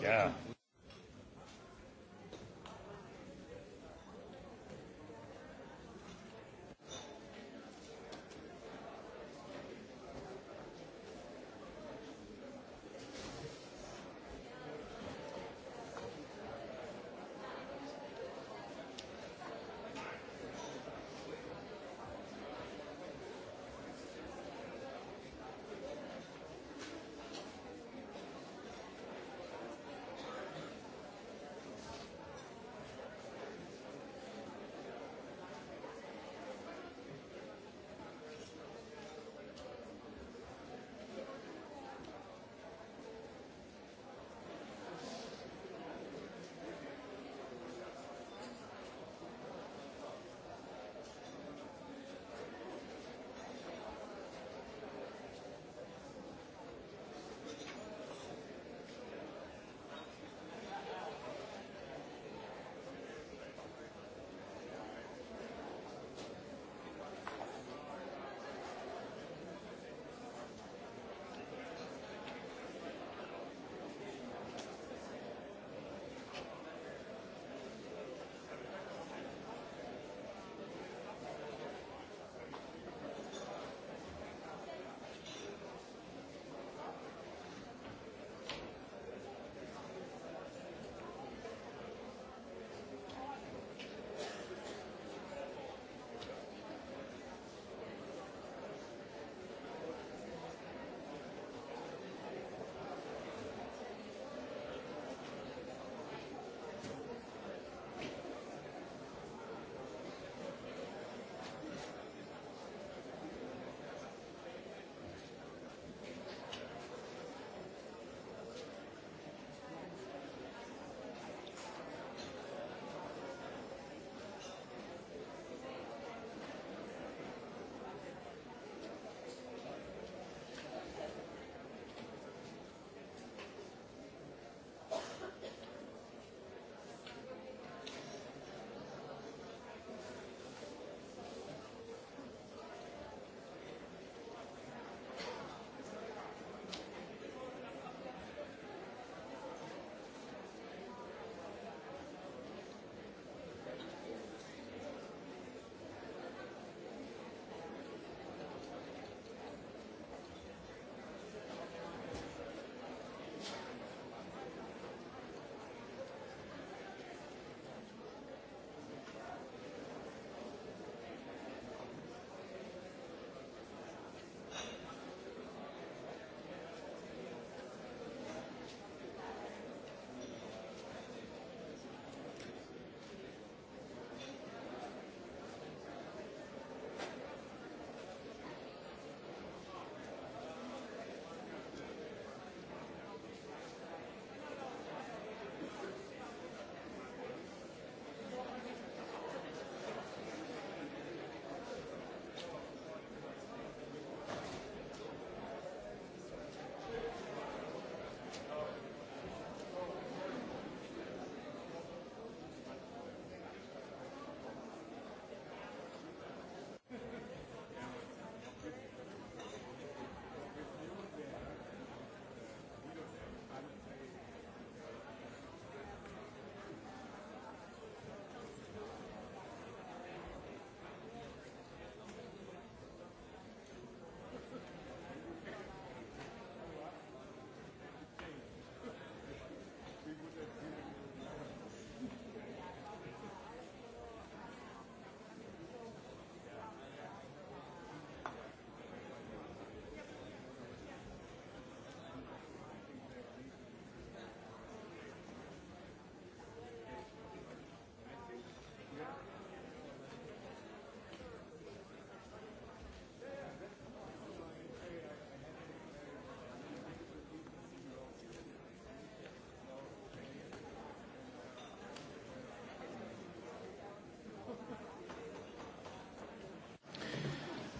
Yeah.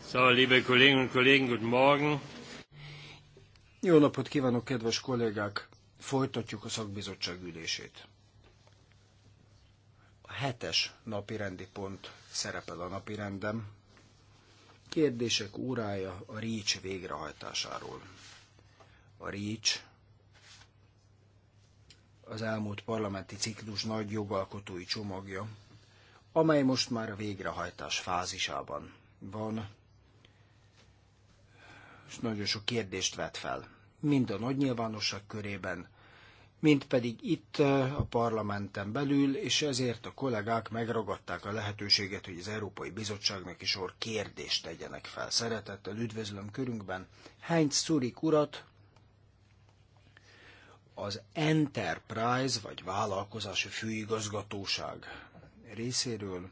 Szóval, liebe Kolleginnen und Kollegen, guten Morgen. Jó napot kívánok, kedves kollégák! Folytatjuk a szakbizottság ülését. A hetes napi rendi pont szerepel a napi rendem. Kérdések órája a REACH végrehajtásáról. A REACH az elmúlt parlamenti ciklus nagy jogalkotói csomagja, amely most már a végrehajtás fázisában van, nagyon sok kérdést vet fel, mind a nagy nyilvánosság körében, mint pedig itt eh, a parlamenten belül, és ezért a kollégák megragadták a lehetőséget, hogy az Európai Bizottságnak is or kérdést tegyenek fel. Szeretettel üdvözlöm körünkben Heinz Szurik urat, az Enterprise, vagy vállalkozási főigazgatóság részéről.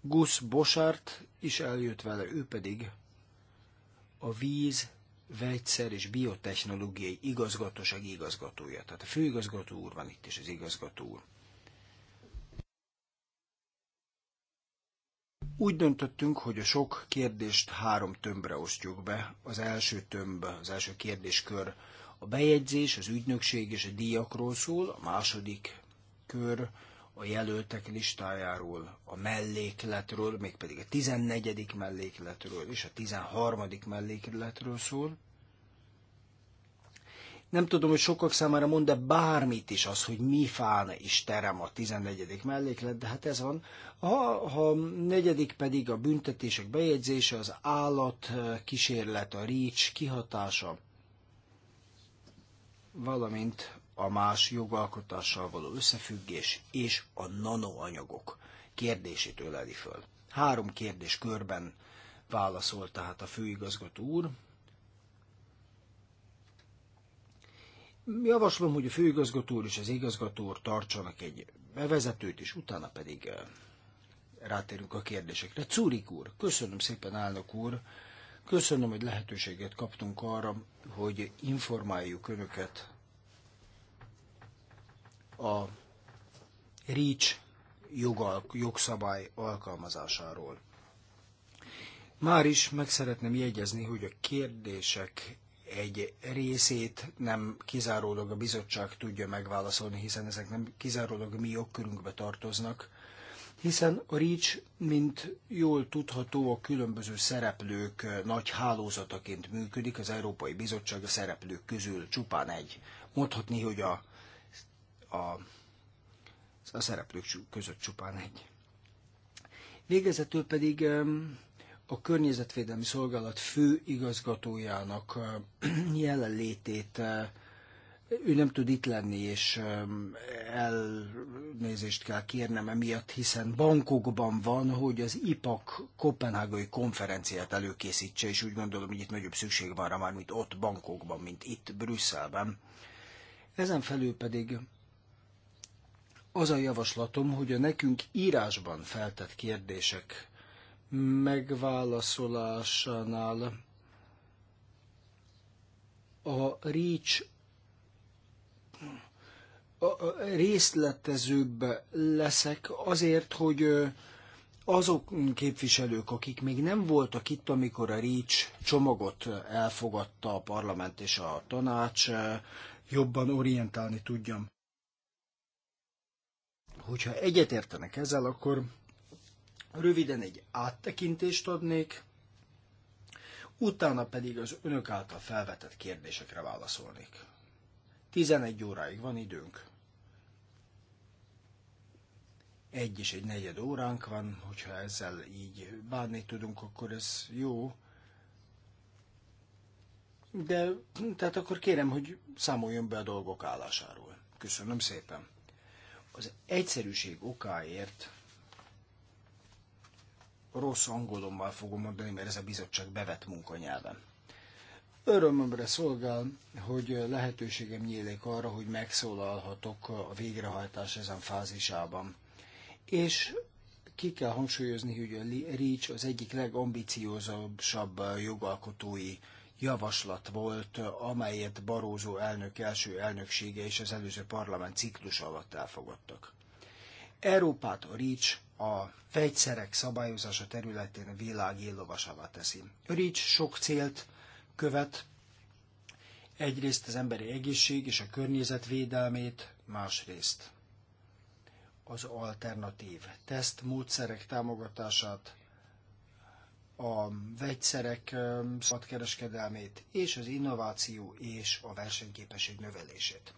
Gus Bosart is eljött vele, ő pedig a víz, vegyszer és biotechnológiai igazgatóság igazgatója. Tehát a főigazgató úr van itt, és az igazgató úr. Úgy döntöttünk, hogy a sok kérdést három tömbre osztjuk be. Az első tömb, az első kérdéskör a bejegyzés, az ügynökség és a díjakról szól, a második kör a jelöltek listájáról, a mellékletről, mégpedig a 14. mellékletről és a 13. mellékletről szól. Nem tudom, hogy sokak számára mond de bármit is az, hogy mi fán is terem a 14. melléklet, de hát ez van. Ha, ha negyedik pedig a büntetések bejegyzése, az állat kísérlet, a rics kihatása, valamint a más jogalkotással való összefüggés és a nanoanyagok kérdését öleli föl. Három kérdés körben válaszolt tehát a főigazgató úr. Javaslom, hogy a főigazgató úr és az igazgató úr tartsanak egy bevezetőt, és utána pedig eh, rátérünk a kérdésekre. Cúrik úr, köszönöm szépen, állnak úr. Köszönöm, hogy lehetőséget kaptunk arra, hogy informáljuk Önöket a REACH jogal, jogszabály alkalmazásáról. Már is meg szeretném jegyezni, hogy a kérdések egy részét nem kizárólag a bizottság tudja megválaszolni, hiszen ezek nem kizárólag mi jogkörünkbe tartoznak, hiszen a REACH, mint jól tudható, a különböző szereplők nagy hálózataként működik, az Európai Bizottság a szereplők közül csupán egy. Mondhatni, hogy a a, a szereplők között csupán egy. Végezetül pedig a Környezetvédelmi Szolgálat fő igazgatójának jelenlétét ő nem tud itt lenni, és elnézést kell kérnem emiatt, hiszen bankokban van, hogy az IPAK kopenhágai konferenciát előkészítse, és úgy gondolom, hogy itt nagyobb szükség van rá már, mint ott bankokban, mint itt Brüsszelben. Ezen felül pedig az a javaslatom, hogy a nekünk írásban feltett kérdések megválaszolásánál a Rics részletezőbb leszek azért, hogy azok képviselők, akik még nem voltak itt, amikor a REACH csomagot elfogadta a parlament és a tanács, jobban orientálni tudjam Hogyha egyetértenek ezzel, akkor röviden egy áttekintést adnék, utána pedig az önök által felvetett kérdésekre válaszolnék. 11 óráig van időnk. Egy és egy negyed óránk van, hogyha ezzel így bánni tudunk, akkor ez jó. De, tehát akkor kérem, hogy számoljon be a dolgok állásáról. Köszönöm szépen. Az egyszerűség okáért rossz angolommal fogom mondani, mert ez a bizottság bevett munkanyelven. Örömömre szolgál, hogy lehetőségem nyílik arra, hogy megszólalhatok a végrehajtás ezen fázisában. És ki kell hangsúlyozni, hogy a REACH az egyik legambiciózabb jogalkotói javaslat volt, amelyet Barózó elnök első elnöksége és az előző parlament ciklus alatt elfogadtak. Európát a Rics, a fegyszerek szabályozása területén a világ éllovasává teszi. Rics sok célt követ, egyrészt az emberi egészség és a környezet védelmét, másrészt az alternatív tesztmódszerek támogatását, a vegyszerek szabadkereskedelmét és az innováció és a versenyképesség növelését.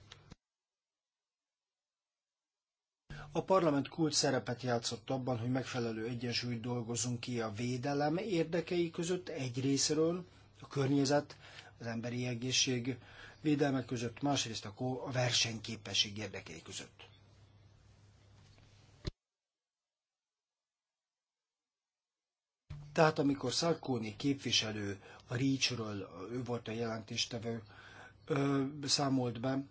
A parlament kult szerepet játszott abban, hogy megfelelő egyensúlyt dolgozunk ki a védelem érdekei között egy részről, a környezet, az emberi egészség védelme között, másrészt a, versenyképesség érdekei között. Tehát amikor Szarkóni képviselő a Rícsről, ő volt a jelentéstevő, ö, számolt be,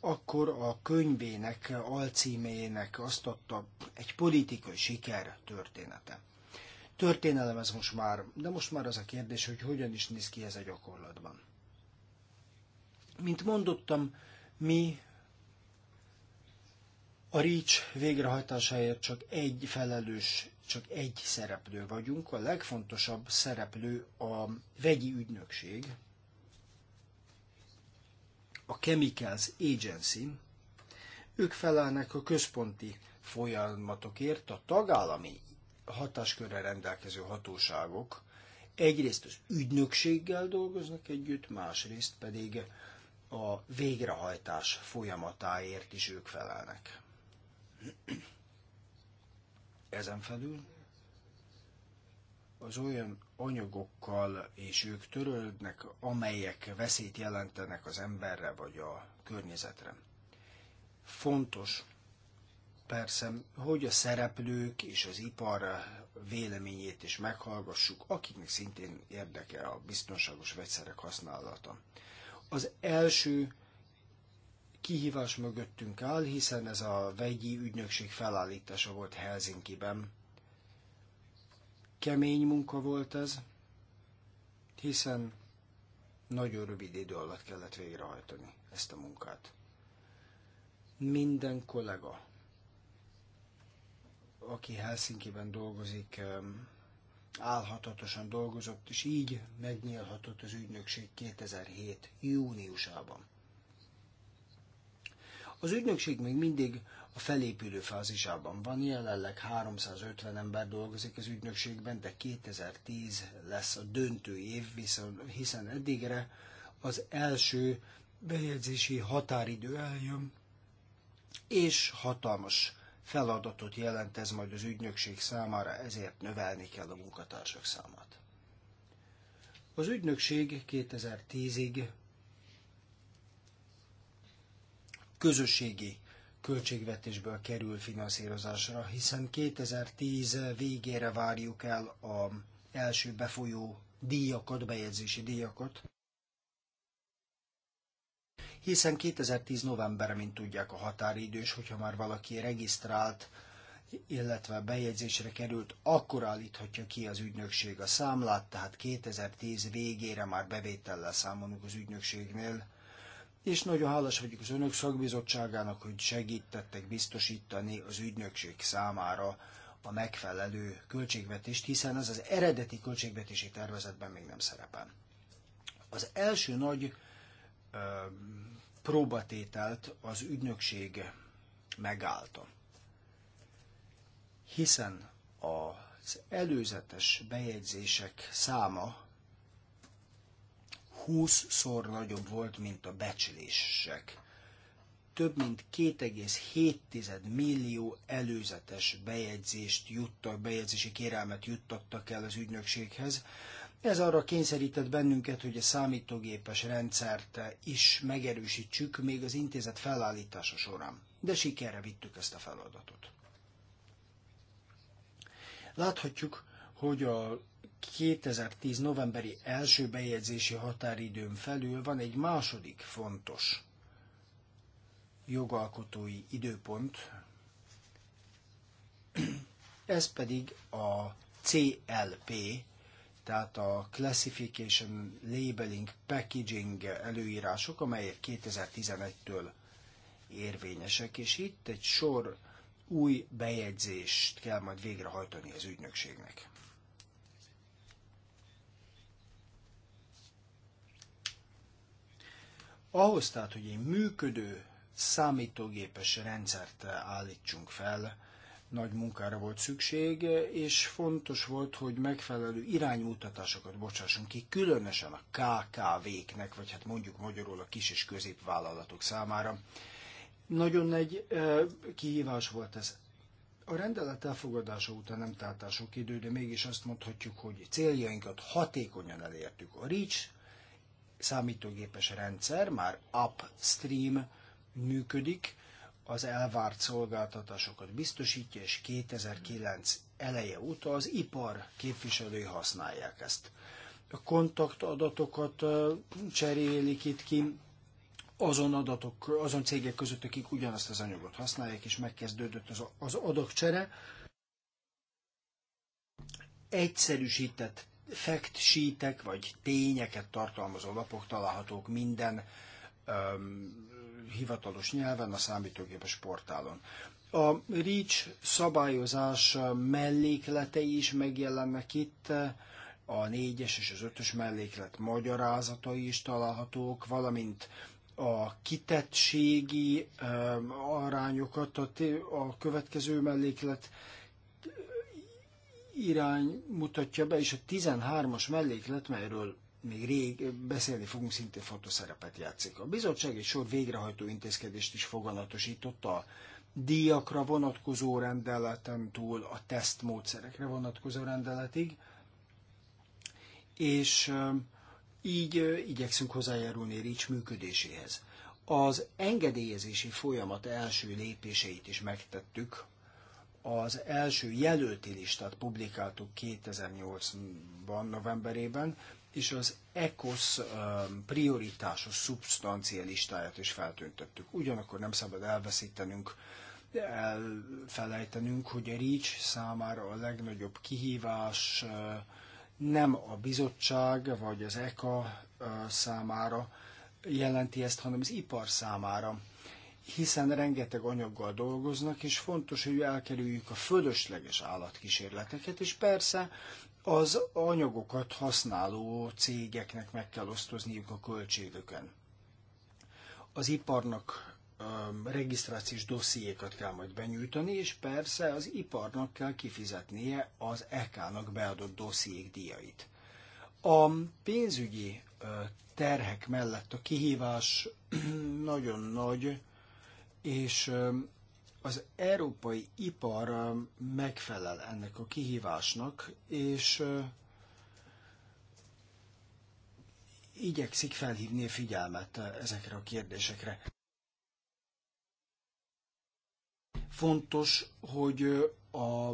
akkor a könyvének, alcímének azt adta egy politikai siker története. Történelem ez most már, de most már az a kérdés, hogy hogyan is néz ki ez a gyakorlatban. Mint mondottam, mi a Rícs végrehajtásáért csak egy felelős csak egy szereplő vagyunk, a legfontosabb szereplő a vegyi ügynökség, a Chemicals Agency, ők felelnek a központi folyamatokért, a tagállami hatáskörre rendelkező hatóságok egyrészt az ügynökséggel dolgoznak együtt, másrészt pedig a végrehajtás folyamatáért is ők felelnek. Ezen felül az olyan anyagokkal, és ők törődnek, amelyek veszélyt jelentenek az emberre vagy a környezetre. Fontos persze, hogy a szereplők és az ipar véleményét is meghallgassuk, akiknek szintén érdeke a biztonságos vegyszerek használata. Az első kihívás mögöttünk áll, hiszen ez a vegyi ügynökség felállítása volt Helsinki-ben. Kemény munka volt ez, hiszen nagyon rövid idő alatt kellett végrehajtani ezt a munkát. Minden kollega, aki Helsinki-ben dolgozik, álhatatosan dolgozott, és így megnyílhatott az ügynökség 2007. júniusában. Az ügynökség még mindig a felépülő fázisában van, jelenleg 350 ember dolgozik az ügynökségben, de 2010 lesz a döntő év, hiszen eddigre az első bejegyzési határidő eljön, és hatalmas feladatot jelent ez majd az ügynökség számára, ezért növelni kell a munkatársak számát. Az ügynökség 2010-ig közösségi költségvetésből kerül finanszírozásra, hiszen 2010 végére várjuk el a első befolyó díjakat, bejegyzési díjakat, hiszen 2010 november, mint tudják, a határidős, hogyha már valaki regisztrált, illetve bejegyzésre került, akkor állíthatja ki az ügynökség a számlát, tehát 2010 végére már bevétellel számolunk az ügynökségnél, és nagyon hálás vagyok az önök szakbizottságának, hogy segítettek biztosítani az ügynökség számára a megfelelő költségvetést, hiszen ez az eredeti költségvetési tervezetben még nem szerepel. Az első nagy ö, próbatételt az ügynökség megállta, hiszen az előzetes bejegyzések száma 20-szor nagyobb volt, mint a becslések. Több mint 2,7 millió előzetes bejegyzést juttak, bejegyzési kérelmet juttattak el az ügynökséghez. Ez arra kényszerített bennünket, hogy a számítógépes rendszert is megerősítsük még az intézet felállítása során. De sikerre vittük ezt a feladatot. Láthatjuk, hogy a 2010 novemberi első bejegyzési határidőn felül van egy második fontos jogalkotói időpont, ez pedig a CLP, tehát a Classification Labeling Packaging előírások, amelyek 2011-től érvényesek, és itt egy sor új bejegyzést kell majd végrehajtani az ügynökségnek. Ahhoz tehát, hogy egy működő számítógépes rendszert állítsunk fel, nagy munkára volt szükség, és fontos volt, hogy megfelelő iránymutatásokat bocsássunk ki, különösen a KKV-knek, vagy hát mondjuk magyarul a kis és középvállalatok számára. Nagyon nagy kihívás volt ez. A rendelet elfogadása után nem telt sok idő, de mégis azt mondhatjuk, hogy céljainkat hatékonyan elértük. A REACH számítógépes rendszer már upstream működik, az elvárt szolgáltatásokat biztosítja, és 2009 eleje óta az ipar képviselői használják ezt. A kontaktadatokat cserélik itt ki, azon adatok, azon cégek között, akik ugyanazt az anyagot használják, és megkezdődött az, az adatcsere. Egyszerűsített fact sheetek, vagy tényeket tartalmazó lapok találhatók minden öm, hivatalos nyelven a számítógépes portálon. A REACH szabályozás mellékletei is megjelennek itt, a négyes és az ötös melléklet magyarázatai is találhatók, valamint a kitettségi arányokat a, a következő melléklet irány mutatja be, és a 13-as melléklet, melyről még rég beszélni fogunk, szintén fontos szerepet játszik. A bizottság egy sor végrehajtó intézkedést is foganatosította a díjakra vonatkozó rendeleten túl a tesztmódszerekre vonatkozó rendeletig, és így igyekszünk hozzájárulni Rics működéséhez. Az engedélyezési folyamat első lépéseit is megtettük, az első jelölti listát publikáltuk 2008-ban, novemberében, és az ECOS prioritásos szubstancia listáját is feltüntettük. Ugyanakkor nem szabad elveszítenünk, elfelejtenünk, hogy a REACH számára a legnagyobb kihívás nem a bizottság vagy az ECA számára jelenti ezt, hanem az ipar számára hiszen rengeteg anyaggal dolgoznak, és fontos, hogy elkerüljük a fölösleges állatkísérleteket, és persze az anyagokat használó cégeknek meg kell osztozniuk a költségöken. Az iparnak regisztrációs dossziékat kell majd benyújtani, és persze az iparnak kell kifizetnie az EK-nak beadott dossziék díjait. A pénzügyi terhek mellett a kihívás nagyon nagy, és az európai ipar megfelel ennek a kihívásnak, és igyekszik felhívni a figyelmet ezekre a kérdésekre. Fontos, hogy a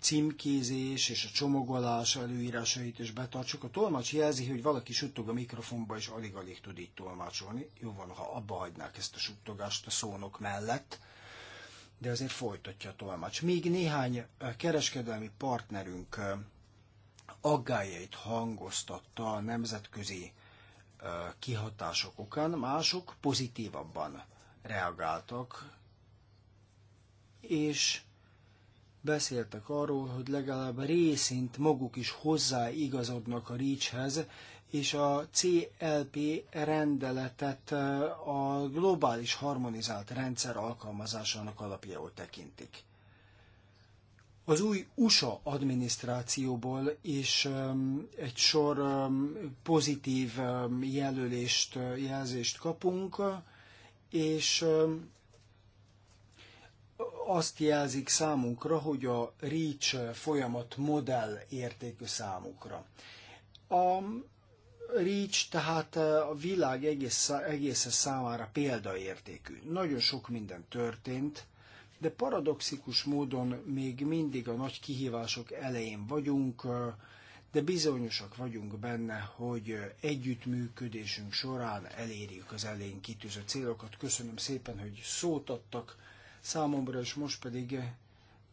címkézés és a csomagolás előírásait is betartsuk. A tolmács jelzi, hogy valaki suttog a mikrofonba, és alig-alig tud így tolmácsolni. Jó van, ha abba hagynák ezt a suttogást a szónok mellett, de azért folytatja a tolmács. Még néhány kereskedelmi partnerünk aggájait hangoztatta a nemzetközi kihatások okán, mások pozitívabban reagáltak, és beszéltek arról, hogy legalább részint maguk is hozzáigazodnak a ricshez, és a CLP rendeletet a globális harmonizált rendszer alkalmazásának alapjául tekintik. Az új USA adminisztrációból is egy sor pozitív jelölést, jelzést kapunk, és azt jelzik számunkra, hogy a REACH folyamat modell értékű számukra. A REACH tehát a világ egész, egész számára példaértékű. Nagyon sok minden történt, de paradoxikus módon még mindig a nagy kihívások elején vagyunk, de bizonyosak vagyunk benne, hogy együttműködésünk során elérjük az elén kitűzött célokat. Köszönöm szépen, hogy szót adtak számomra, és most pedig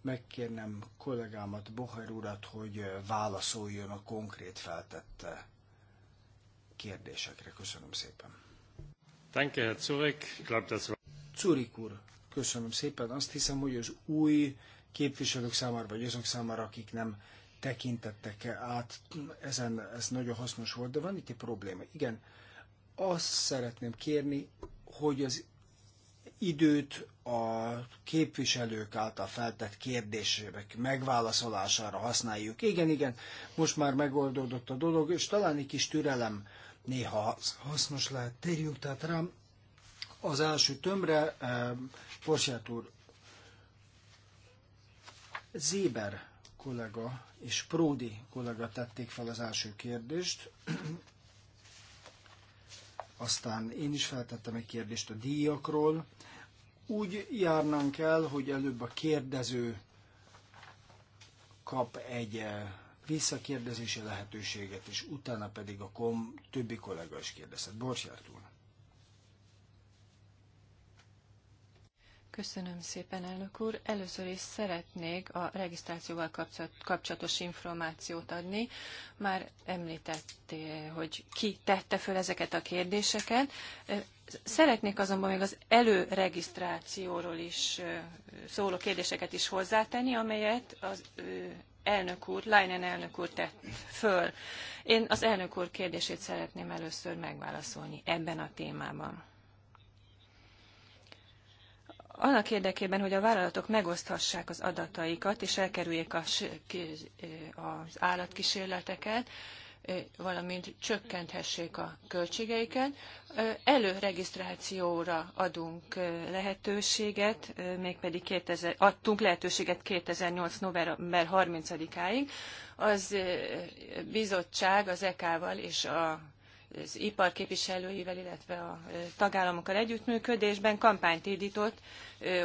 megkérnem kollégámat, Boher urat, hogy válaszoljon a konkrét feltett kérdésekre. Köszönöm szépen. Danke, Herr Zurek. Glaub, das war... Zurek úr, köszönöm szépen. Azt hiszem, hogy az új képviselők számára, vagy azok számára, akik nem tekintettek át, ezen ez nagyon hasznos volt, de van itt egy probléma. Igen, azt szeretném kérni, hogy az időt a képviselők által feltett kérdések megválaszolására használjuk. Igen, igen, most már megoldódott a dolog, és talán egy kis türelem néha hasznos lehet. Térjünk tehát rám az első tömbre, Porsiát eh, úr, Zéber kollega és Pródi kollega tették fel az első kérdést. Aztán én is feltettem egy kérdést a díjakról. Úgy járnánk el, hogy előbb a kérdező kap egy eh, visszakérdezési lehetőséget, és utána pedig a kom többi kollega is kérdezhet. Borsjárt Köszönöm szépen, elnök úr. Először is szeretnék a regisztrációval kapcsolatos információt adni. Már említettél, hogy ki tette föl ezeket a kérdéseket. Szeretnék azonban még az előregisztrációról is szóló kérdéseket is hozzátenni, amelyet az elnök úr, Leinen elnök úr tett föl. Én az elnök úr kérdését szeretném először megválaszolni ebben a témában annak érdekében, hogy a vállalatok megoszthassák az adataikat, és elkerüljék e, az állatkísérleteket, e, valamint csökkenthessék a költségeiket. E, előregisztrációra adunk lehetőséget, mégpedig 2000, adtunk lehetőséget 2008. november 30-áig. Az bizottság az EK-val és a az ipar képviselőivel, illetve a tagállamokkal együttműködésben kampányt indított,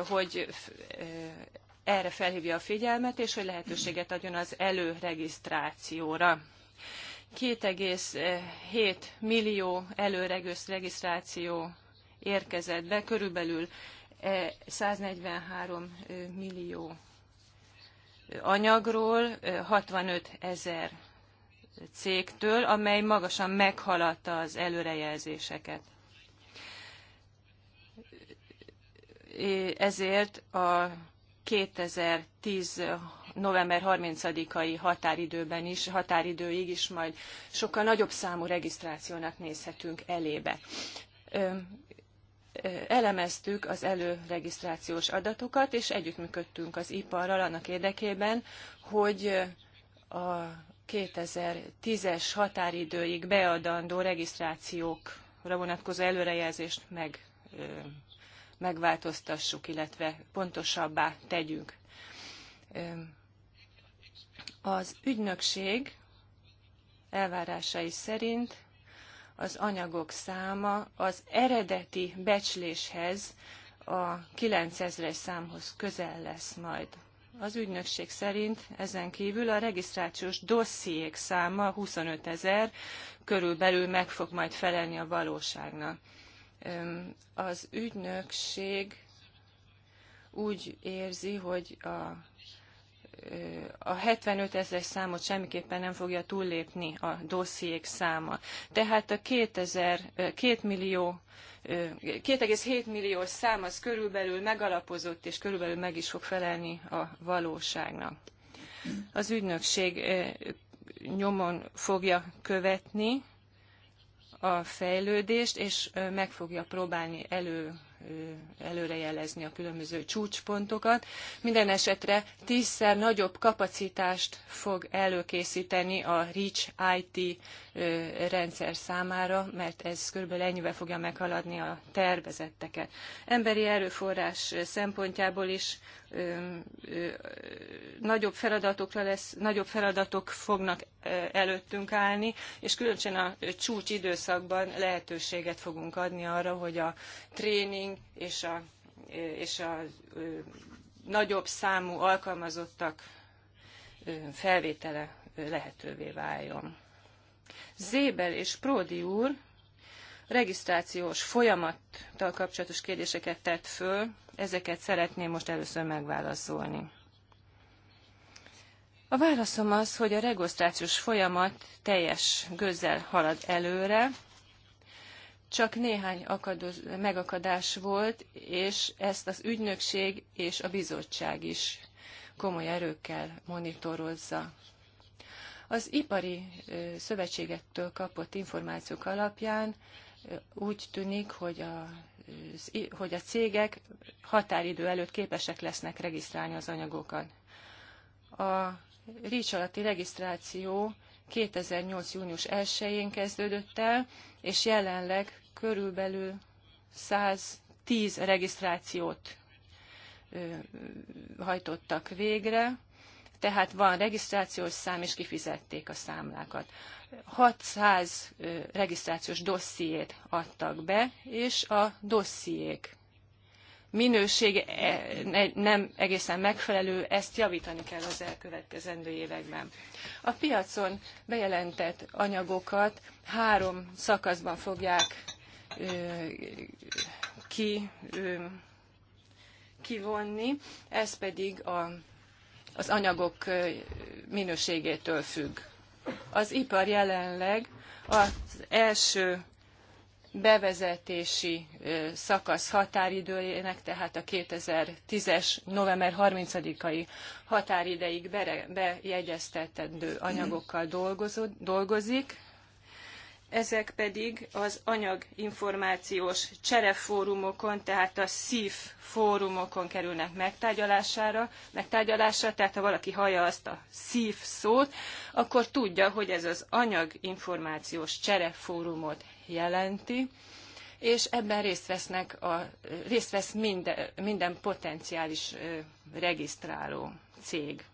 hogy erre felhívja a figyelmet, és hogy lehetőséget adjon az előregisztrációra. 2,7 millió előregisztráció érkezett be, körülbelül 143 millió anyagról 65 ezer cégtől, amely magasan meghaladta az előrejelzéseket. Ezért a 2010 november 30-ai határidőben is, határidőig is majd sokkal nagyobb számú regisztrációnak nézhetünk elébe. Elemeztük az előregisztrációs adatokat, és együttműködtünk az iparral annak érdekében, hogy a 2010-es határidőig beadandó regisztrációkra vonatkozó előrejelzést meg, megváltoztassuk, illetve pontosabbá tegyünk. Az ügynökség elvárásai szerint az anyagok száma az eredeti becsléshez a 9000-es számhoz közel lesz majd. Az ügynökség szerint ezen kívül a regisztrációs dossziék száma 25 ezer körülbelül meg fog majd felelni a valóságnak. Az ügynökség úgy érzi, hogy a a 75 ezer számot semmiképpen nem fogja túllépni a dossziék száma. Tehát a 2000, 2 millió 2,7 millió szám az körülbelül megalapozott, és körülbelül meg is fog felelni a valóságnak. Az ügynökség nyomon fogja követni a fejlődést, és meg fogja próbálni elő előrejelezni a különböző csúcspontokat. Minden esetre tízszer nagyobb kapacitást fog előkészíteni a REACH IT rendszer számára, mert ez körülbelül ennyivel fogja meghaladni a tervezetteket. Emberi erőforrás szempontjából is nagyobb feladatokra lesz, nagyobb feladatok fognak előttünk állni, és különösen a csúcs időszakban lehetőséget fogunk adni arra, hogy a tréning és a, és a nagyobb számú alkalmazottak felvétele lehetővé váljon. Zébel és Pródi úr regisztrációs folyamattal kapcsolatos kérdéseket tett föl, Ezeket szeretném most először megválaszolni. A válaszom az, hogy a regisztrációs folyamat teljes gőzzel halad előre, csak néhány akadoz, megakadás volt, és ezt az ügynökség és a bizottság is komoly erőkkel monitorozza. Az ipari szövetségektől kapott információk alapján úgy tűnik, hogy a hogy a cégek határidő előtt képesek lesznek regisztrálni az anyagokat. A REACH alatti regisztráció 2008. június 1-én kezdődött el, és jelenleg körülbelül 110 regisztrációt hajtottak végre, tehát van regisztrációs szám, és kifizették a számlákat. 600 regisztrációs dossziét adtak be, és a dossziék minősége e, nem egészen megfelelő, ezt javítani kell az elkövetkezendő években. A piacon bejelentett anyagokat három szakaszban fogják ki, kivonni, ez pedig a az anyagok minőségétől függ. Az ipar jelenleg az első bevezetési szakasz határidőjének, tehát a 2010-es november 30-ai határideig bejegyeztetendő anyagokkal dolgozik, ezek pedig az anyaginformációs cserefórumokon, tehát a SZIF fórumokon kerülnek megtárgyalására, megtárgyalásra, tehát ha valaki hallja azt a SZIF szót, akkor tudja, hogy ez az anyaginformációs cserefórumot jelenti, és ebben részt, vesznek a, részt vesz minden, minden potenciális regisztráló cég.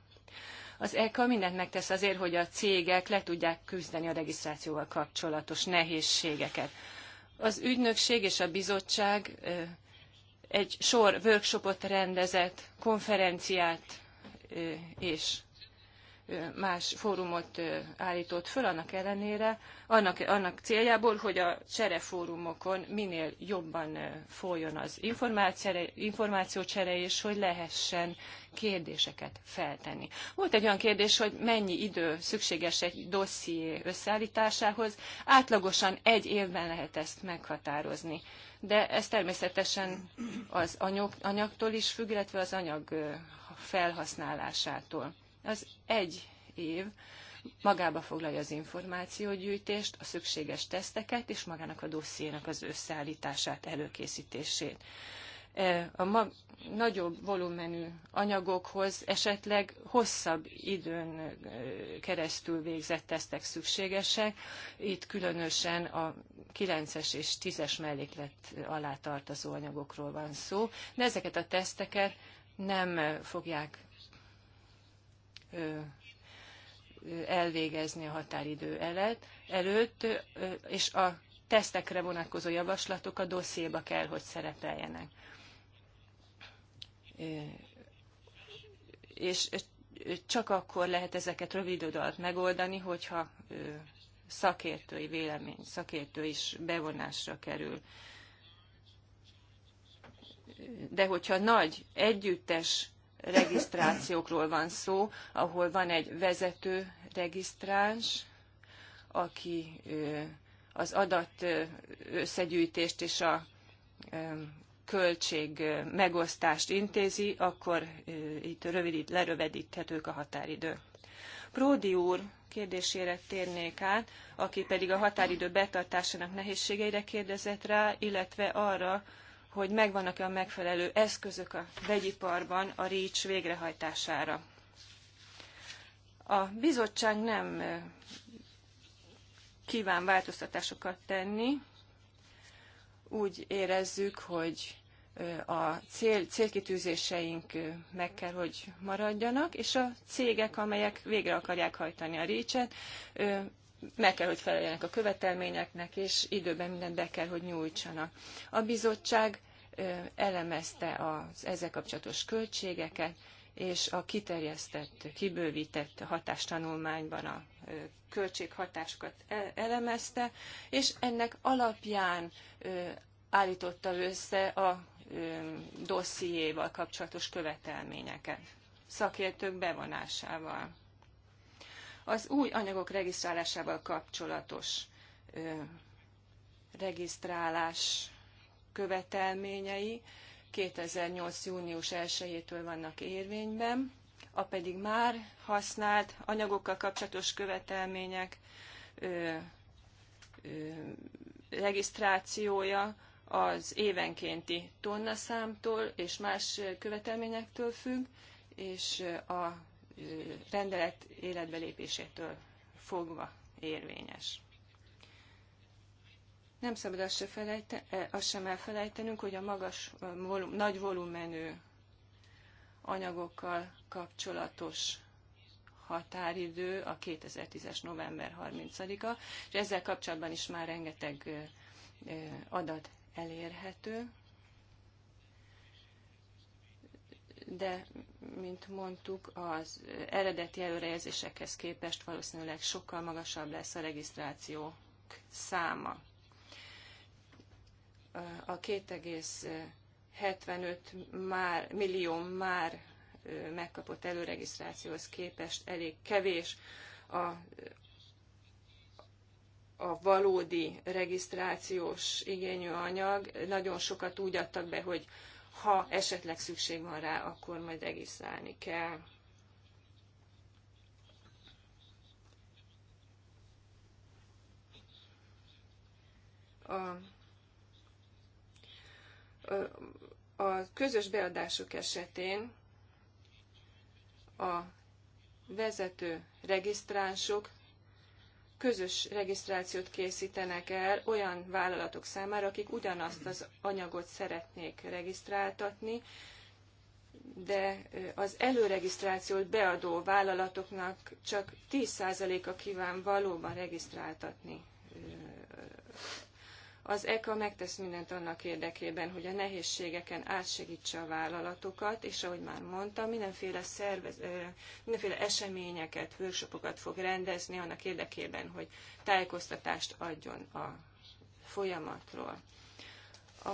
Az ECA mindent megtesz azért, hogy a cégek le tudják küzdeni a regisztrációval kapcsolatos nehézségeket. Az ügynökség és a bizottság egy sor workshopot rendezett, konferenciát és más fórumot állított föl, annak ellenére, annak, annak céljából, hogy a fórumokon minél jobban folyjon az információcsere, információcsere, és hogy lehessen kérdéseket feltenni. Volt egy olyan kérdés, hogy mennyi idő szükséges egy dosszié összeállításához. Átlagosan egy évben lehet ezt meghatározni. De ez természetesen az anyag, anyagtól is függ, illetve az anyag felhasználásától az egy év magába foglalja az információgyűjtést, a szükséges teszteket és magának a dossziénak az összeállítását, előkészítését. E, a mag- nagyobb volumenű anyagokhoz esetleg hosszabb időn e, keresztül végzett tesztek szükségesek. Itt különösen a 9-es és 10-es melléklet alá tartozó anyagokról van szó, de ezeket a teszteket nem fogják elvégezni a határidő előtt, és a tesztekre vonatkozó javaslatok a dossziéba kell, hogy szerepeljenek. És csak akkor lehet ezeket rövid idő alatt megoldani, hogyha szakértői vélemény, szakértő is bevonásra kerül. De hogyha nagy, együttes regisztrációkról van szó, ahol van egy vezető regisztráns, aki az adat összegyűjtést és a költség megosztást intézi, akkor itt rövidít, lerövidíthetők a határidő. Pródi úr kérdésére térnék át, aki pedig a határidő betartásának nehézségeire kérdezett rá, illetve arra, hogy megvannak-e a megfelelő eszközök a vegyiparban a REACH végrehajtására. A bizottság nem kíván változtatásokat tenni. Úgy érezzük, hogy a cél, célkitűzéseink meg kell, hogy maradjanak, és a cégek, amelyek végre akarják hajtani a récset, meg kell, hogy feleljenek a követelményeknek, és időben mindent be kell, hogy nyújtsanak. A bizottság elemezte az ezzel kapcsolatos költségeket, és a kiterjesztett, kibővített hatástanulmányban a költséghatásokat e, elemezte, és ennek alapján állította össze a dossziéval kapcsolatos követelményeket szakértők bevonásával. Az új anyagok regisztrálásával kapcsolatos ö, regisztrálás követelményei 2008. június 1-től vannak érvényben, a pedig már használt anyagokkal kapcsolatos követelmények ö, ö, regisztrációja az évenkénti számtól és más követelményektől függ, és a rendelet életbelépésétől fogva érvényes. Nem szabad azt, sem, felejte, azt sem elfelejtenünk, hogy a magas, volum, nagy volumenű anyagokkal kapcsolatos határidő a 2010-es november 30-a, és ezzel kapcsolatban is már rengeteg adat elérhető. de mint mondtuk, az eredeti előrejelzésekhez képest valószínűleg sokkal magasabb lesz a regisztrációk száma. A 2,75 már, millió már megkapott előregisztrációhoz képest elég kevés a, a valódi regisztrációs igényű anyag. Nagyon sokat úgy adtak be, hogy ha esetleg szükség van rá, akkor majd regisztrálni kell. A, a, a közös beadások esetén a vezető regisztránsok közös regisztrációt készítenek el olyan vállalatok számára, akik ugyanazt az anyagot szeretnék regisztráltatni, de az előregisztrációt beadó vállalatoknak csak 10%-a kíván valóban regisztráltatni az ECA megtesz mindent annak érdekében, hogy a nehézségeken átsegítse a vállalatokat, és ahogy már mondtam, mindenféle, szervez, mindenféle eseményeket, workshopokat fog rendezni annak érdekében, hogy tájékoztatást adjon a folyamatról. A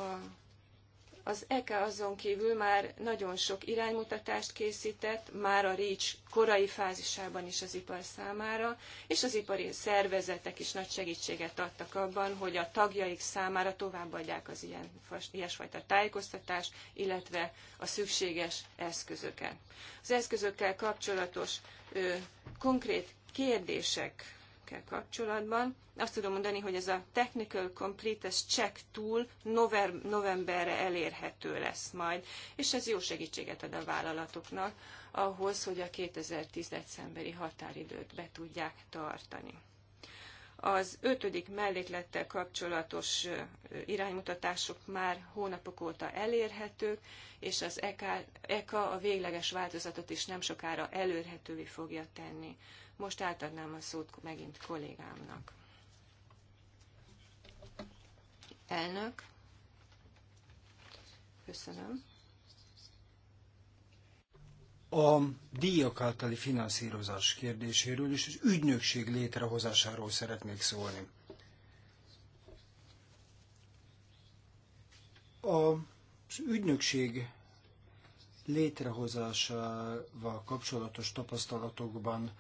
az EKA azon kívül már nagyon sok iránymutatást készített, már a REACH korai fázisában is az ipar számára, és az ipari szervezetek is nagy segítséget adtak abban, hogy a tagjaik számára továbbadják az ilyen, ilyesfajta tájékoztatást, illetve a szükséges eszközöket. Az eszközökkel kapcsolatos ö, konkrét kérdések ezekkel kapcsolatban. Azt tudom mondani, hogy ez a Technical Completeness Check Tool novemberre elérhető lesz majd, és ez jó segítséget ad a vállalatoknak ahhoz, hogy a 2010. decemberi határidőt be tudják tartani. Az ötödik melléklettel kapcsolatos iránymutatások már hónapok óta elérhetők, és az EKA, e a végleges változatot is nem sokára elérhetővé fogja tenni. Most átadnám a szót megint kollégámnak. Elnök. Köszönöm. A díjak általi finanszírozás kérdéséről és az ügynökség létrehozásáról szeretnék szólni. Az ügynökség létrehozásával kapcsolatos tapasztalatokban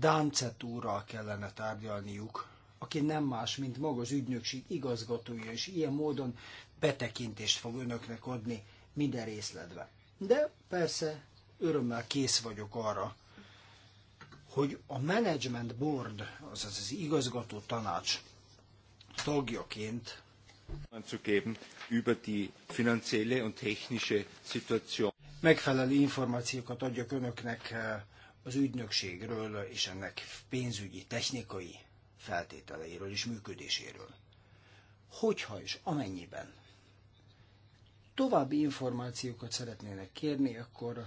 Dáncet úrral kellene tárgyalniuk, aki nem más, mint maga az ügynökség igazgatója, és ilyen módon betekintést fog önöknek adni minden részletbe. De persze örömmel kész vagyok arra, hogy a Management Board, azaz az igazgató tanács tagjaként megfelelő információkat adjak önöknek eh, az ügynökségről és ennek pénzügyi, technikai feltételeiről és működéséről. Hogyha és amennyiben további információkat szeretnének kérni, akkor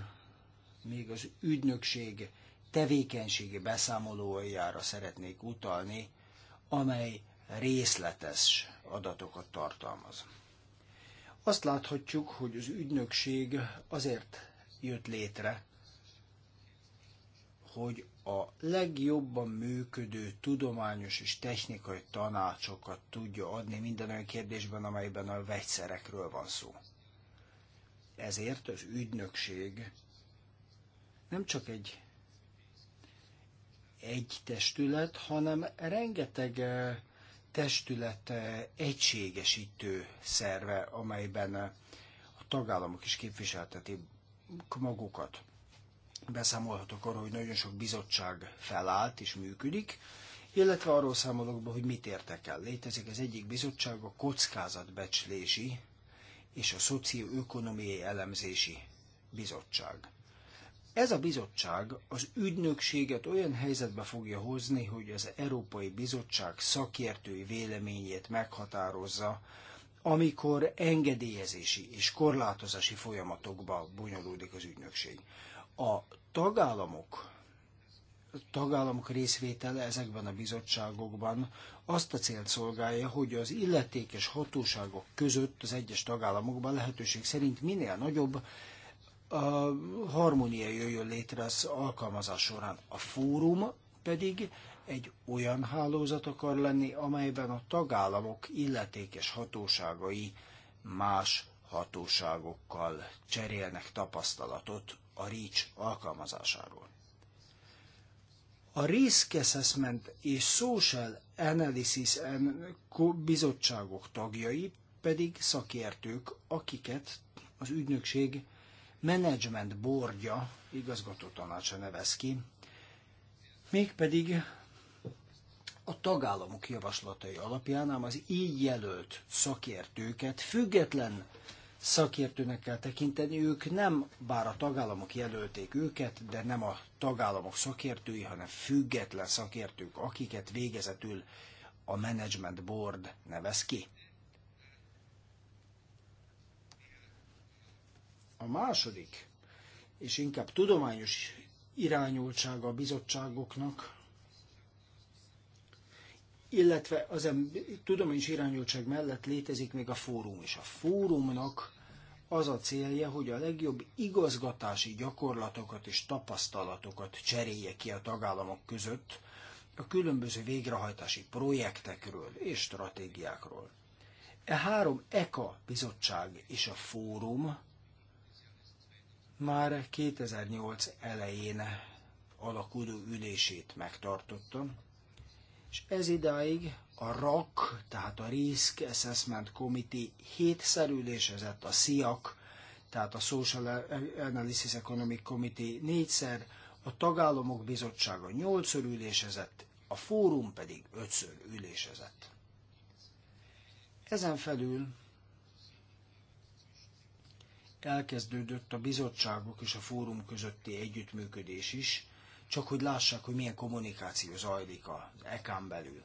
még az ügynökség tevékenységi beszámolójára szeretnék utalni, amely részletes adatokat tartalmaz. Azt láthatjuk, hogy az ügynökség azért jött létre, hogy a legjobban működő tudományos és technikai tanácsokat tudja adni minden olyan kérdésben, amelyben a vegyszerekről van szó. Ezért az ügynökség nem csak egy egy testület, hanem rengeteg eh, testület eh, egységesítő szerve, amelyben eh, a tagállamok is képviseltetik magukat. Beszámolhatok arról, hogy nagyon sok bizottság felállt és működik, illetve arról számolok be, hogy mit értek el. Létezik az egyik bizottság a kockázatbecslési és a szocioökonomiai elemzési bizottság. Ez a bizottság az ügynökséget olyan helyzetbe fogja hozni, hogy az Európai Bizottság szakértői véleményét meghatározza, amikor engedélyezési és korlátozási folyamatokba bonyolódik az ügynökség. A tagállamok tagállamok részvétele ezekben a bizottságokban azt a célt szolgálja, hogy az illetékes hatóságok között az egyes tagállamokban lehetőség szerint minél nagyobb a harmónia jöjjön létre az alkalmazás során. A fórum pedig egy olyan hálózat akar lenni, amelyben a tagállamok illetékes hatóságai más hatóságokkal cserélnek tapasztalatot a REACH alkalmazásáról. A Risk Assessment és Social Analysis bizottságok tagjai pedig szakértők, akiket az ügynökség Management Boardja igazgató tanácsa nevez ki, mégpedig a tagállamok javaslatai alapján, ám az így jelölt szakértőket független szakértőnek kell tekinteni, ők nem, bár a tagállamok jelölték őket, de nem a tagállamok szakértői, hanem független szakértők, akiket végezetül a Management Board nevez ki. A második, és inkább tudományos irányultsága a bizottságoknak, illetve az tudományos irányultság mellett létezik még a fórum, és a fórumnak az a célja, hogy a legjobb igazgatási gyakorlatokat és tapasztalatokat cserélje ki a tagállamok között a különböző végrehajtási projektekről és stratégiákról. E három ECA bizottság és a fórum már 2008 elején alakuló ülését megtartottam, és ez idáig a RAK, tehát a Risk Assessment Committee hétszerülésezett, a SIAC, tehát a Social Analysis Economic Committee négyszer, a tagállamok bizottsága nyolcszor ülésezett, a fórum pedig ötször ülésezett. Ezen felül elkezdődött a bizottságok és a fórum közötti együttműködés is, csak hogy lássák, hogy milyen kommunikáció zajlik az ek belül.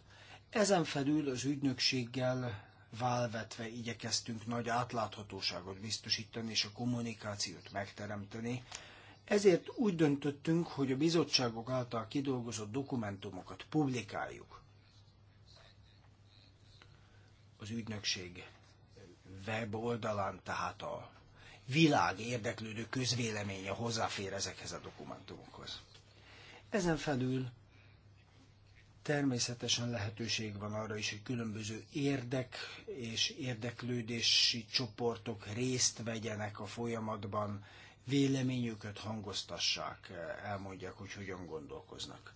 Ezen felül az ügynökséggel válvetve igyekeztünk nagy átláthatóságot biztosítani és a kommunikációt megteremteni, ezért úgy döntöttünk, hogy a bizottságok által kidolgozott dokumentumokat publikáljuk. Az ügynökség web oldalán, tehát a világ érdeklődő közvéleménye hozzáfér ezekhez a dokumentumokhoz. Ezen felül természetesen lehetőség van arra is, hogy különböző érdek és érdeklődési csoportok részt vegyenek a folyamatban, véleményüket hangoztassák, elmondják, hogy hogyan gondolkoznak.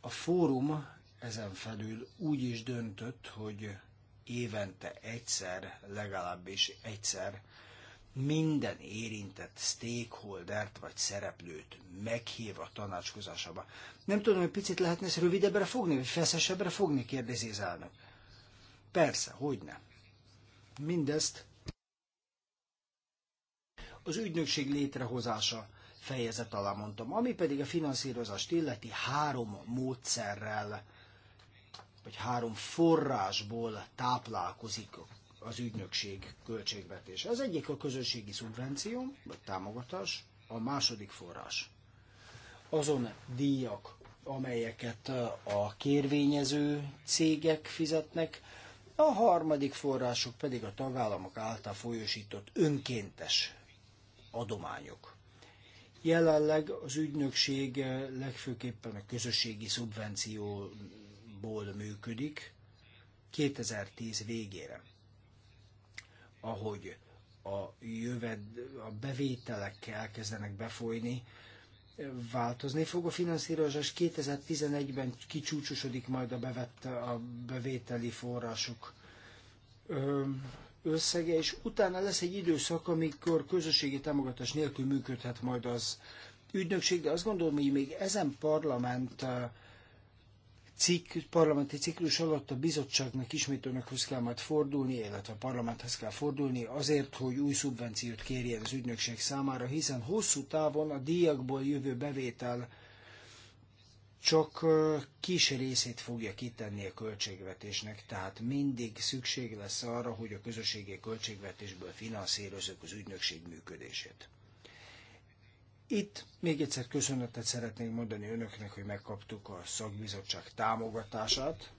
A fórum ezen felül úgy is döntött, hogy évente egyszer, legalábbis egyszer minden érintett stakeholdert vagy szereplőt meghív a tanácskozásába. Nem tudom, hogy picit lehetne ezt rövidebbre fogni, vagy feszesebbre fogni, kérdezi az elnök. Persze, hogy ne. Mindezt az ügynökség létrehozása fejezet alá mondtam. Ami pedig a finanszírozást illeti, három módszerrel, vagy három forrásból táplálkozik a az ügynökség költségvetése. Az egyik a közösségi szubvenció, vagy támogatás, a második forrás. Azon díjak, amelyeket a kérvényező cégek fizetnek, a harmadik források pedig a tagállamok által folyosított önkéntes adományok. Jelenleg az ügynökség legfőképpen a közösségi szubvencióból működik 2010 végére ahogy a jöved, a bevételek elkezdenek befolyni, változni fog a finanszírozás. 2011-ben kicsúcsosodik majd a, bevett, a bevételi források összege, és utána lesz egy időszak, amikor közösségi támogatás nélkül működhet majd az ügynökség, de azt gondolom, hogy még ezen parlament cikk, parlamenti ciklus alatt a bizottságnak ismét önökhöz kell majd fordulni, illetve a parlamenthez kell fordulni azért, hogy új szubvenciót kérjen az ügynökség számára, hiszen hosszú távon a díjakból jövő bevétel csak kis részét fogja kitenni a költségvetésnek, tehát mindig szükség lesz arra, hogy a közösségi költségvetésből finanszírozzuk az ügynökség működését. Itt még egyszer köszönetet szeretnénk mondani önöknek, hogy megkaptuk a szakbizottság támogatását.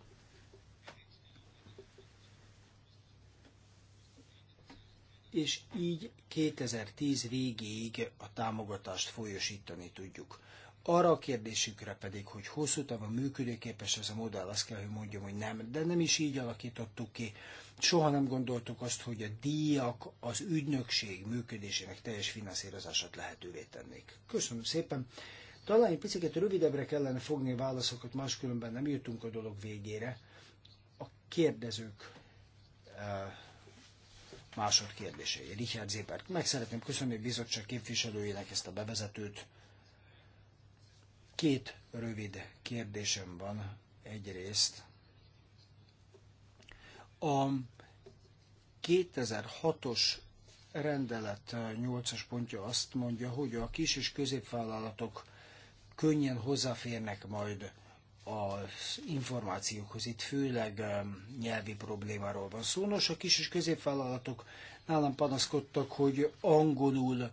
És így 2010 végéig a támogatást folyosítani tudjuk. Arra a kérdésükre pedig, hogy hosszú távon működőképes ez a modell, azt kell, hogy mondjam, hogy nem, de nem is így alakítottuk ki, Soha nem gondoltuk azt, hogy a díjak az ügynökség működésének teljes finanszírozását lehetővé tennék. Köszönöm szépen. Talán egy picit rövidebbre kellene fogni a válaszokat, máskülönben nem jutunk a dolog végére. A kérdezők eh, másod kérdései. Richard Zépert, meg szeretném köszönni a bizottság képviselőjének ezt a bevezetőt. Két rövid kérdésem van egyrészt a 2006-os rendelet 8-as eh, pontja azt mondja, hogy a kis és középvállalatok könnyen hozzáférnek majd az információkhoz. Itt főleg eh, nyelvi problémáról van szó. Nos, a kis és középvállalatok nálam panaszkodtak, hogy angolul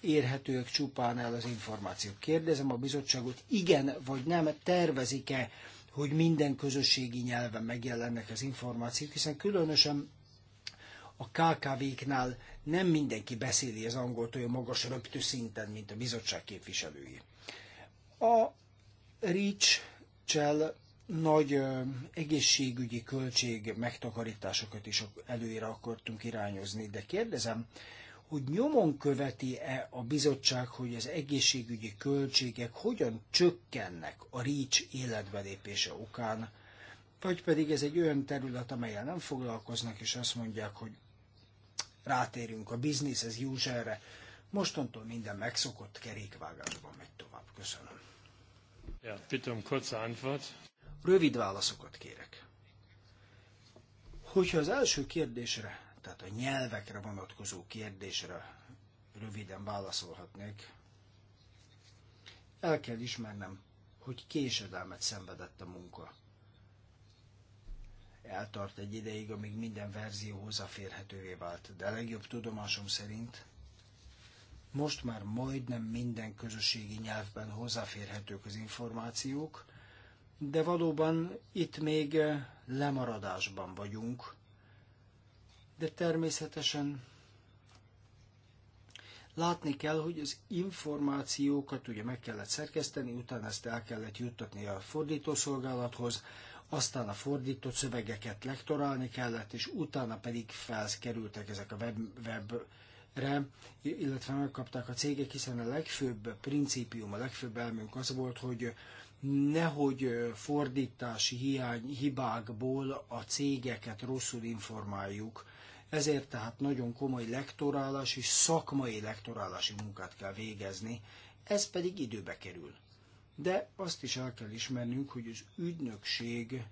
érhetőek csupán el az információk. Kérdezem a bizottságot, igen vagy nem, tervezik-e hogy minden közösségi nyelven megjelennek az információk, hiszen különösen a KKV-knál nem mindenki beszéli az angolt olyan magas röptű szinten, mint a bizottság képviselői. A REACH-csel nagy egészségügyi költség megtakarításokat is előre akartunk irányozni, de kérdezem, hogy nyomon követi-e a bizottság, hogy az egészségügyi költségek hogyan csökkennek a REACH életbelépése okán, vagy pedig ez egy olyan terület, amelyel nem foglalkoznak, és azt mondják, hogy rátérünk a business as usual-re, mostantól minden megszokott kerékvágásban megy tovább. Köszönöm. Ja, bitte um Rövid válaszokat kérek. Hogyha az első kérdésre tehát a nyelvekre vonatkozó kérdésre röviden válaszolhatnék. El kell ismernem, hogy késedelmet szenvedett a munka. Eltart egy ideig, amíg minden verzió hozzáférhetővé vált, de legjobb tudomásom szerint most már majdnem minden közösségi nyelvben hozzáférhetők az információk, de valóban itt még eh, lemaradásban vagyunk, de természetesen látni kell, hogy az információkat ugye meg kellett szerkeszteni, utána ezt el kellett juttatni a fordítószolgálathoz, aztán a fordított szövegeket lektorálni kellett, és utána pedig felkerültek ezek a web, webre, illetve megkapták a cégek, hiszen a legfőbb principium, a legfőbb elmünk az volt, hogy nehogy fordítási hiány, hibákból a cégeket rosszul informáljuk, ezért tehát nagyon komoly lektorálás és szakmai lektorálási munkát kell végezni, ez pedig időbe kerül. De azt is el kell ismernünk, hogy az ügynökség,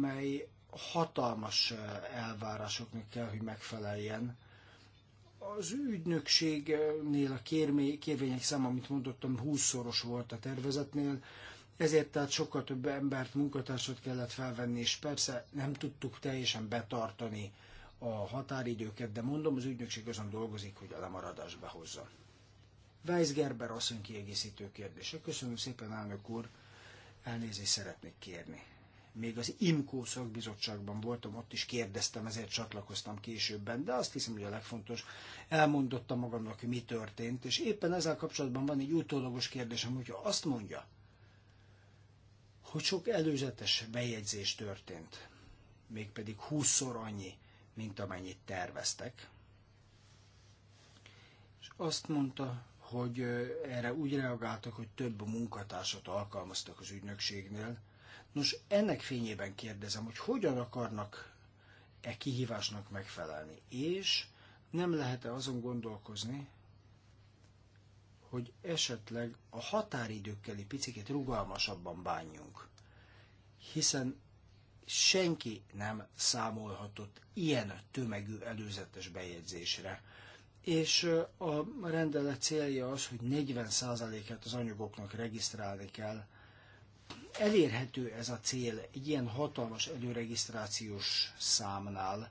mely hatalmas elvárásoknak kell, hogy megfeleljen, az ügynökségnél a kérmé, kérvények száma, amit mondottam, 20-szoros volt a tervezetnél, ezért tehát sokkal több embert, munkatársat kellett felvenni, és persze nem tudtuk teljesen betartani a határidőket, de mondom, az ügynökség azon dolgozik, hogy a lemaradást behozza. Weiss Gerber asszony kiegészítő kérdése. Köszönöm szépen, elnök úr. Elnézést szeretnék kérni. Még az IMCO szakbizottságban voltam, ott is kérdeztem, ezért csatlakoztam későbben, de azt hiszem, hogy a legfontos, elmondotta magamnak, hogy mi történt, és éppen ezzel kapcsolatban van egy utólagos kérdésem, hogyha azt mondja, hogy sok előzetes bejegyzés történt, mégpedig húszszor annyi, mint amennyit terveztek. És azt mondta, hogy erre úgy reagáltak, hogy több munkatársat alkalmaztak az ügynökségnél. Nos, ennek fényében kérdezem, hogy hogyan akarnak e kihívásnak megfelelni, és nem lehet-e azon gondolkozni, hogy esetleg a határidőkkel egy picit rugalmasabban bánjunk. Hiszen senki nem számolhatott ilyen tömegű előzetes bejegyzésre. És a rendelet célja az, hogy 40 et az anyagoknak regisztrálni kell. Elérhető ez a cél egy ilyen hatalmas előregisztrációs számnál,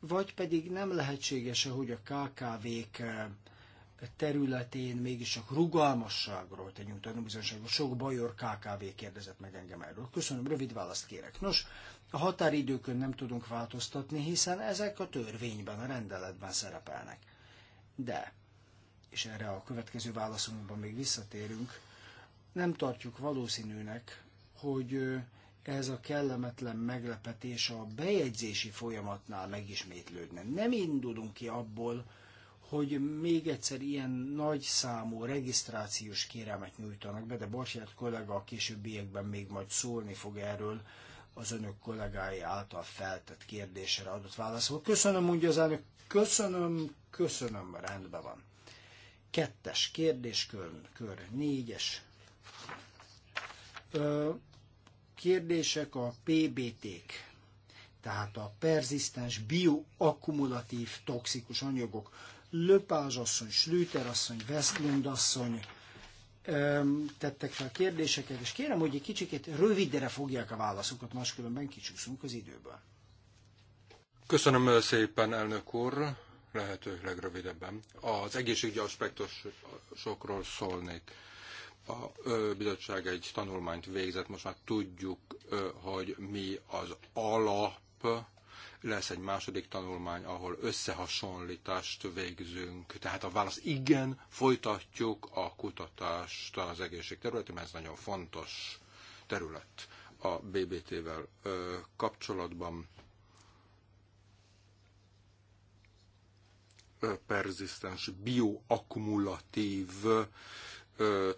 vagy pedig nem lehetséges, hogy a KKV-k területén mégis csak rugalmasságról tegyünk tanulbizonságot. Sok bajor KKV kérdezett meg engem erről. Köszönöm, rövid választ kérek. Nos, a határidőkön nem tudunk változtatni, hiszen ezek a törvényben, a rendeletben szerepelnek. De, és erre a következő válaszunkban még visszatérünk, nem tartjuk valószínűnek, hogy ez a kellemetlen meglepetés a bejegyzési folyamatnál megismétlődne. Nem indulunk ki abból, hogy még egyszer ilyen nagy számú regisztrációs kérelmet nyújtanak be, de Borsiát kollega a későbbiekben még majd szólni fog erről az önök kollégái által feltett kérdésre adott válaszol. Köszönöm, mondja az elnök. Köszönöm, köszönöm, rendben van. Kettes kérdéskör, kör, négyes. Ö, kérdések a PBT-k tehát a perzisztens bioakkumulatív toxikus anyagok. Löpázs asszony, Schlüter asszony, Westlund asszony tettek fel kérdéseket, és kérem, hogy egy kicsikét rövidre fogják a válaszokat, máskülönben kicsúszunk az időből. Köszönöm szépen, elnök úr, lehetőleg rövidebben. Az egészségügyi aspektusokról szólnék a bizottság egy tanulmányt végzett, most már tudjuk, hogy mi az alap lesz egy második tanulmány, ahol összehasonlítást végzünk. Tehát a válasz igen, folytatjuk a kutatást az egészség területén, mert ez nagyon fontos terület a BBT-vel kapcsolatban. persistens bioakkumulatív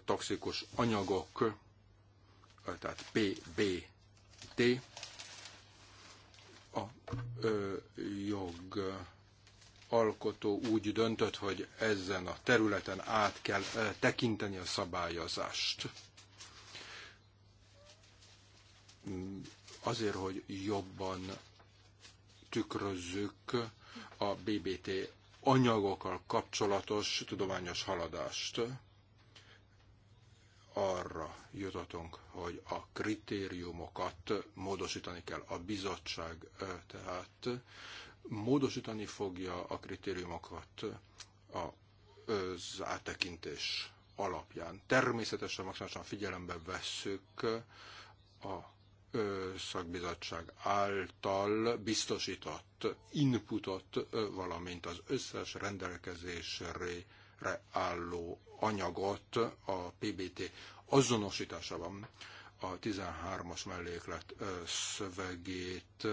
toxikus anyagok, tehát PBT, a ö, jog alkotó úgy döntött, hogy ezen a területen át kell tekinteni a szabályozást. Mm, azért, hogy jobban tükrözzük a BBT anyagokkal kapcsolatos tudományos haladást arra jutottunk, hogy a kritériumokat módosítani kell. A bizottság tehát módosítani fogja a kritériumokat az áttekintés alapján. Természetesen maximálisan figyelembe vesszük a szakbizottság által biztosított inputot, valamint az összes rendelkezésre álló anyagot a PBT azonosításában a 13-as melléklet szövegét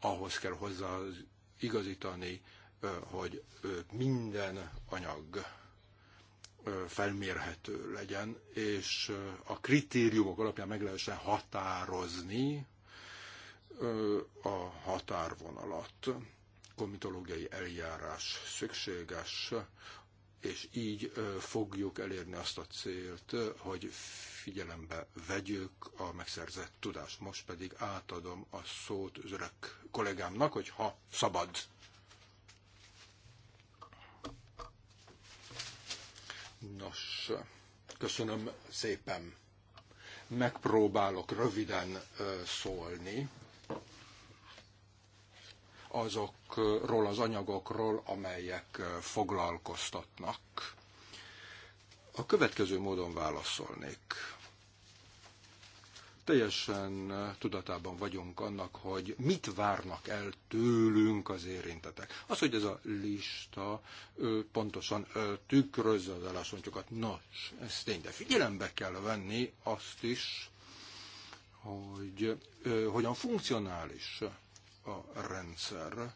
ahhoz kell hozzá igazítani, hogy minden anyag felmérhető legyen, és a kritériumok alapján meg lehessen határozni a határvonalat. Komitológiai eljárás szükséges és így fogjuk elérni azt a célt, hogy figyelembe vegyük a megszerzett tudást. Most pedig átadom a szót az öreg kollégámnak, hogy ha szabad. Nos, köszönöm szépen. Megpróbálok röviden szólni azokról az anyagokról, amelyek foglalkoztatnak. A következő módon válaszolnék. Teljesen tudatában vagyunk annak, hogy mit várnak el tőlünk az érintetek. Az, hogy ez a lista pontosan tükrözze az álláspontjukat, nos, ez tény, de figyelembe kell venni azt is, hogy hogyan funkcionális a rendszer.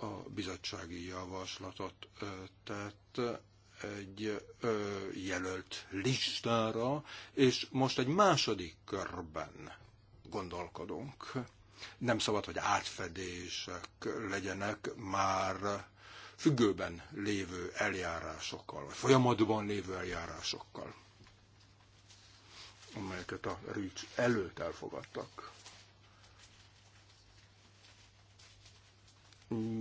A bizottsági javaslatot tett egy jelölt listára, és most egy második körben gondolkodunk. Nem szabad, hogy átfedések legyenek már függőben lévő eljárásokkal, vagy folyamatban lévő eljárásokkal, amelyeket a RICS előtt elfogadtak.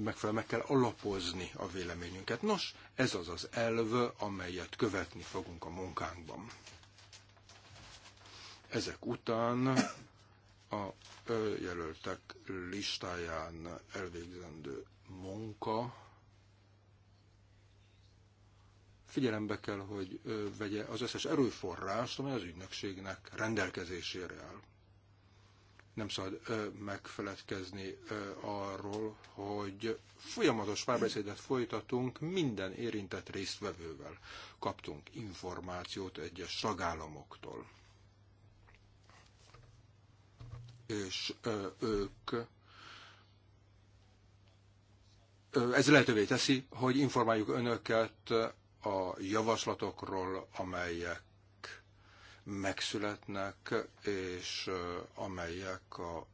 megfelelően meg kell alapozni a véleményünket. Nos, ez az az elv, amelyet követni fogunk a munkánkban. Ezek után a jelöltek listáján elvégzendő munka figyelembe kell, hogy vegye az összes erőforrást, amely az ügynökségnek rendelkezésére áll nem szabad megfeledkezni arról, hogy folyamatos párbeszédet folytatunk minden érintett résztvevővel. Kaptunk információt egyes tagállamoktól. És ők ez lehetővé teszi, hogy informáljuk önöket a javaslatokról, amelyek megszületnek, és amelyek a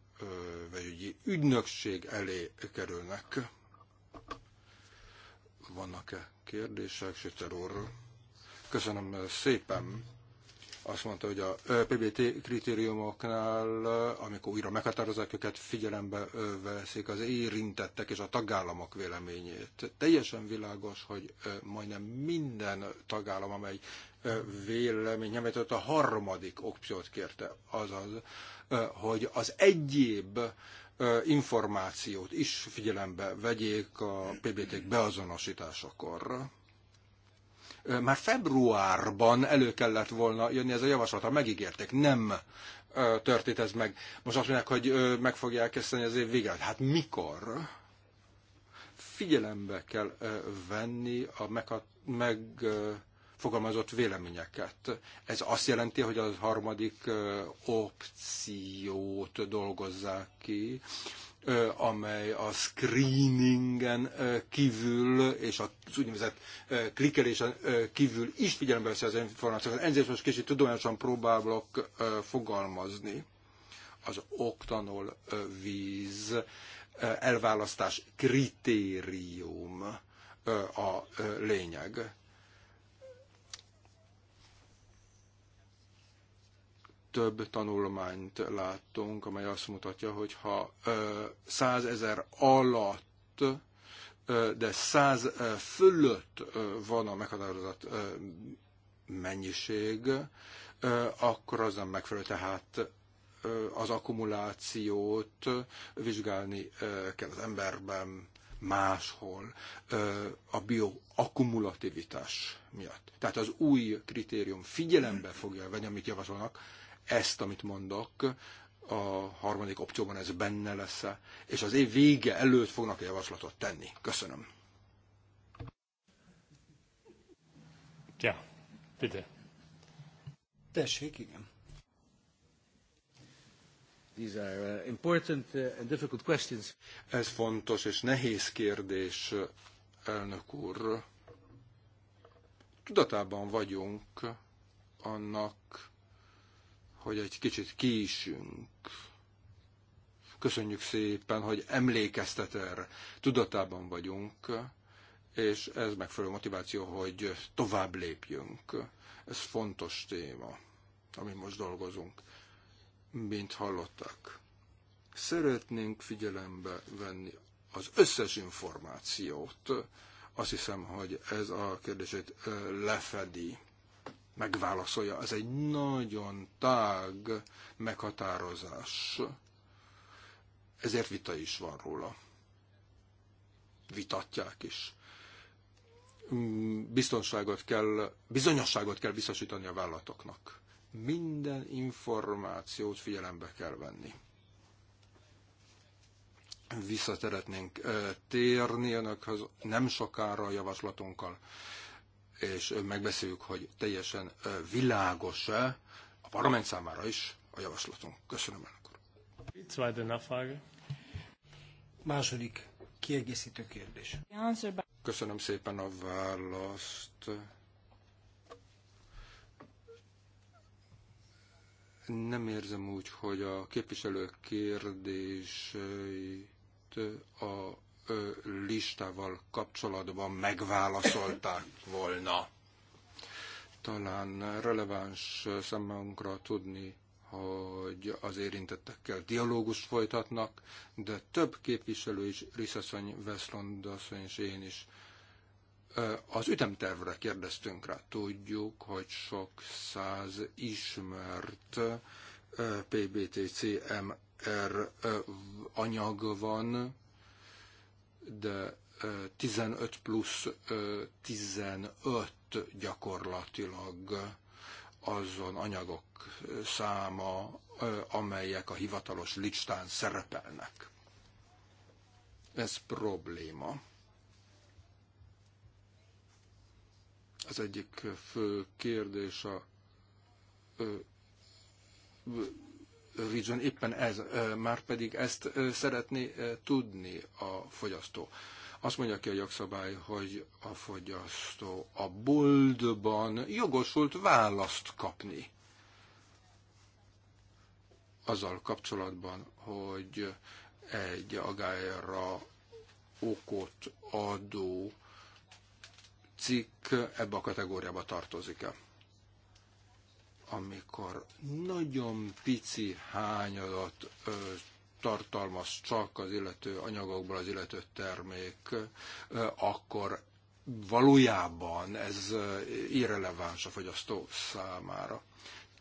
vegyügyi ügynökség elé kerülnek. Vannak-e kérdések, Sütter úr? Köszönöm szépen. Azt mondta, hogy a PBT kritériumoknál, amikor újra meghatározzák őket, figyelembe veszik az érintettek és a tagállamok véleményét. Teljesen világos, hogy majdnem minden tagállam, amely vélemény ott a harmadik opciót kérte, azaz, hogy az egyéb információt is figyelembe vegyék a pbt beazonosításakor. Már februárban elő kellett volna jönni ez a javaslat, ha megígérték, nem történt ez meg. Most azt mondják, hogy meg fogják kezdeni az év végelet. Hát mikor? Figyelembe kell venni a meghat- meg, meg Fogalmazott véleményeket. Ez azt jelenti, hogy a harmadik opciót dolgozzák ki, amely a screeningen kívül és az úgynevezett klikkelésen kívül is figyelembe veszi az információkat. Ezért most kicsit tudományosan próbálok fogalmazni. Az oktanol víz elválasztás kritérium a lényeg. több tanulmányt láttunk, amely azt mutatja, hogy ha százezer alatt, de száz fölött van a meghatározott mennyiség, akkor az nem megfelelő. Tehát az akkumulációt vizsgálni kell az emberben, máshol a bioakkumulativitás miatt. Tehát az új kritérium figyelembe fogja venni, amit javasolnak, ezt, amit mondok, a harmadik opcióban ez benne lesz -e? és az év vége előtt fognak javaslatot tenni. Köszönöm. Ja, bitte. Tessék, igen. These are uh, important uh, and difficult questions. Ez fontos és nehéz kérdés, elnök úr. Tudatában vagyunk annak, hogy egy kicsit kiísünk. Köszönjük szépen, hogy emlékeztet erre. Tudatában vagyunk, és ez megfelelő motiváció, hogy tovább lépjünk. Ez fontos téma, amit most dolgozunk, mint hallottak. Szeretnénk figyelembe venni az összes információt. Azt hiszem, hogy ez a kérdését lefedi megválaszolja. Ez egy nagyon tág meghatározás. Ezért vita is van róla. Vitatják is. Mm, biztonságot kell, bizonyosságot kell biztosítani a vállalatoknak. Minden információt figyelembe kell venni visszateretnénk térni önökhöz nem sokára a javaslatunkkal és megbeszéljük, hogy teljesen világos-e a parlament számára is a javaslatunk. Köszönöm elnök Második kiegészítő kérdés. Köszönöm szépen a választ. Nem érzem úgy, hogy a képviselők kérdéseit a listával kapcsolatban megválaszolták volna. Talán releváns számunkra tudni, hogy az érintettekkel dialógust folytatnak, de több képviselő is, Riszaszony, Veszlond asszony és én is az ütemtervre kérdeztünk rá. Tudjuk, hogy sok száz ismert PBTCMR anyag van, de 15 plusz 15 gyakorlatilag azon anyagok száma, amelyek a hivatalos listán szerepelnek. Ez probléma. Az egyik fő kérdés a region éppen ez, már pedig ezt szeretné tudni a fogyasztó. Azt mondja ki a jogszabály, hogy a fogyasztó a boldban jogosult választ kapni azzal kapcsolatban, hogy egy agályra okot adó cikk ebbe a kategóriába tartozik-e amikor nagyon pici hányadat ö, tartalmaz csak az illető anyagokból az illető termék, ö, akkor valójában ez irreleváns a fogyasztó számára.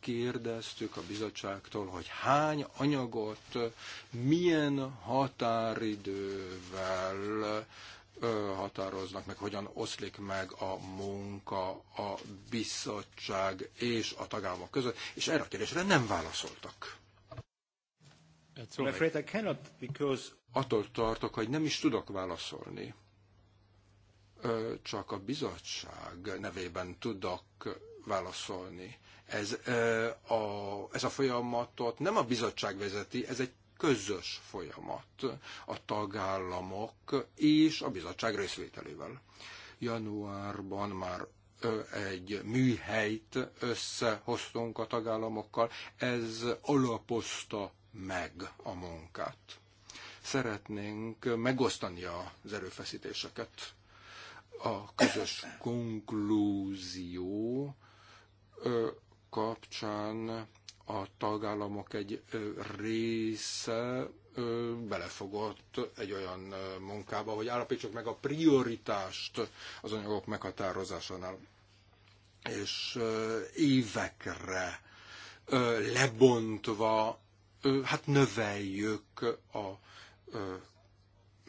Kérdeztük a bizottságtól, hogy hány anyagot, milyen határidővel határoznak meg, hogyan oszlik meg a munka, a bizottság és a tagállamok között, és erre a kérdésre nem válaszoltak. Attól tartok, hogy nem is tudok válaszolni. Csak a bizottság nevében tudok válaszolni. Ez, a, ez a folyamatot nem a bizottság vezeti, ez egy közös folyamat a tagállamok és a bizottság részvételével. Januárban már egy műhelyt összehoztunk a tagállamokkal, ez alapozta meg a munkát. Szeretnénk megosztani az erőfeszítéseket. A közös konklúzió kapcsán a tagállamok egy része belefogott egy olyan munkába, hogy állapítsuk meg a prioritást az anyagok meghatározásánál. És évekre lebontva, hát növeljük a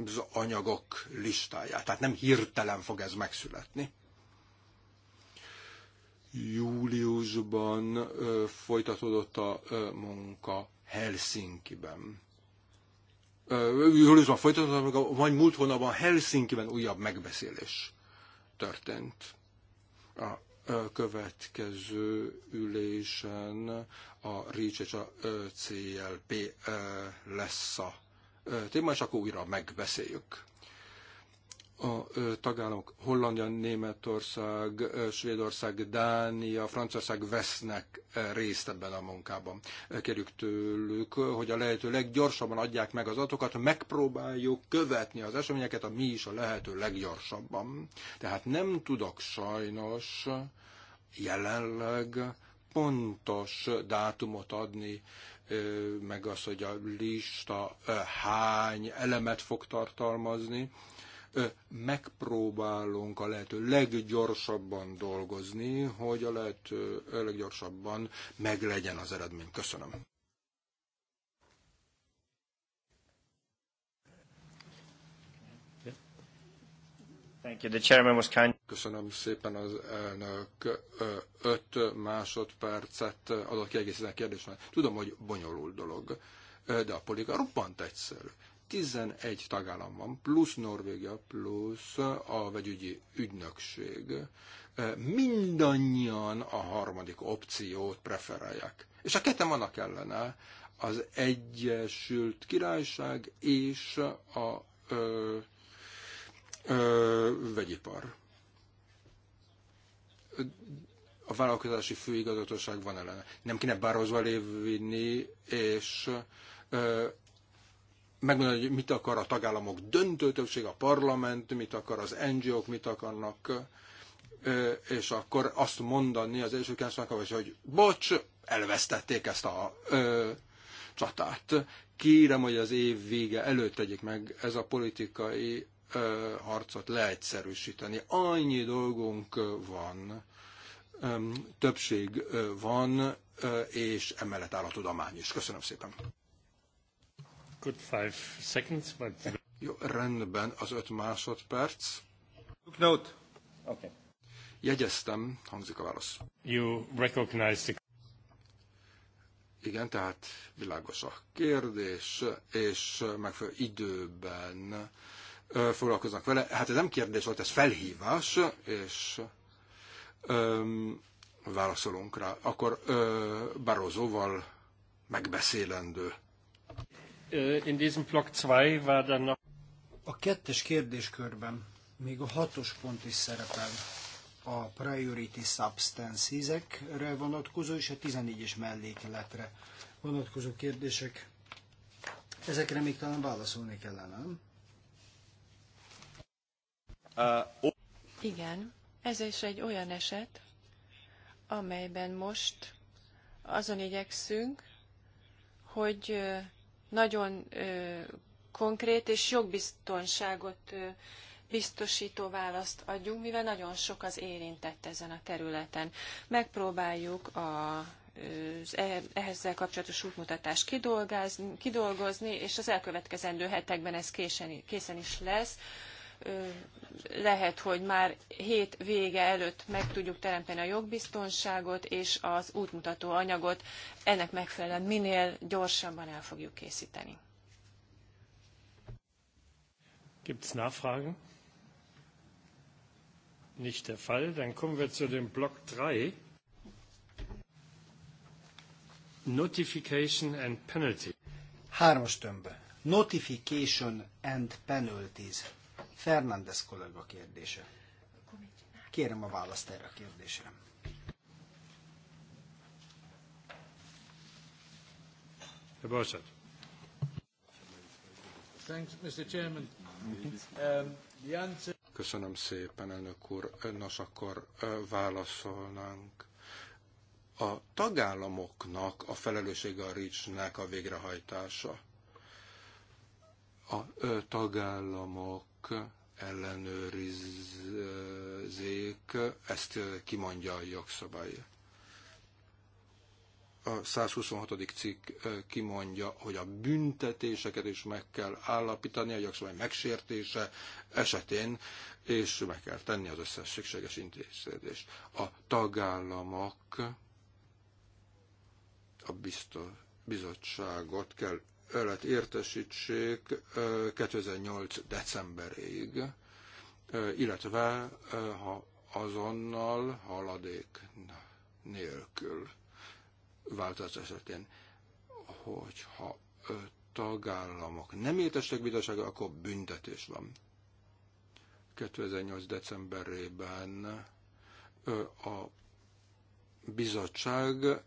az anyagok listáját. Tehát nem hirtelen fog ez megszületni. Júliusban folytatódott a munka Helsinkiben. Júliusban folytatódott, vagy múlt hónapban Helsinkiben újabb megbeszélés történt. A következő ülésen a RICS és a CLP lesz a téma, és akkor újra megbeszéljük a tagállamok Hollandia, Németország, Svédország, Dánia, Franciaország vesznek részt ebben a munkában. Kérjük tőlük, hogy a lehető leggyorsabban adják meg az adatokat, megpróbáljuk követni az eseményeket, a mi is a lehető leggyorsabban. Tehát nem tudok sajnos jelenleg pontos dátumot adni, meg az, hogy a lista hány elemet fog tartalmazni, megpróbálunk a lehető leggyorsabban dolgozni, hogy a lehető leggyorsabban meglegyen az eredmény. Köszönöm. Köszönöm szépen az elnök öt másodpercet adott kiegészítően kérdésre. Tudom, hogy bonyolult dolog, de a politika roppant egyszerű. 11 tagállam van, plusz Norvégia, plusz a vegyügyi ügynökség. Mindannyian a harmadik opciót preferálják. És a ketten vannak ellene az Egyesült Királyság és a ö, ö, vegyipar. A vállalkozási főigazgatóság van ellene. Nem kéne Barrozba lévni, és ö, megmondani, hogy mit akar a tagállamok döntő többség, a parlament, mit akar az NGO-k, mit akarnak, és akkor azt mondani az első kánszlának, hogy bocs, elvesztették ezt a ö, csatát. Kérem, hogy az év vége előtt tegyék meg ez a politikai ö, harcot leegyszerűsíteni. Annyi dolgunk van, ö, többség van, ö, és emellett áll a tudomány is. Köszönöm szépen. Good five seconds, but... Jó, rendben, az öt másodperc. Took note. Okay. Jegyeztem, hangzik a válasz. You recognize the... Igen, tehát világos a kérdés, és megfelelő időben foglalkoznak vele. Hát ez nem kérdés volt, ez felhívás, és öm, válaszolunk rá. Akkor Barozóval megbeszélendő. Äh, in diesem Block 2 war dann noch... A kettes kérdéskörben még a hatos pont is szerepel a priority substances-ekre vonatkozó és a 14-es mellékletre vonatkozó kérdések. Ezekre még talán válaszolni kellene, nem? Uh, Igen, ez is egy olyan eset, amelyben most azon igyekszünk, hogy nagyon konkrét és jogbiztonságot biztosító választ adjunk, mivel nagyon sok az érintett ezen a területen. Megpróbáljuk a e, ehhezzel kapcsolatos útmutatást kidolgozni, kidolgozni, és az elkövetkezendő hetekben ez készen, készen is lesz lehet, hogy már hét vége előtt meg tudjuk teremteni a jogbiztonságot, és az útmutató anyagot ennek megfelelően minél gyorsabban el fogjuk készíteni. Gibt's Nachfragen? Nicht der Fall. Dann kommen wir zu dem Block 3. Notification and Penalty. Hármas tömb. Notification and Penalties Fernández kollega kérdése. Kérem a választ erre a kérdésre. Bocsát. Um, Köszönöm szépen, elnök úr. Nos, akkor válaszolnánk. A tagállamoknak a felelőssége a rics a végrehajtása. A tagállamok ellenőrizzék, ezt kimondja a jogszabály. A 126. cikk kimondja, hogy a büntetéseket is meg kell állapítani a jogszabály megsértése esetén, és meg kell tenni az összes szükséges intézkedést. A tagállamok a biztos bizottságot kell ölet értesítsék 2008. decemberéig, illetve ha azonnal haladék nélkül változás esetén, hogyha tagállamok nem értesek bizottsága, akkor büntetés van. 2008. decemberében a bizottság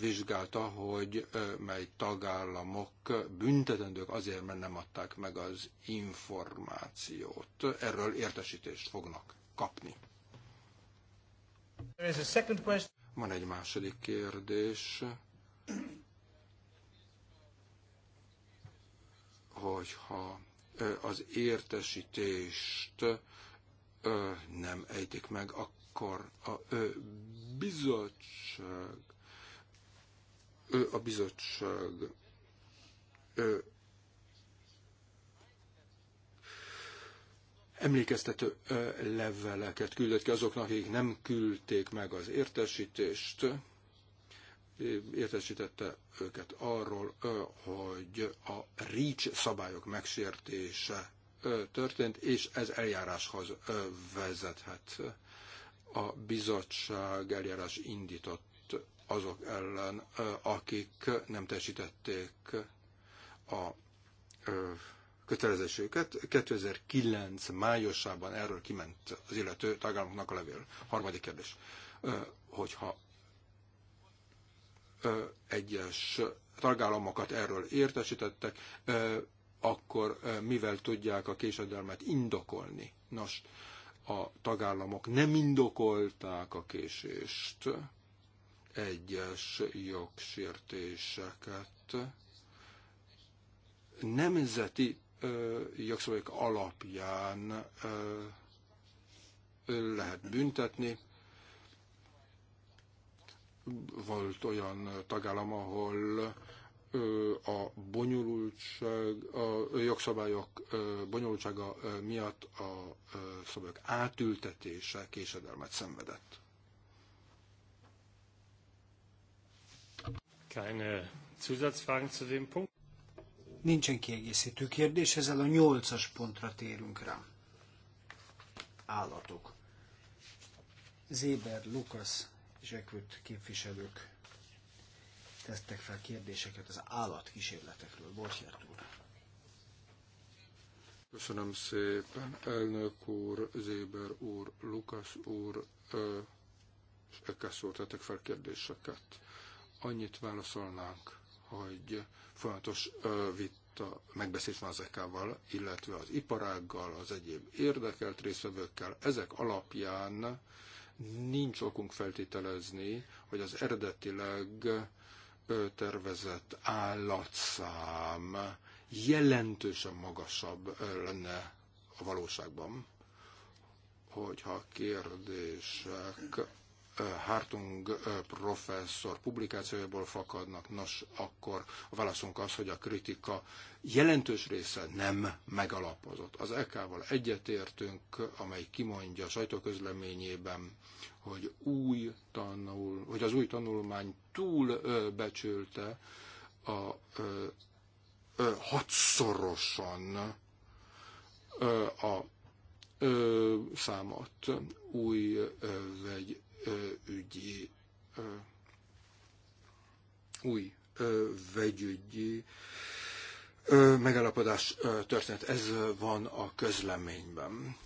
vizsgálta, hogy mely tagállamok büntetendők azért, mert nem adták meg az információt. Erről értesítést fognak kapni. Van egy második kérdés, hogyha az értesítést nem ejtik meg, akkor a bizottság ő a bizottság ő emlékeztető leveleket küldött ki azoknak, akik nem küldték meg az értesítést, értesítette őket arról, hogy a REACH szabályok megsértése történt, és ez eljáráshoz vezethet. A bizottság eljárás indított azok ellen, akik nem teljesítették a kötelezésüket. 2009 májusában erről kiment az illető tagállamoknak a levél. Harmadik kérdés, hogyha egyes tagállamokat erről értesítettek, akkor mivel tudják a késedelmet indokolni? Nos, a tagállamok nem indokolták a késést egyes jogsértéseket nemzeti jogszabályok alapján lehet büntetni. Volt olyan tagállam, ahol a bonyolultság, a jogszabályok bonyolultsága miatt a szabályok átültetése késedelmet szenvedett. Nincsen kiegészítő kérdés, ezzel a nyolcas pontra térünk rá. Állatok. Zéber, Lukasz és képviselők tesztek fel kérdéseket az állatkísérletekről. Borchert úr. Köszönöm szépen, elnök úr, Zéber úr, Lukasz úr, és Ekesz szóltatok fel kérdéseket. Annyit válaszolnánk, hogy folyamatos vita, megbeszélt van az e illetve az iparággal, az egyéb érdekelt részvevőkkel. Ezek alapján nincs okunk feltételezni, hogy az eredetileg tervezett állatszám jelentősen magasabb lenne a valóságban, hogyha kérdések Hartung professzor publikációjából fakadnak, nos, akkor a válaszunk az, hogy a kritika jelentős része nem megalapozott. Az EK-val egyetértünk, amely kimondja a sajtóközleményében, hogy, új tanul, hogy az új tanulmány túl becsülte a ö, ö, hatszorosan ö, a számot új vagy ügyi, új vegyügyi megállapodás történet Ez van a közleményben.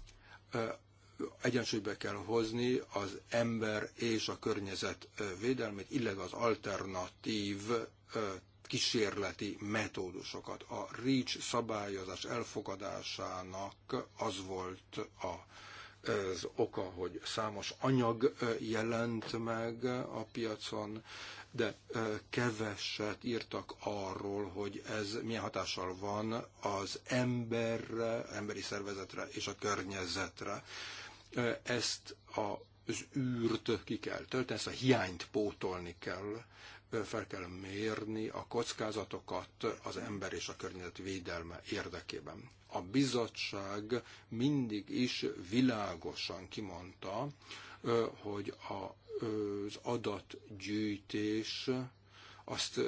Egyensúlybe kell hozni az ember és a környezet védelmét, illetve az alternatív kísérleti metódusokat. A REACH szabályozás elfogadásának az volt a az oka, hogy számos anyag jelent meg a piacon, de keveset írtak arról, hogy ez milyen hatással van az emberre, emberi szervezetre és a környezetre. Ezt az űrt ki kell tölteni, ezt a hiányt pótolni kell, fel kell mérni a kockázatokat az ember és a környezet védelme érdekében a bizottság mindig is világosan kimondta, hogy az adatgyűjtés azt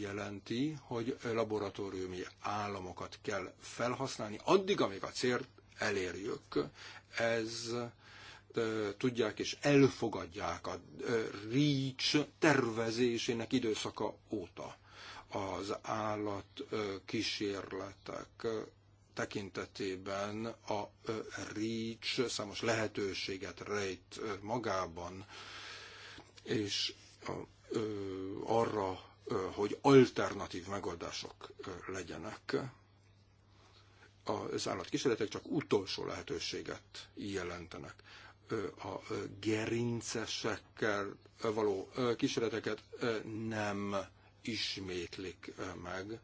jelenti, hogy laboratóriumi államokat kell felhasználni, addig, amíg a célt elérjük. Ez tudják és elfogadják a REACH tervezésének időszaka óta. Az állatkísérletek tekintetében a REACH számos lehetőséget rejt magában, és arra, hogy alternatív megoldások legyenek. Az állatkísérletek csak utolsó lehetőséget jelentenek a gerincesekkel való kísérleteket nem ismétlik meg,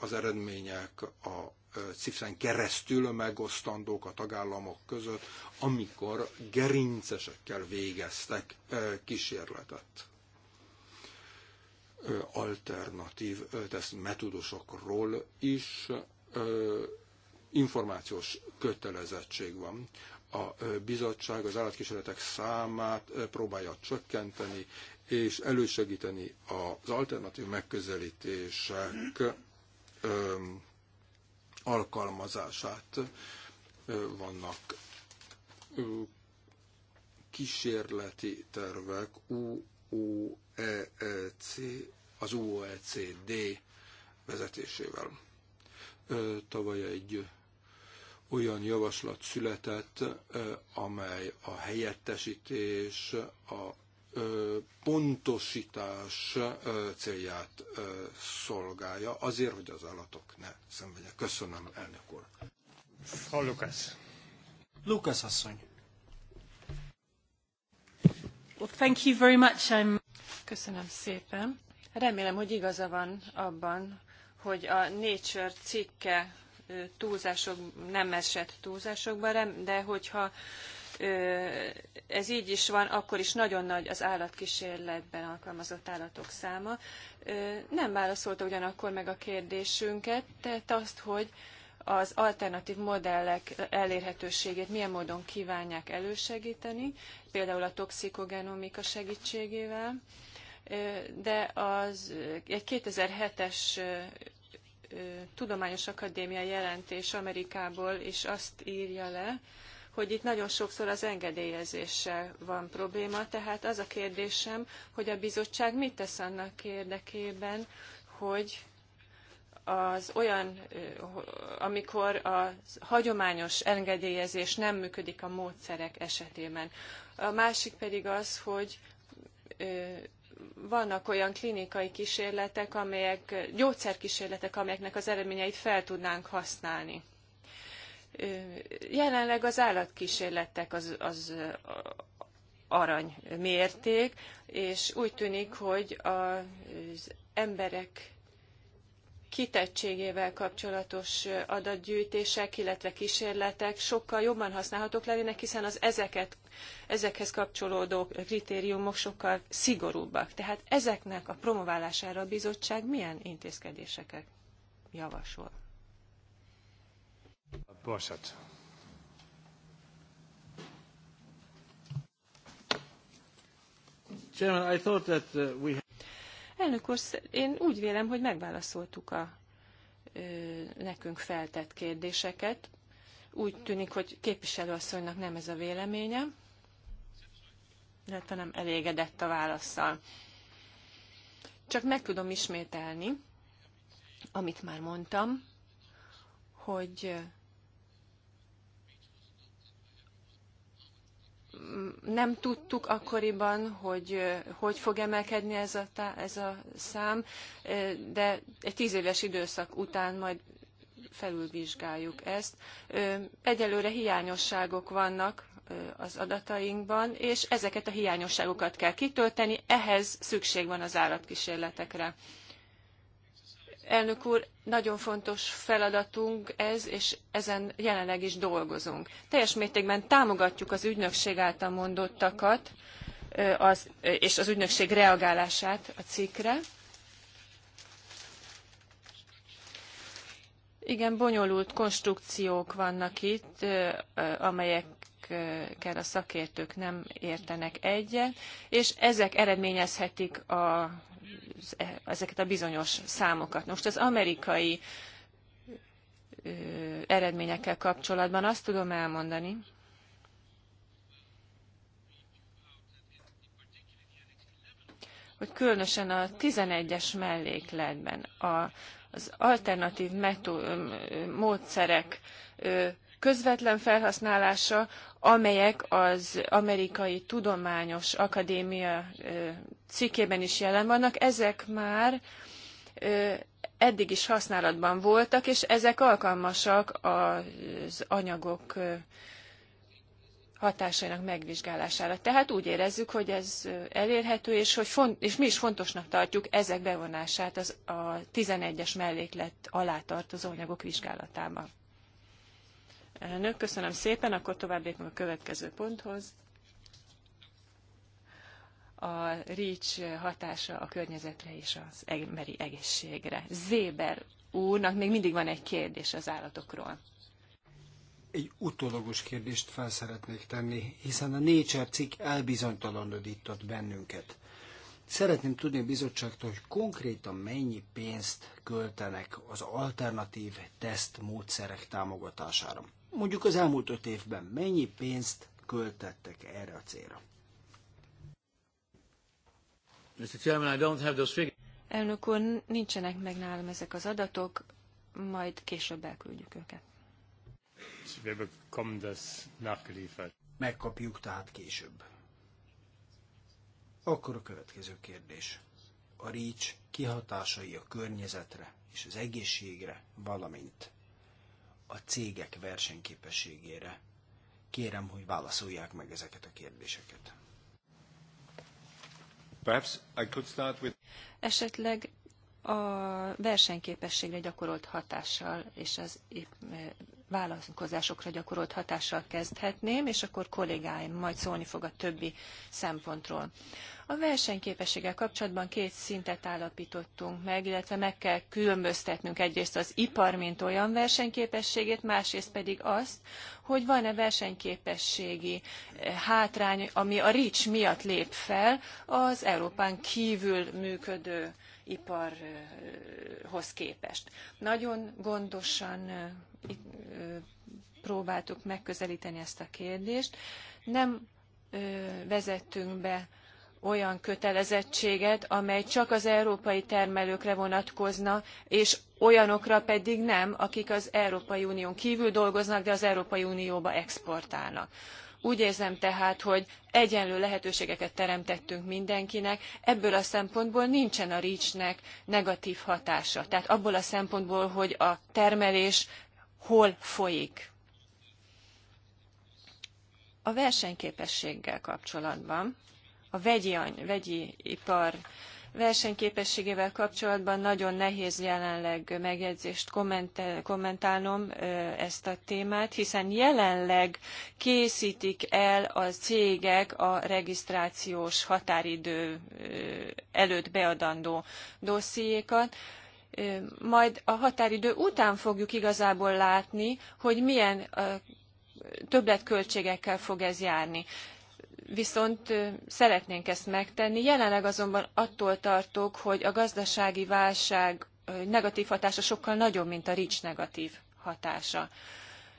az eredmények a cipszen keresztül megosztandók a tagállamok között, amikor gerincesekkel végeztek kísérletet. Alternatív teszt metodusokról is információs kötelezettség van. A bizottság az állatkísérletek számát próbálja csökkenteni, és elősegíteni az alternatív megközelítések alkalmazását. Vannak kísérleti tervek, UOEC, e az UOECD vezetésével. Tavaly egy olyan javaslat született, amely a helyettesítés, a pontosítás célját szolgálja, azért, hogy az állatok ne szenvedjenek. Köszönöm, elnök úr. Frau Lukasz. Lukasz asszony. Well, thank you very much. I'm... Köszönöm szépen. Remélem, hogy igaza van abban, hogy a Nature cikke túlzások, nem esett túlzásokban, de hogyha ez így is van, akkor is nagyon nagy az állatkísérletben alkalmazott állatok száma. Nem válaszolta ugyanakkor meg a kérdésünket, tehát azt, hogy az alternatív modellek elérhetőségét milyen módon kívánják elősegíteni, például a toxikogenomika segítségével, de az, egy 2007-es Tudományos Akadémia jelentés Amerikából is azt írja le, hogy itt nagyon sokszor az engedélyezéssel van probléma, tehát az a kérdésem, hogy a bizottság mit tesz annak érdekében, hogy az olyan, amikor a hagyományos engedélyezés nem működik a módszerek esetében. A másik pedig az, hogy vannak olyan klinikai kísérletek, amelyek, gyógyszerkísérletek, amelyeknek az eredményeit fel tudnánk használni Jelenleg az állatkísérletek az, az arany mérték, és úgy tűnik, hogy az emberek kitettségével kapcsolatos adatgyűjtések, illetve kísérletek sokkal jobban használhatók lennének, hiszen az ezeket, ezekhez kapcsolódó kritériumok sokkal szigorúbbak. Tehát ezeknek a promoválására a bizottság milyen intézkedéseket javasol? Borsat. Chairman, I thought that uh, we Elnök úr, én úgy vélem, hogy megválaszoltuk a ö, nekünk feltett kérdéseket. Úgy tűnik, hogy képviselőasszonynak nem ez a véleménye, illetve nem elégedett a válaszsal. Csak meg tudom ismételni, amit már mondtam, hogy mm, nem tudtuk akkoriban, hogy hogy fog emelkedni ez a, ez a szám, de egy tíz éves időszak után majd felülvizsgáljuk ezt. Egyelőre hiányosságok vannak az adatainkban, és ezeket a hiányosságokat kell kitölteni, ehhez szükség van az állatkísérletekre. Elnök úr, nagyon fontos feladatunk ez, és ezen jelenleg is dolgozunk. Teljes mértékben támogatjuk az ügynökség által mondottakat, az, és az ügynökség reagálását a cikkre. Igen, bonyolult konstrukciók vannak itt, amelyekkel a szakértők nem értenek egyet, és ezek eredményezhetik a ezeket a bizonyos számokat. Most az amerikai eredményekkel kapcsolatban azt tudom elmondani, hogy különösen a 11-es mellékletben a, az alternatív metó, módszerek közvetlen felhasználása, amelyek az amerikai tudományos akadémia cikkében is jelen vannak. Ezek már eddig is használatban voltak, és ezek alkalmasak az anyagok hatásainak megvizsgálására. Tehát úgy érezzük, hogy ez elérhető, és, hogy font, és mi is fontosnak tartjuk ezek bevonását az, a 11-es melléklet alá tartozó anyagok vizsgálatába. Elnök, köszönöm szépen, akkor tovább lépünk a következő ponthoz. A REACH hatása a környezetre és az emberi egészségre. Zéber úrnak még mindig van egy kérdés az állatokról. Egy utólagos kérdést fel szeretnék tenni, hiszen a Nature cikk elbizonytalanodított bennünket. Szeretném tudni a bizottságtól, hogy konkrétan mennyi pénzt költenek az alternatív teszt módszerek támogatására mondjuk az elmúlt öt évben mennyi pénzt költettek erre a célra? Mr. Chairman, I don't have those figures. Elnök úr, nincsenek meg nálam ezek az adatok, majd később elküldjük őket. Megkapjuk tehát később. Akkor a következő kérdés. A rics kihatásai a környezetre és az egészségre, valamint a cégek versenyképességére. Kérem, hogy válaszolják meg ezeket a kérdéseket. With... Esetleg a versenyképességre gyakorolt hatással és az vállalkozásokra gyakorolt hatással kezdhetném, és akkor kollégáim majd szólni fog a többi szempontról. A versenyképességgel kapcsolatban két szintet állapítottunk meg, illetve meg kell különböztetnünk egyrészt az ipar, mint olyan versenyképességét, másrészt pedig azt, hogy van-e versenyképességi eh, hátrány, ami a RICS miatt lép fel az Európán kívül működő iparhoz képest. Nagyon gondosan próbáltuk megközelíteni ezt a kérdést. Nem vezettünk be olyan kötelezettséget, amely csak az európai termelőkre vonatkozna, és olyanokra pedig nem, akik az Európai Unión kívül dolgoznak, de az Európai Unióba exportálnak. Úgy érzem tehát, hogy egyenlő lehetőségeket teremtettünk mindenkinek, ebből a szempontból nincsen a REACH-nek negatív hatása. Tehát abból a szempontból, hogy a termelés hol folyik. A versenyképességgel kapcsolatban a vegyi, vegyi ipar versenyképességével kapcsolatban nagyon nehéz jelenleg megjegyzést kommentálnom ezt a témát, hiszen jelenleg készítik el a cégek a regisztrációs határidő előtt beadandó dossziékat, majd a határidő után fogjuk igazából látni, hogy milyen többletköltségekkel fog ez járni viszont szeretnénk ezt megtenni. Jelenleg azonban attól tartok, hogy a gazdasági válság negatív hatása sokkal nagyobb, mint a RICS negatív hatása.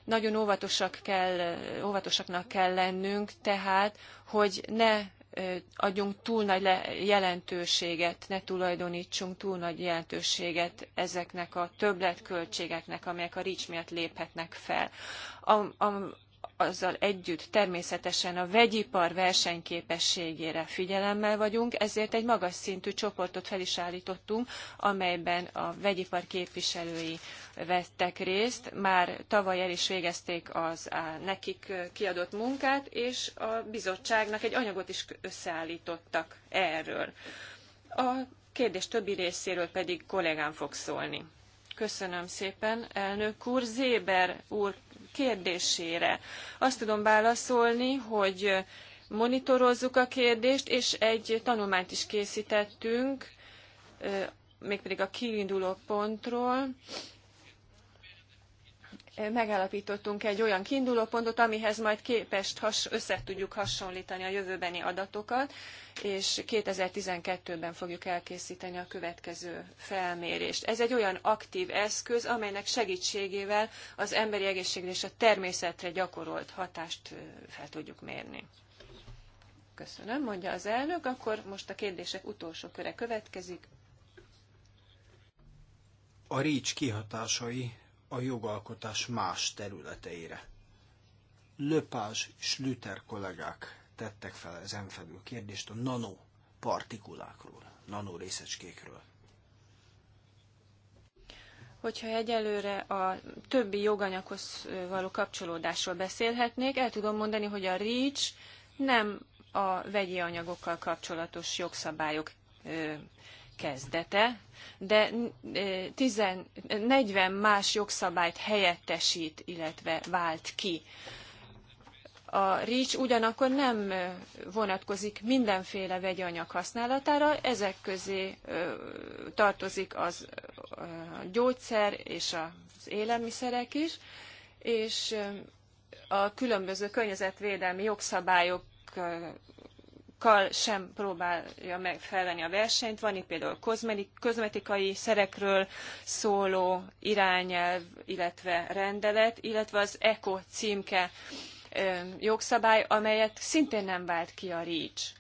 Nagyon óvatosak kell, óvatosaknak kell lennünk, tehát, hogy ne adjunk túl nagy jelentőséget, ne tulajdonítsunk túl nagy jelentőséget ezeknek a többletköltségeknek, amelyek a RICS miatt léphetnek fel. A, a, azzal együtt természetesen a vegyipar versenyképességére figyelemmel vagyunk, ezért egy magas szintű csoportot fel is állítottunk, amelyben a vegyipar képviselői vettek részt. Már tavaly el is végezték az a, nekik kiadott munkát, és a bizottságnak egy anyagot is összeállítottak erről. A kérdés többi részéről pedig kollégám fog szólni. Köszönöm szépen, elnök úr. Zéber úr kérdésére. Azt tudom válaszolni, hogy monitorozzuk a kérdést, és egy tanulmányt is készítettünk, mégpedig a kiinduló pontról, megállapítottunk egy olyan kiindulópontot, amihez majd képest has, össze tudjuk hasonlítani a jövőbeni adatokat, és 2012-ben fogjuk elkészíteni a következő felmérést. Ez egy olyan aktív eszköz, amelynek segítségével az emberi egészségre és a természetre gyakorolt hatást fel tudjuk mérni. Köszönöm, mondja az elnök. Akkor most a kérdések utolsó köre következik. A REACH kihatásai a jogalkotás más területeire. Löpás, Lüter kollégák tettek fel ezen felül kérdést a nanopartikulákról, nanorészecskékről hogyha egyelőre a többi joganyaghoz való kapcsolódásról beszélhetnék, el tudom mondani, hogy a REACH nem a vegyi anyagokkal kapcsolatos jogszabályok kezdete, de 10, eh, 40 más jogszabályt helyettesít, illetve vált ki. A REACH ugyanakkor nem eh, vonatkozik mindenféle vegyi anyag használatára, ezek közé eh, tartozik az a gyógyszer és az élelmiszerek is, és a különböző környezetvédelmi jogszabályok kal sem próbálja meg felvenni a versenyt. Van itt például kozmetikai szerekről szóló irányelv, illetve rendelet, illetve az ECO címke jogszabály, amelyet szintén nem vált ki a REACH.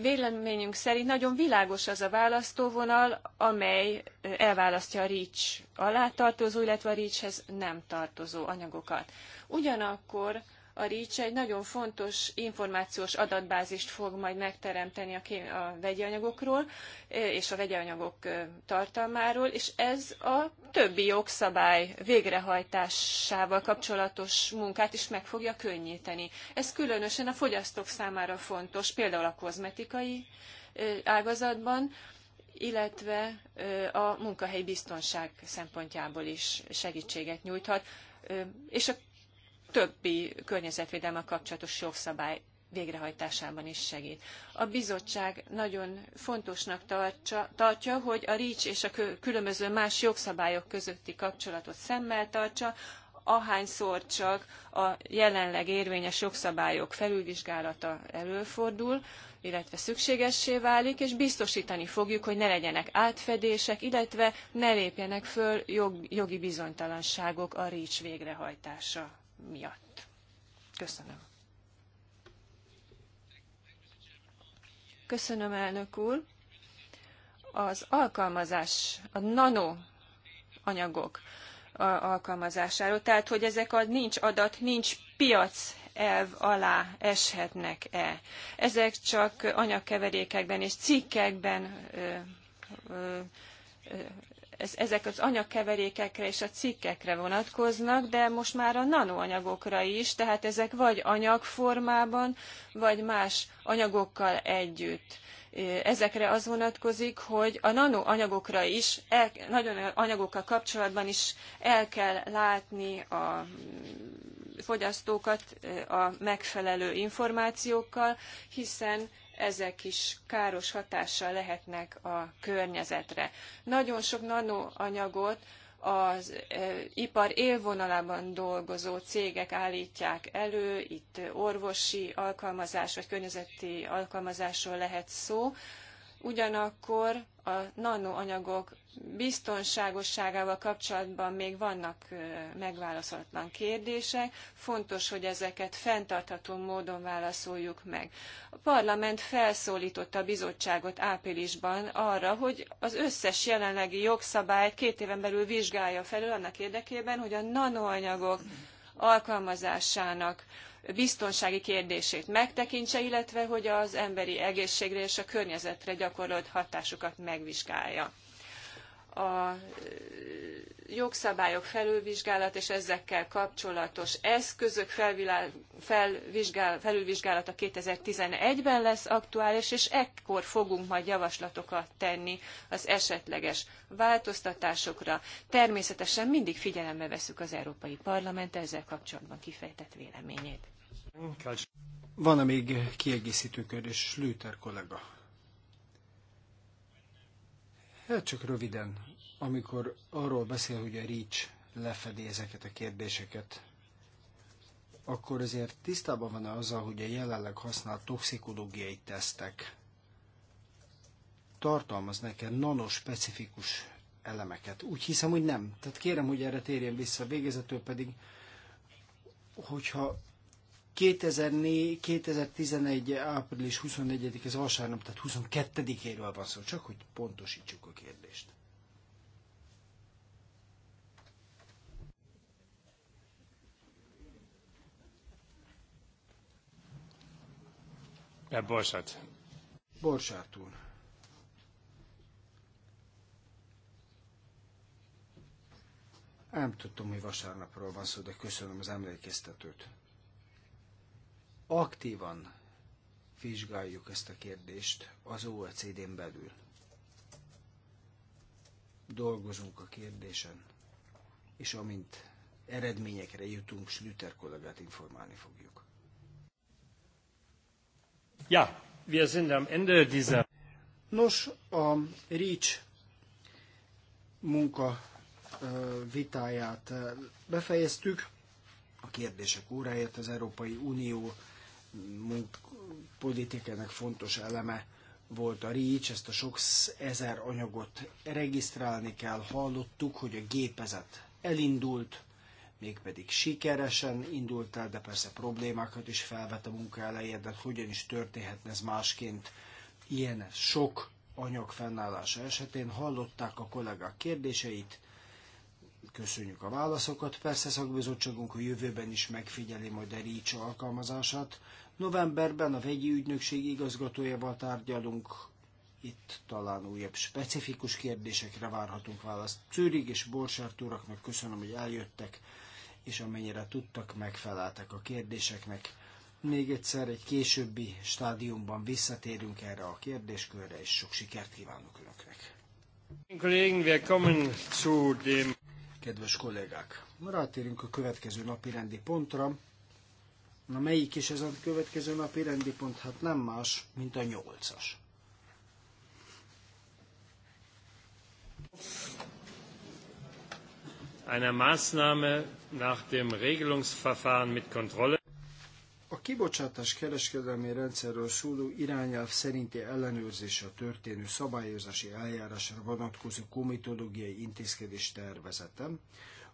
Véleményünk szerint nagyon világos az a választóvonal, amely elválasztja a REACH alá tartozó, illetve a REACH-hez nem tartozó anyagokat. Ugyanakkor a REACH egy nagyon fontos információs adatbázist fog majd megteremteni a, a vegyi anyagokról és a vegyi anyagok tartalmáról, és ez a többi jogszabály végrehajtásával kapcsolatos munkát is meg fogja könnyíteni. Ez különösen a fogyasztók számára fontos, például a kozmetikai ágazatban, illetve a munkahelyi biztonság szempontjából is segítséget nyújthat. És a többi környezetvédelme kapcsolatos jogszabály végrehajtásában is segít. A bizottság nagyon fontosnak tartsa, tartja, hogy a REACH és a különböző más jogszabályok közötti kapcsolatot szemmel tartsa, ahányszor csak a jelenleg érvényes jogszabályok felülvizsgálata előfordul, illetve szükségessé válik, és biztosítani fogjuk, hogy ne legyenek átfedések, illetve ne lépjenek föl jogi bizonytalanságok a REACH végrehajtása miatt. Köszönöm. Köszönöm, elnök úr. Az alkalmazás, a nano anyagok alkalmazásáról, tehát hogy ezek a nincs adat, nincs piac elv alá eshetnek-e. Ezek csak anyagkeverékekben és cikkekben ö, ö, ö, ezek az anyagkeverékekre és a cikkekre vonatkoznak, de most már a nanoanyagokra is, tehát ezek vagy anyagformában, vagy más anyagokkal együtt. Ezekre az vonatkozik, hogy a nanoanyagokra is, el, nagyon anyagokkal kapcsolatban is el kell látni a fogyasztókat a megfelelő információkkal, hiszen ezek is káros hatással lehetnek a környezetre. Nagyon sok nanoanyagot az e, ipar élvonalában dolgozó cégek állítják elő, itt orvosi alkalmazás vagy környezeti alkalmazásról lehet szó, ugyanakkor a nanoanyagok biztonságosságával kapcsolatban még vannak megválaszolatlan kérdések. Fontos, hogy ezeket fenntartható módon válaszoljuk meg. A parlament felszólította a bizottságot áprilisban arra, hogy az összes jelenlegi jogszabályt két éven belül vizsgálja felül annak érdekében, hogy a nanoanyagok alkalmazásának biztonsági kérdését megtekintse, illetve hogy az emberi egészségre és a környezetre gyakorolt hatásukat megvizsgálja a jogszabályok felülvizsgálat és ezekkel kapcsolatos eszközök felvizsgál, felülvizsgálata 2011-ben lesz aktuális, és ekkor fogunk majd javaslatokat tenni az esetleges változtatásokra. Természetesen mindig figyelembe veszük az Európai Parlament ezzel kapcsolatban kifejtett véleményét. Van-e még kiegészítő kérdés, Lüter kollega? Hát csak röviden, amikor arról beszél, hogy a REACH lefedi ezeket a kérdéseket, akkor azért tisztában van-e azzal, hogy a jelenleg használt toxikológiai tesztek Tartalmaz nekem nanospecifikus elemeket? Úgy hiszem, hogy nem. Tehát kérem, hogy erre térjen vissza. Végezetül pedig, hogyha 2004, 2011. április 24 ez vasárnap, tehát 22-éről van szó, csak hogy pontosítsuk a kérdést. Ja, Borsát. Borsát úr. Nem tudtam, hogy vasárnapról van szó, de köszönöm az emlékeztetőt aktívan vizsgáljuk ezt a kérdést az OECD-n belül. Dolgozunk a kérdésen, és amint eredményekre jutunk, Schlüter kollégát informálni fogjuk. Ja, wir sind am Ende dieser... Nos, a REACH munka vitáját befejeztük. A kérdések óráját az Európai Unió politikának fontos eleme volt a REACH, ezt a sok ezer anyagot regisztrálni kell. Hallottuk, hogy a gépezet elindult, mégpedig sikeresen indult el, de persze problémákat is felvet a munka elején, de hogyan is történhetne ez másként ilyen sok anyag fennállása esetén. Hallották a kollégák kérdéseit, Köszönjük a válaszokat. Persze szakbizottságunk a jövőben is megfigyeli majd a RICS alkalmazását. Novemberben a vegyi ügynökség igazgatójával tárgyalunk, itt talán újabb specifikus kérdésekre várhatunk választ. Czőrig és Borsárt uraknak köszönöm, hogy eljöttek, és amennyire tudtak, megfeleltek a kérdéseknek. Még egyszer egy későbbi stádiumban visszatérünk erre a kérdéskörre, és sok sikert kívánok Önöknek. Kollegen, wir kommen zu dem kedves kollégák! Rátérünk a következő napi rendi pontra. Na melyik is ez a következő napi rendi pont? Hát nem más, mint a nyolcas. Eine Maßnahme nach dem Regelungsverfahren mit Kontrolle a kibocsátás kereskedelmi rendszerről szóló irányelv szerinti a történő szabályozási eljárásra vonatkozó komitológiai intézkedés tervezetem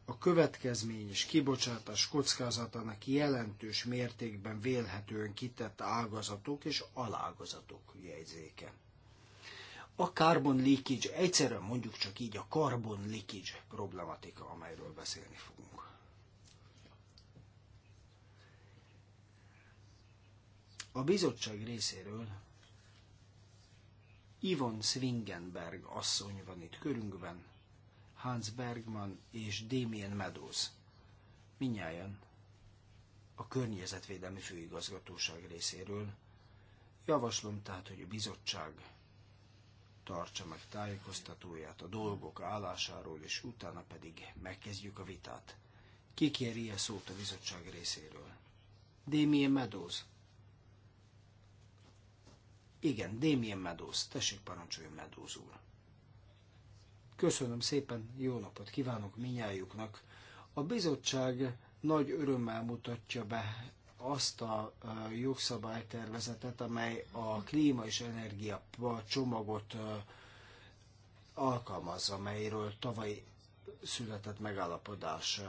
a következményes kibocsátás kockázatának jelentős mértékben vélhetően kitett ágazatok és alágazatok jegyzéke. A carbon leakage, egyszerűen mondjuk csak így a carbon leakage problematika, amelyről beszélni fogunk. A bizottság részéről Ivon Swingenberg asszony van itt körünkben, Hans Bergman és Damien Meadows. Minnyáján a Környezetvédelmi Főigazgatóság részéről. Javaslom tehát, hogy a bizottság tartsa meg tájékoztatóját a dolgok állásáról, és utána pedig megkezdjük a vitát. Ki kéri a szót a bizottság részéről? Damien Meadows. Igen, Damien Meadows. Tessék, parancsoljon Meadows úr. Köszönöm szépen, jó napot kívánok minnyájuknak. A bizottság nagy örömmel mutatja be azt a jogszabálytervezetet, amely a klíma és energia csomagot alkalmazza, amelyről tavaly született megállapodás.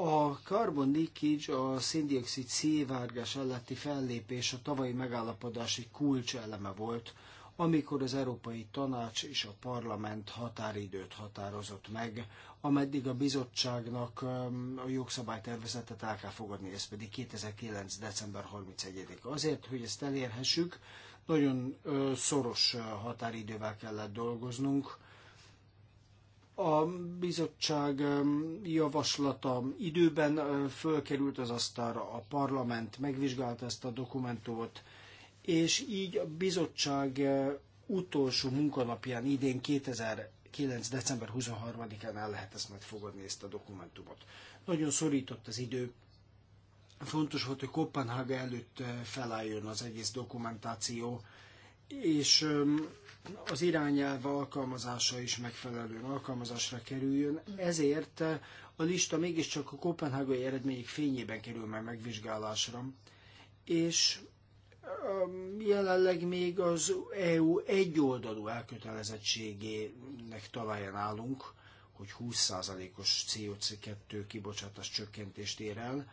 A carbon leakage, a széndiokszid szivárgás alatti fellépés a tavalyi megállapodás egy kulcs eleme volt, amikor az Európai Tanács és a Parlament határidőt határozott meg, ameddig a bizottságnak um, a jogszabálytervezetet el kell fogadni, ez pedig 2009. december 31 ig Azért, hogy ezt elérhessük, nagyon szoros határidővel kellett dolgoznunk, a bizottság javaslata időben fölkerült az asztalra, a parlament megvizsgálta ezt a dokumentumot, és így a bizottság utolsó munkanapján idén 2009. december 23-án el lehet ezt majd fogadni, ezt a dokumentumot. Nagyon szorított az idő. Fontos volt, hogy Kopenhága előtt felálljon az egész dokumentáció, és az irányelv alkalmazása is megfelelően alkalmazásra kerüljön, ezért a lista mégiscsak a kopenhágai eredmények fényében kerül már megvizsgálásra, és um, jelenleg még az EU egyoldalú elkötelezettségének talaján állunk, hogy 20%-os CO2 kibocsátás csökkentést ér el.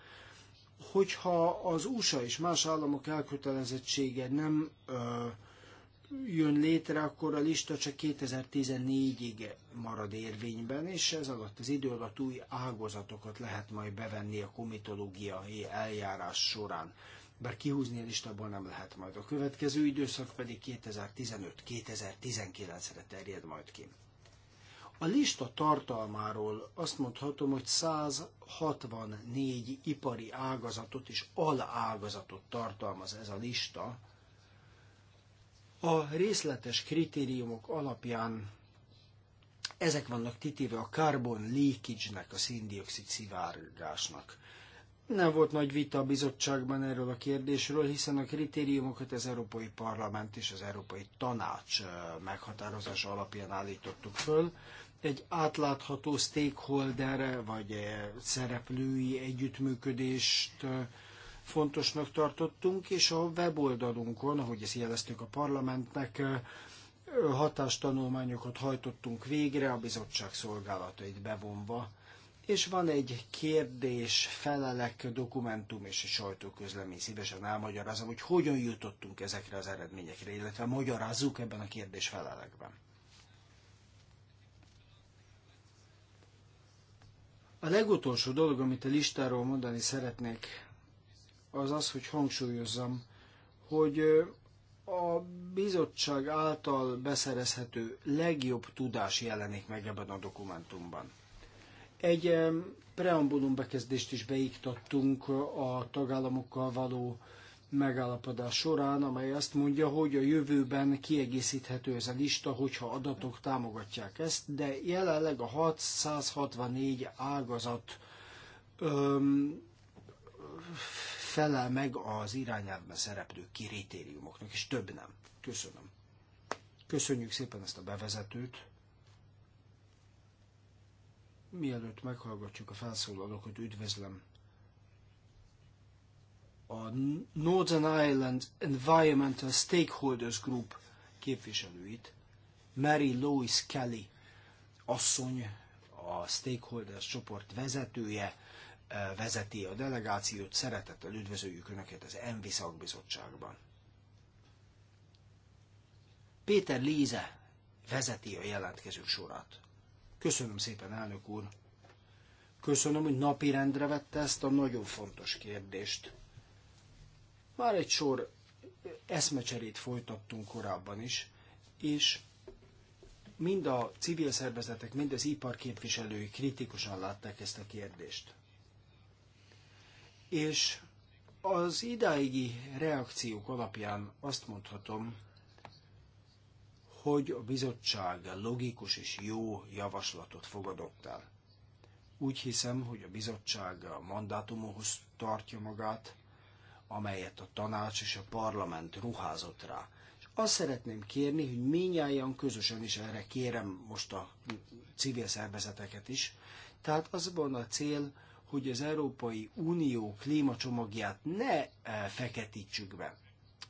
Hogyha az USA és más államok elkötelezettsége nem ö, jön létre, akkor a lista csak 2014-ig marad érvényben, és ez alatt az idő alatt új ágazatokat lehet majd bevenni a komitológiai eljárás során. Bár kihúzni a listából nem lehet majd. A következő időszak pedig 2015-2019-re terjed majd ki. A lista tartalmáról azt mondhatom, hogy 164 ipari ágazatot és alágazatot tartalmaz ez a lista, a részletes kritériumok alapján ezek vannak titéve a carbon leakage-nek, a széndiokszid szivárgásnak. Nem volt nagy vita a bizottságban erről a kérdésről, hiszen a kritériumokat az Európai Parlament és az Európai Tanács eh, meghatározása alapján állítottuk föl. Egy átlátható stakeholder vagy eh, szereplői együttműködést eh, fontosnak tartottunk, és a weboldalunkon, ahogy ezt jeleztük a parlamentnek, hatástanulmányokat hajtottunk végre a bizottság szolgálatait bevonva, és van egy kérdés, felelek, dokumentum és egy sajtóközlemény. Szívesen elmagyarázom, hogy hogyan jutottunk ezekre az eredményekre, illetve magyarázzuk ebben a kérdés felelekben. A legutolsó dolog, amit a listáról mondani szeretnék, az az, hogy hangsúlyozzam, hogy a bizottság által beszerezhető legjobb tudás jelenik meg ebben a dokumentumban. Egy preambulum bekezdést is beiktattunk a tagállamokkal való megállapodás során, amely azt mondja, hogy a jövőben kiegészíthető ez a lista, hogyha adatok támogatják ezt, de jelenleg a 664 ágazat öm, felel meg az irányelvben szereplő kritériumoknak, és több nem. Köszönöm. Köszönjük szépen ezt a bevezetőt. Mielőtt meghallgatjuk a felszólalókat, üdvözlöm a Northern Ireland Environmental Stakeholders Group képviselőit, Mary Louise Kelly asszony, a Stakeholders csoport vezetője, vezeti a delegációt. Szeretettel üdvözöljük Önöket az ENVI szakbizottságban. Péter Líze vezeti a jelentkezők sorát. Köszönöm szépen, elnök úr! Köszönöm, hogy napirendre vette ezt a nagyon fontos kérdést. Már egy sor eszmecserét folytattunk korábban is, és mind a civil szervezetek, mind az iparképviselői kritikusan látták ezt a kérdést és az idáigi reakciók alapján azt mondhatom, hogy a bizottság logikus és jó javaslatot fogadott el. Úgy hiszem, hogy a bizottság a mandátumhoz tartja magát, amelyet a tanács és a parlament ruházott rá. És azt szeretném kérni, hogy minnyáján közösen is erre kérem most a civil szervezeteket is. Tehát az van a cél, hogy az Európai Unió klímacsomagját ne eh, feketítsük be.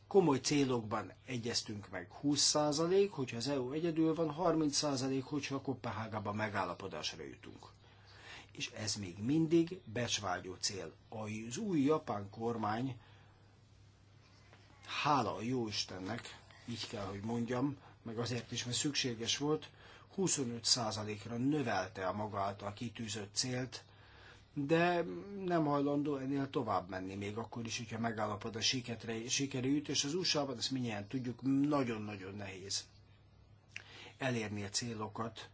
Komoly célokban egyeztünk meg. 20%, hogyha az EU egyedül van, 30%, hogyha Kopenhágában megállapodásra jutunk. És ez még mindig becsvágyó cél. Az új japán kormány, hála a Jóistennek, így kell, hogy mondjam, meg azért is, mert szükséges volt, 25%-ra növelte a maga által kitűzött célt de nem hajlandó ennél tovább menni, még akkor is, hogyha megállapod a siketre, sikerült, és az USA-ban, ezt mindjárt tudjuk, nagyon-nagyon nehéz elérni a célokat,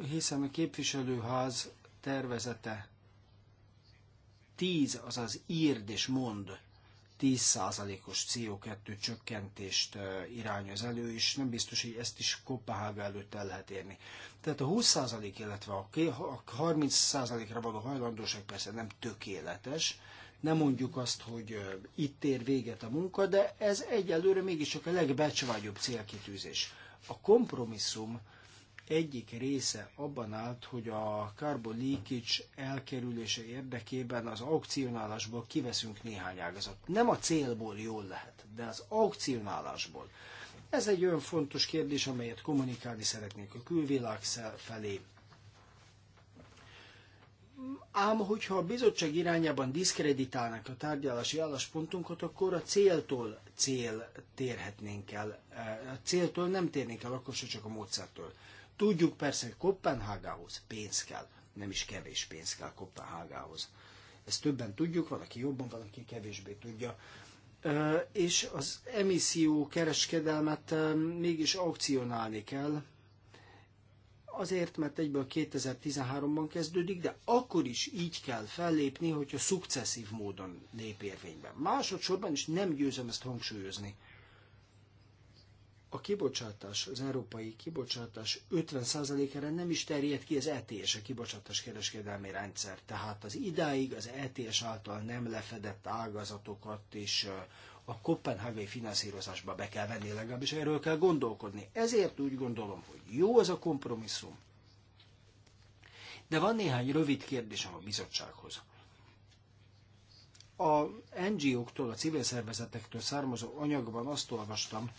hiszen a képviselőház tervezete tíz, azaz írd és mond 10%-os CO2 csökkentést irányoz elő, és nem biztos, hogy ezt is Kopenhága előtt el lehet érni. Tehát a 20%, illetve a 30%-ra való hajlandóság persze nem tökéletes, nem mondjuk azt, hogy itt ér véget a munka, de ez egyelőre mégiscsak a legbecsvágyobb célkitűzés. A kompromisszum egyik része abban állt, hogy a carbon leakage elkerülése érdekében az aukcionálásból kiveszünk néhány ágazat. Nem a célból jól lehet, de az aukcionálásból. Ez egy olyan fontos kérdés, amelyet kommunikálni szeretnék a külvilág felé. Ám hogyha a bizottság irányában diszkreditálnak a tárgyalási álláspontunkat, akkor a céltól cél térhetnénk el. Eh, a céltól nem térnénk el, akkor se csak a módszertől. Tudjuk persze, hogy Kopenhágához pénz kell, nem is kevés pénz kell Kopenhágához. Ezt többen tudjuk, valaki jobban, valaki kevésbé tudja. És az emisszió kereskedelmet mégis aukcionálni kell, azért, mert egyből 2013-ban kezdődik, de akkor is így kell fellépni, hogyha szukceszív módon lép érvényben. Másodszorban is nem győzöm ezt hangsúlyozni a kibocsátás, az európai kibocsátás 50%-ára nem is terjed ki az ETS, a kibocsátás kereskedelmi rendszer. Tehát az idáig az ETS által nem lefedett ágazatokat is a kopenhágai finanszírozásba be kell venni, legalábbis erről kell gondolkodni. Ezért úgy gondolom, hogy jó az a kompromisszum. De van néhány rövid kérdésem a bizottsághoz. A NGO-któl, a civil szervezetektől származó anyagban azt olvastam,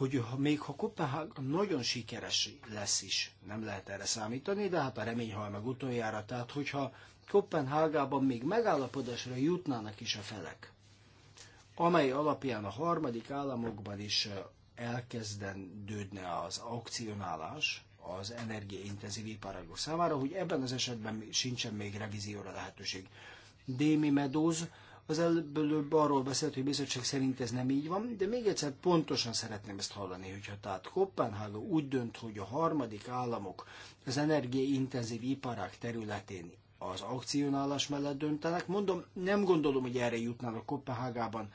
hogy még ha Kopenhága nagyon sikeres lesz is, nem lehet erre számítani, de hát a remény hal meg utoljára. Tehát, hogyha Kopenhágában még megállapodásra jutnának is a felek, amely alapján a harmadik államokban is elkezdendődne az aukcionálás az energiaintenzív iparágok számára, hogy ebben az esetben sincsen még revízióra lehetőség. Démi Medóz, az előbb arról beszélt, hogy bizottság szerint ez nem így van, de még egyszer pontosan szeretném ezt hallani, hogyha tehát Kopenhága úgy dönt, hogy a harmadik államok az energiaintenzív iparák területén az akcionálás mellett döntenek. Mondom, nem gondolom, hogy erre jutnának Kopenhágában.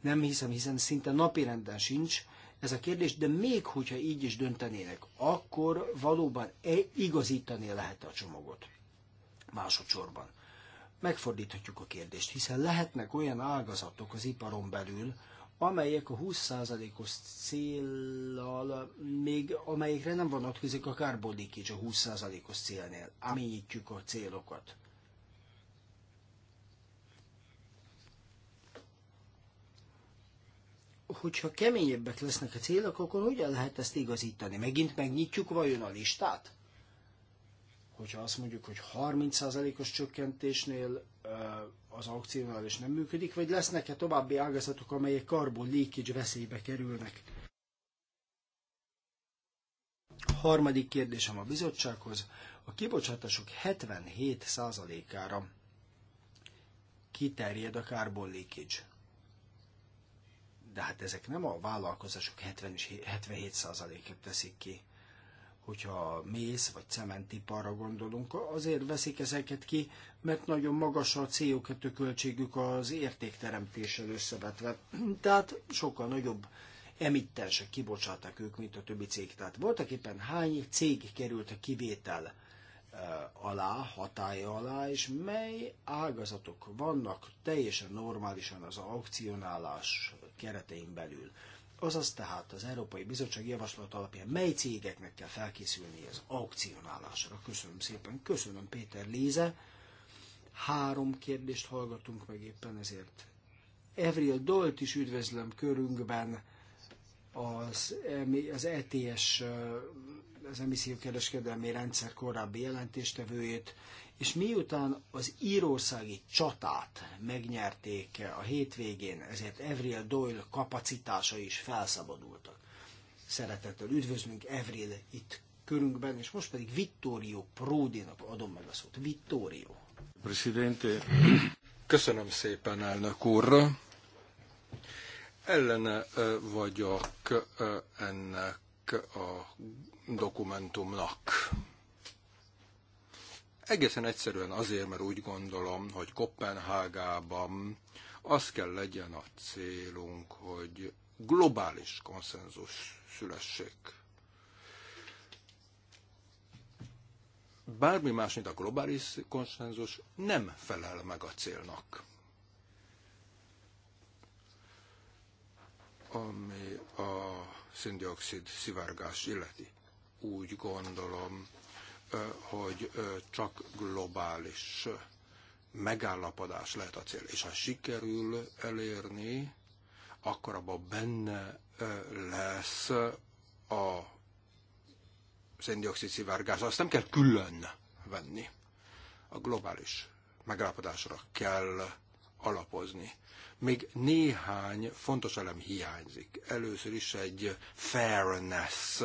Nem hiszem, hiszen szinte napirenden sincs ez a kérdés, de még hogyha így is döntenének, akkor valóban e igazítani lehet a csomagot másodszorban megfordíthatjuk a kérdést, hiszen lehetnek olyan ágazatok az iparon belül, amelyek a 20%-os célnal, még amelyekre nem vonatkozik a carbon leakage a 20%-os célnél. Aményítjük a célokat. Hogyha keményebbek lesznek a célok, akkor hogyan lehet ezt igazítani? Megint megnyitjuk vajon a listát? hogyha azt mondjuk, hogy 30%-os csökkentésnél az aukcionális nem működik, vagy lesznek-e további ágazatok, amelyek karbon leakage veszélybe kerülnek? Harmadik kérdésem a bizottsághoz. A kibocsátások 77%-ára kiterjed a carbon leakage. De hát ezek nem a vállalkozások 70 és 77%-et teszik ki hogyha mész vagy cementiparra gondolunk, azért veszik ezeket ki, mert nagyon magas a CO2 költségük az értékteremtéssel összevetve. Tehát sokkal nagyobb emittensek kibocsáták ők, mint a többi cég. Tehát voltak éppen hány cég került a kivétel eh, alá, hatája alá, és mely ágazatok vannak teljesen normálisan az aukcionálás keretein belül. Azaz tehát az Európai Bizottság javaslat alapján mely cégeknek kell felkészülni az aukcionálásra? Köszönöm szépen. Köszönöm Péter Léze. Három kérdést hallgatunk meg éppen ezért. a Dolt is üdvözlöm körünkben az, az ETS az kereskedelmi rendszer korábbi jelentéstevőjét, és miután az írországi csatát megnyerték a hétvégén, ezért Evril Doyle kapacitása is felszabadultak. Szeretettel üdvözlünk Evril itt körünkben, és most pedig Vittorio Pródinak adom meg a szót. Vittorio. Presidente. Köszönöm szépen, elnök úrra. Ellene vagyok ennek a dokumentumnak Egészen egyszerűen azért, mert úgy gondolom, hogy Kopenhágában az kell legyen a célunk, hogy globális konszenzus szülessék. Bármi más, mint a globális konszenzus nem felel meg a célnak. Ami a szindioxid szivárgás illeti. Úgy gondolom, hogy csak globális megállapodás lehet a cél. És ha sikerül elérni, akkor abban benne lesz a széndiokszid szivárgás. Azt nem kell külön venni. A globális megállapodásra kell alapozni. Még néhány fontos elem hiányzik. Először is egy fairness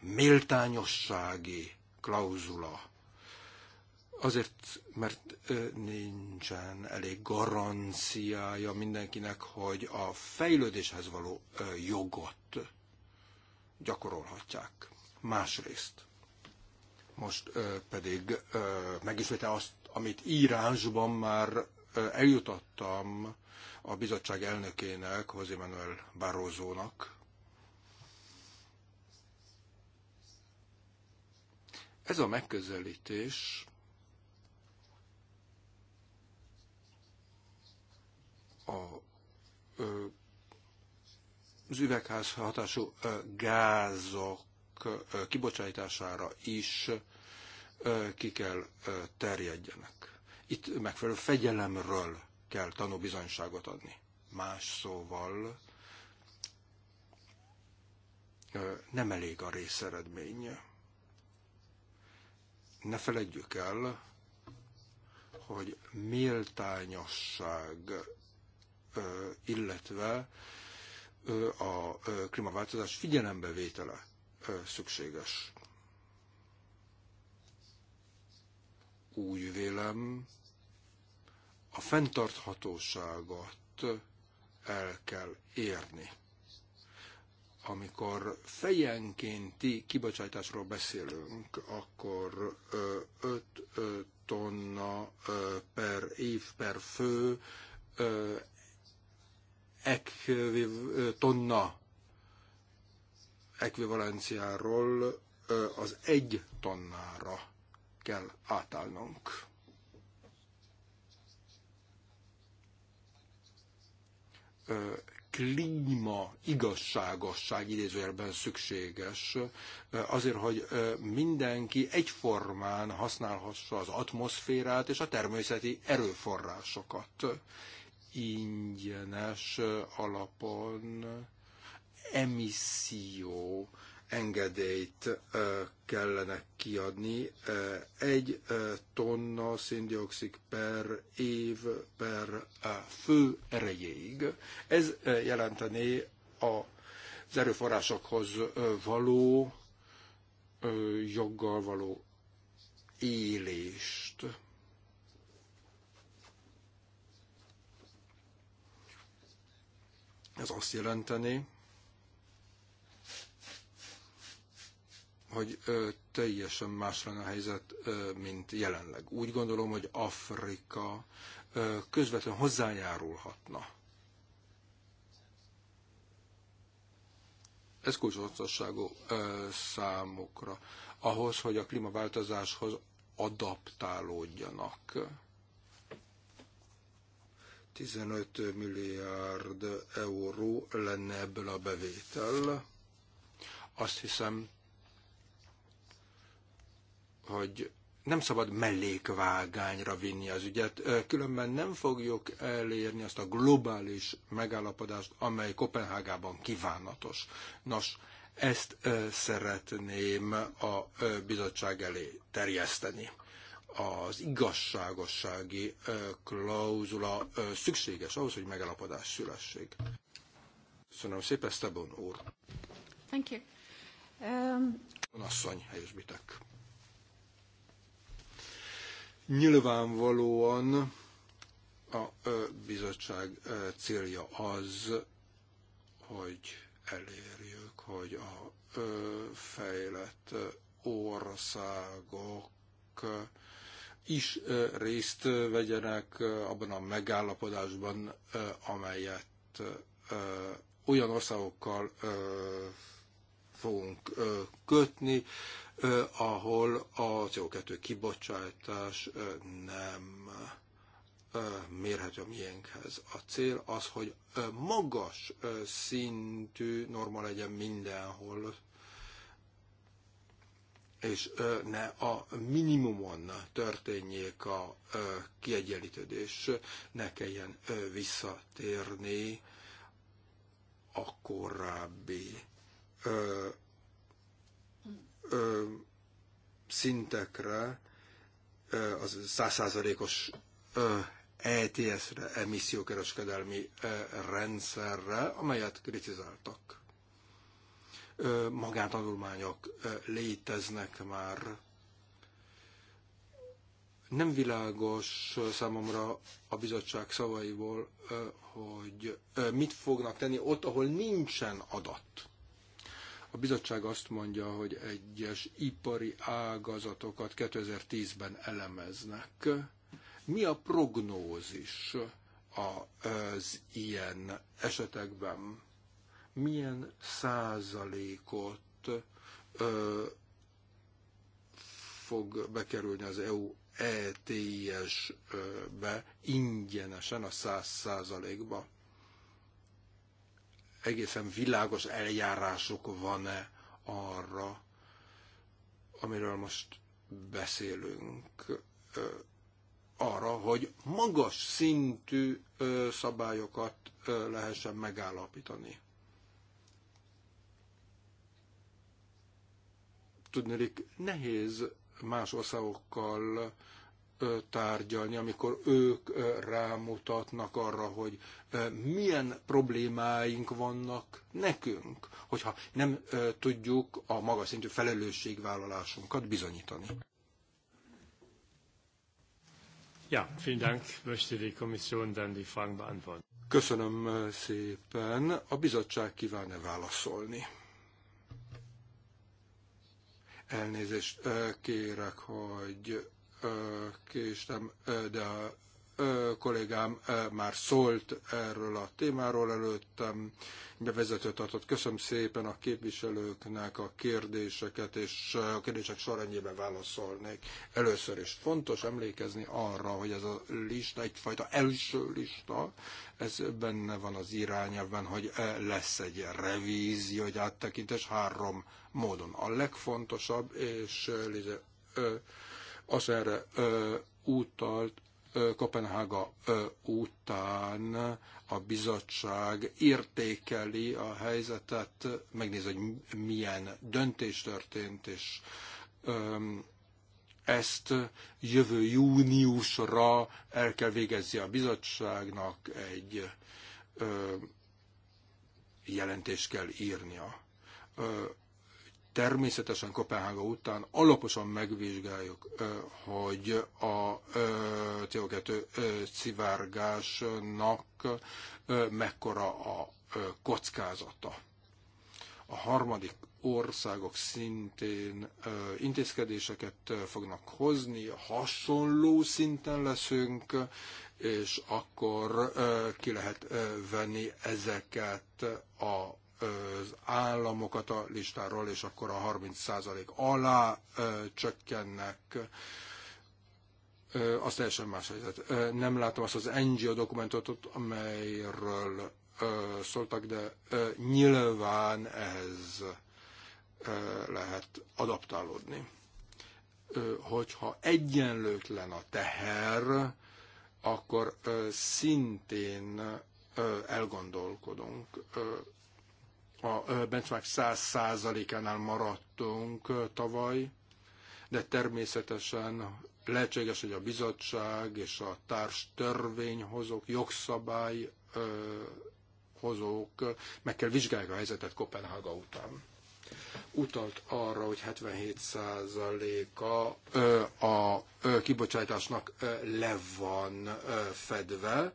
méltányossági klauzula. Azért, mert nincsen elég garanciája mindenkinek, hogy a fejlődéshez való jogot gyakorolhatják. Másrészt. Most pedig megismétel azt, amit írásban már eljutottam a bizottság elnökének, José Manuel barroso Ez a megközelítés a ö, az üvegház hatású gázok kibocsátására is ki kell terjedjenek. Itt megfelelő fegyelemről kell tanúbizonyságot adni. Más szóval nem elég a részeredménye. Ne feledjük el, hogy méltányosság, illetve a klímaváltozás figyelembevétele szükséges. Úgy vélem, a fenntarthatóságot el kell érni amikor fejenkénti kibocsátásról beszélünk, akkor 5 tonna per év per fő tonna ekvivalenciáról az egy tonnára kell átállnunk klíma igazságosság idézőjelben szükséges, azért, hogy mindenki egyformán használhassa az atmoszférát és a természeti erőforrásokat ingyenes alapon emisszió engedélyt kellene kiadni. Egy tonna széndiokszid per év per fő erejéig. Ez jelentené az erőforrásokhoz való joggal való élést. Ez azt jelenteni, hogy teljesen más lenne a helyzet, mint jelenleg. Úgy gondolom, hogy Afrika közvetlenül hozzájárulhatna. Ez kulcsfontosságú számokra, ahhoz, hogy a klímaváltozáshoz adaptálódjanak. 15 milliárd euró lenne ebből a bevétel. Azt hiszem, hogy nem szabad mellékvágányra vinni az ügyet, különben nem fogjuk elérni azt a globális megállapodást, amely Kopenhágában kívánatos. Nos, ezt szeretném a bizottság elé terjeszteni. Az igazságossági klauzula szükséges ahhoz, hogy megállapodás szülessék. Köszönöm szépen, Stebon úr. Thank you. Um... Asszony, helyesbitek. Nyilvánvalóan a bizottság célja az, hogy elérjük, hogy a fejlett országok is részt vegyenek abban a megállapodásban, amelyet olyan országokkal fogunk kötni, ahol a CO2 kibocsátás nem mérhető a miénkhez. A cél az, hogy magas szintű norma legyen mindenhol, és ne a minimumon történjék a kiegyenlítődés, ne kelljen visszatérni a korábbi ö, ö, szintekre, ö, az százszázalékos ETS-re, emissziókereskedelmi rendszerre, amelyet kritizáltak. Magántanulmányok léteznek már. Nem világos számomra a bizottság szavaiból, hogy mit fognak tenni ott, ahol nincsen adat. A bizottság azt mondja, hogy egyes ipari ágazatokat 2010-ben elemeznek. Mi a prognózis az ilyen esetekben? Milyen százalékot fog bekerülni az EU ets be ingyenesen a 100 százalékba egészen világos eljárásuk van-e arra, amiről most beszélünk, arra, hogy magas szintű szabályokat lehessen megállapítani. Tudnélik, nehéz más országokkal tárgyalni, amikor ők rámutatnak arra, hogy milyen problémáink vannak nekünk, hogyha nem tudjuk a magas szintű felelősségvállalásunkat bizonyítani. Ja, vielen Dank. Möchte die Kommission dann die Fragen beantworten. Köszönöm szépen. A bizottság kíván-e válaszolni? Elnézést kérek, hogy késtem, de a kollégám már szólt erről a témáról előttem, vezető tartott. Köszönöm szépen a képviselőknek a kérdéseket, és a kérdések sorrendjében válaszolnék. Először is fontos emlékezni arra, hogy ez a lista egyfajta első lista, ez benne van az irányelven, hogy lesz egy revízió, egy áttekintés három módon. A legfontosabb, és Lize, az erre utalt Kopenhága után a bizottság értékeli a helyzetet, megnézi, hogy milyen döntés történt, és ezt jövő júniusra el kell végezni a bizottságnak, egy jelentést kell írnia Természetesen Kopenhága után alaposan megvizsgáljuk, hogy a CO2 szivárgásnak mekkora a kockázata. A harmadik országok szintén intézkedéseket fognak hozni, hasonló szinten leszünk, és akkor ki lehet venni ezeket a az államokat a listáról, és akkor a 30% alá csökkennek az teljesen más helyzet. Nem látom azt az NGO dokumentumot, amelyről szóltak, de nyilván ehhez lehet adaptálódni. Hogyha egyenlőtlen a teher, akkor szintén elgondolkodunk a benchmark 100%-ánál maradtunk tavaly, de természetesen lehetséges, hogy a bizottság és a társ törvényhozók, jogszabályhozók, meg kell vizsgálják a helyzetet Kopenhága után. Utalt arra, hogy 77%-a a kibocsátásnak le van fedve,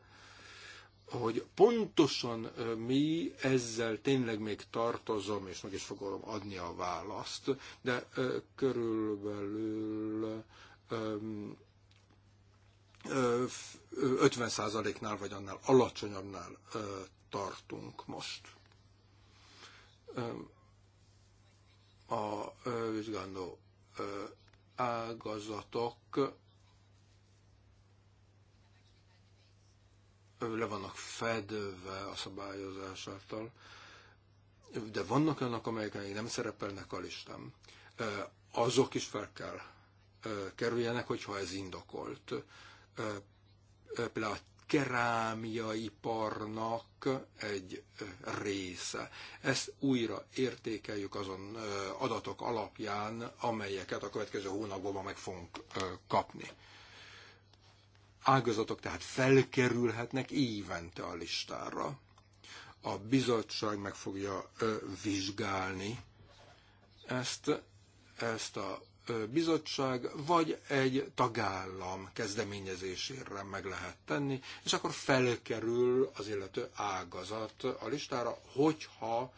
hogy pontosan mi ezzel tényleg még tartozom, és meg is fogom adni a választ, de körülbelül 50%-nál vagy annál alacsonyabbnál tartunk most. A vizsgálandó ágazatok le vannak fedve a szabályozás által, de vannak olyanok amelyek még nem szerepelnek a listán. Azok is fel kell kerüljenek, hogyha ez indokolt. Például a kerámiaiparnak egy része. Ezt újra értékeljük azon adatok alapján, amelyeket a következő hónapban meg fogunk kapni ágazatok tehát felkerülhetnek évente a listára. A bizottság meg fogja vizsgálni ezt, ezt a bizottság, vagy egy tagállam kezdeményezésére meg lehet tenni, és akkor felkerül az illető ágazat a listára, hogyha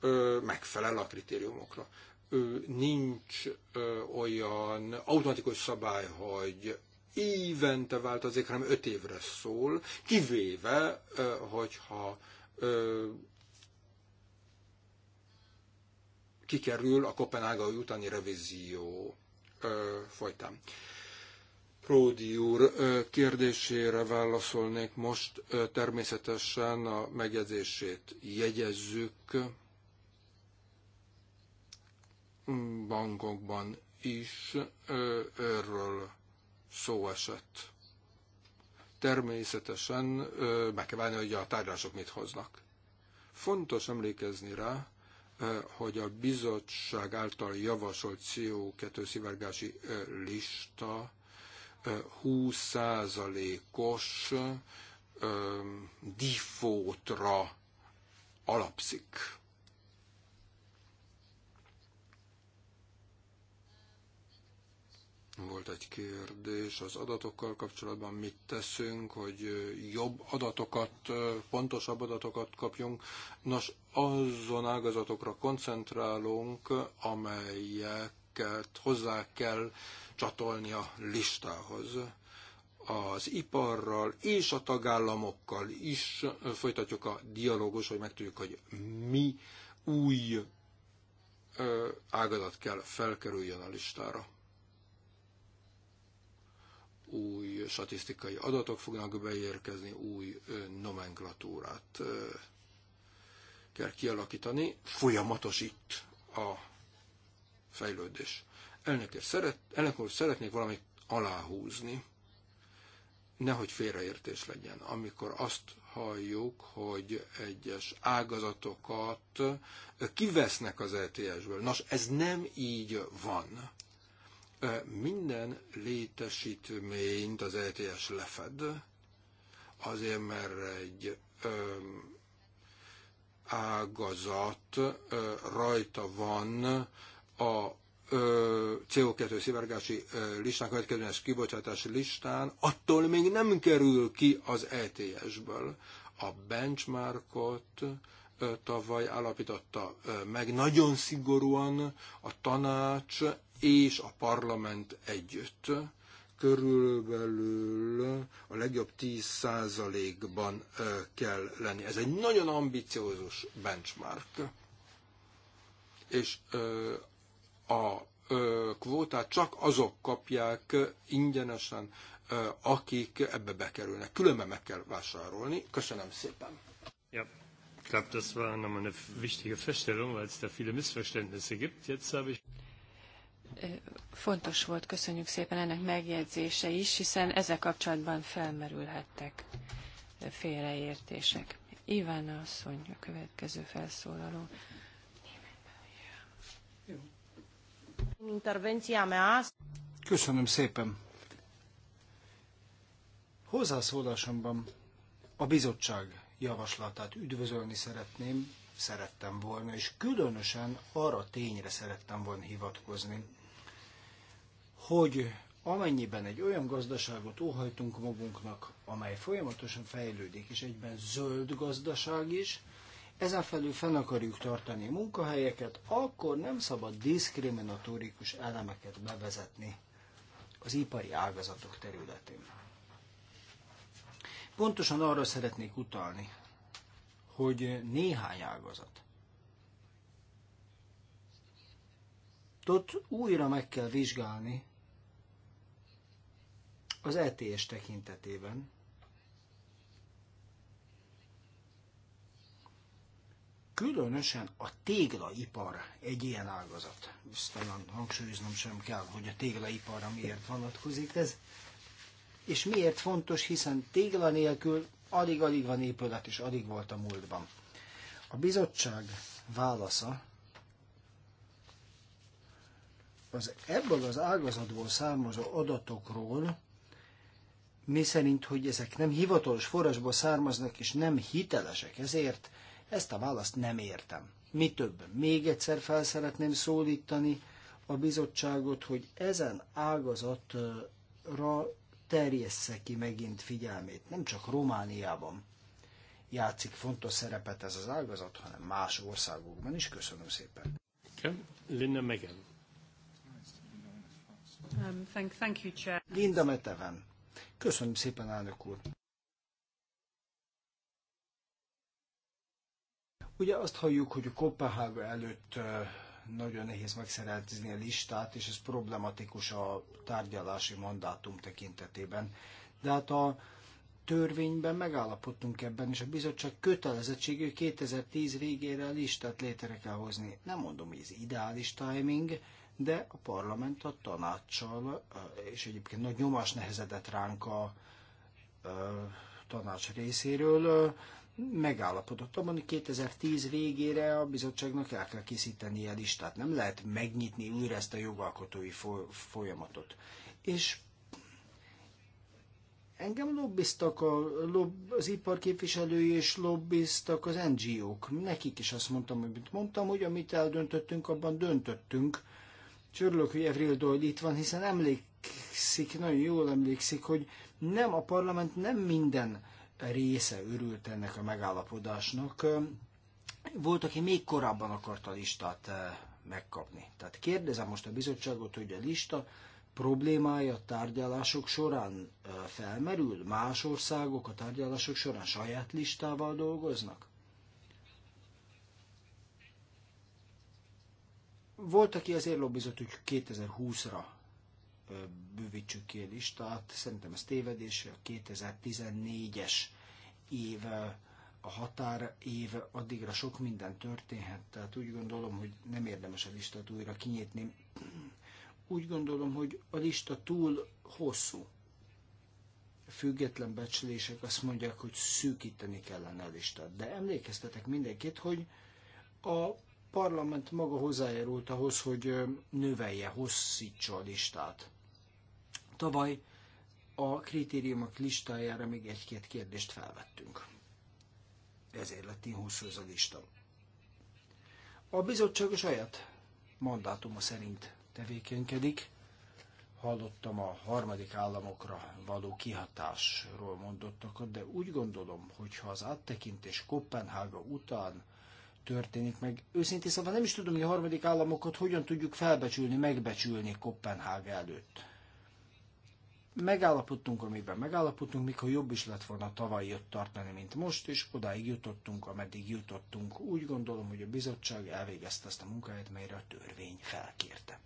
ö, megfelel a kritériumokra. Ö, nincs ö, olyan automatikus szabály, hogy évente változik, hanem öt évre szól, kivéve, hogyha kikerül a Kopenhágai utáni revízió folytán. Pródi úr kérdésére válaszolnék most. Természetesen a megjegyzését jegyezzük. Mm, bankokban is erről szó esett. Természetesen meg kell válni, hogy a tárgyalások mit hoznak. Fontos emlékezni rá, hogy a bizottság által javasolt CO2 szivárgási lista 20%-os difótra alapszik. Volt egy kérdés az adatokkal kapcsolatban, mit teszünk, hogy jobb adatokat, pontosabb adatokat kapjunk. Nos, azon ágazatokra koncentrálunk, amelyeket hozzá kell csatolni a listához az iparral és a tagállamokkal is folytatjuk a dialógus, hogy megtudjuk, hogy mi új ágazat kell felkerüljön a listára új statisztikai adatok fognak beérkezni, új nomenklatúrát kell kialakítani. Folyamatos itt a fejlődés. Elnök, szeret, úr, szeretnék valamit aláhúzni. Nehogy félreértés legyen. Amikor azt halljuk, hogy egyes ágazatokat kivesznek az ETS-ből. Nos, ez nem így van. Minden létesítményt az ETS lefed, azért mert egy ágazat rajta van a CO2 szivárgási listán, következőes kibocsátási listán, attól még nem kerül ki az ETS-ből. A benchmarkot tavaly állapította meg nagyon szigorúan a tanács és a parlament együtt körülbelül a legjobb 10%-ban kell lenni. Ez egy nagyon ambiciózus benchmark. És a kvótát csak azok kapják ingyenesen, akik ebbe bekerülnek. Különben meg kell vásárolni. Köszönöm szépen. Ja. Ich glaube, das war nochmal eine wichtige Feststellung, weil es da viele Missverständnisse gibt. Jetzt habe ich fontos volt, köszönjük szépen ennek megjegyzése is, hiszen ezzel kapcsolatban felmerülhettek félreértések. Iván asszony, a következő felszólaló. Köszönöm szépen. Hozzászólásomban a bizottság javaslatát üdvözölni szeretném, szerettem volna, és különösen arra tényre szerettem volna hivatkozni, hogy amennyiben egy olyan gazdaságot óhajtunk magunknak, amely folyamatosan fejlődik, és egyben zöld gazdaság is, ezen felül fenn akarjuk tartani munkahelyeket, akkor nem szabad diszkriminatórikus elemeket bevezetni az ipari ágazatok területén. Pontosan arra szeretnék utalni, hogy néhány ágazat. tot újra meg kell vizsgálni, az ETS tekintetében különösen a téglaipar egy ilyen ágazat. Ezt talán hangsúlyoznom sem kell, hogy a téglaipara miért vonatkozik ez. És miért fontos, hiszen tégla nélkül alig-alig van épület, és alig volt a múltban. A bizottság válasza az ebből az ágazatból származó adatokról mi szerint, hogy ezek nem hivatalos forrásból származnak és nem hitelesek, ezért ezt a választ nem értem. Mi több, még egyszer fel szeretném szólítani a bizottságot, hogy ezen ágazatra terjessze ki megint figyelmét. Nem csak Romániában játszik fontos szerepet ez az ágazat, hanem más országokban is. Köszönöm szépen. Linda Megan. Um, thank, thank you, Chair. Linda Meteven. Köszönöm szépen, elnök úr! Ugye azt halljuk, hogy a Kopenhága előtt nagyon nehéz megszerezni a listát, és ez problematikus a tárgyalási mandátum tekintetében. De hát a törvényben megállapodtunk ebben, és a bizottság kötelezettségű 2010 végére a listát létre kell hozni. Nem mondom, hogy ez ideális timing, de a parlament a tanácssal, eh, és egyébként nagy nyomás nehezedett ránk a, eh, tanács részéről, eh, megállapodott abban, hogy 2010 végére a bizottságnak el kell készíteni a listát. Nem lehet megnyitni újra ezt a jogalkotói folyamatot. És engem lobbiztak a, az iparképviselői és lobbiztak az NGO-k. Nekik is azt mondtam, amit mondtam, hogy amit eldöntöttünk, abban döntöttünk és örülök, hogy Evril Doyle itt van, hiszen emlékszik, nagyon jól emlékszik, hogy nem a parlament nem minden része örült ennek a megállapodásnak. Volt, aki még korábban akarta a listát eh, megkapni. Tehát kérdezem most a bizottságot, hogy a lista problémája a tárgyalások során eh, felmerül? Más országok a tárgyalások során saját listával dolgoznak? Volt, aki azért lobbizott, hogy 2020-ra bővítsük ki a listát, szerintem ez tévedés, a 2014-es év a határ év, addigra sok minden történhet, tehát úgy gondolom, hogy nem érdemes a listát újra kinyitni. Úgy gondolom, hogy a lista túl hosszú. Független becslések azt mondják, hogy szűkíteni kellene a listát. De emlékeztetek mindenkit, hogy a parlament maga hozzájárult ahhoz, hogy növelje, hosszítsa a listát. Tavaly a kritériumok listájára még egy-két kérdést felvettünk. Ezért lett én hosszú ez a lista. A bizottság a saját mandátuma szerint tevékenykedik. Hallottam a harmadik államokra való kihatásról mondottakat, de úgy gondolom, hogy ha az áttekintés Kopenhága után történik meg. Őszintén szóval nem is tudom, hogy a harmadik államokat hogyan tudjuk felbecsülni, megbecsülni Kopenhág előtt. Megállapodtunk, amiben megállapodtunk, mikor jobb is lett volna tavaly jött tartani, mint most, és odáig jutottunk, ameddig jutottunk. Úgy gondolom, hogy a bizottság elvégezte ezt a munkáját, melyre a törvény felkérte.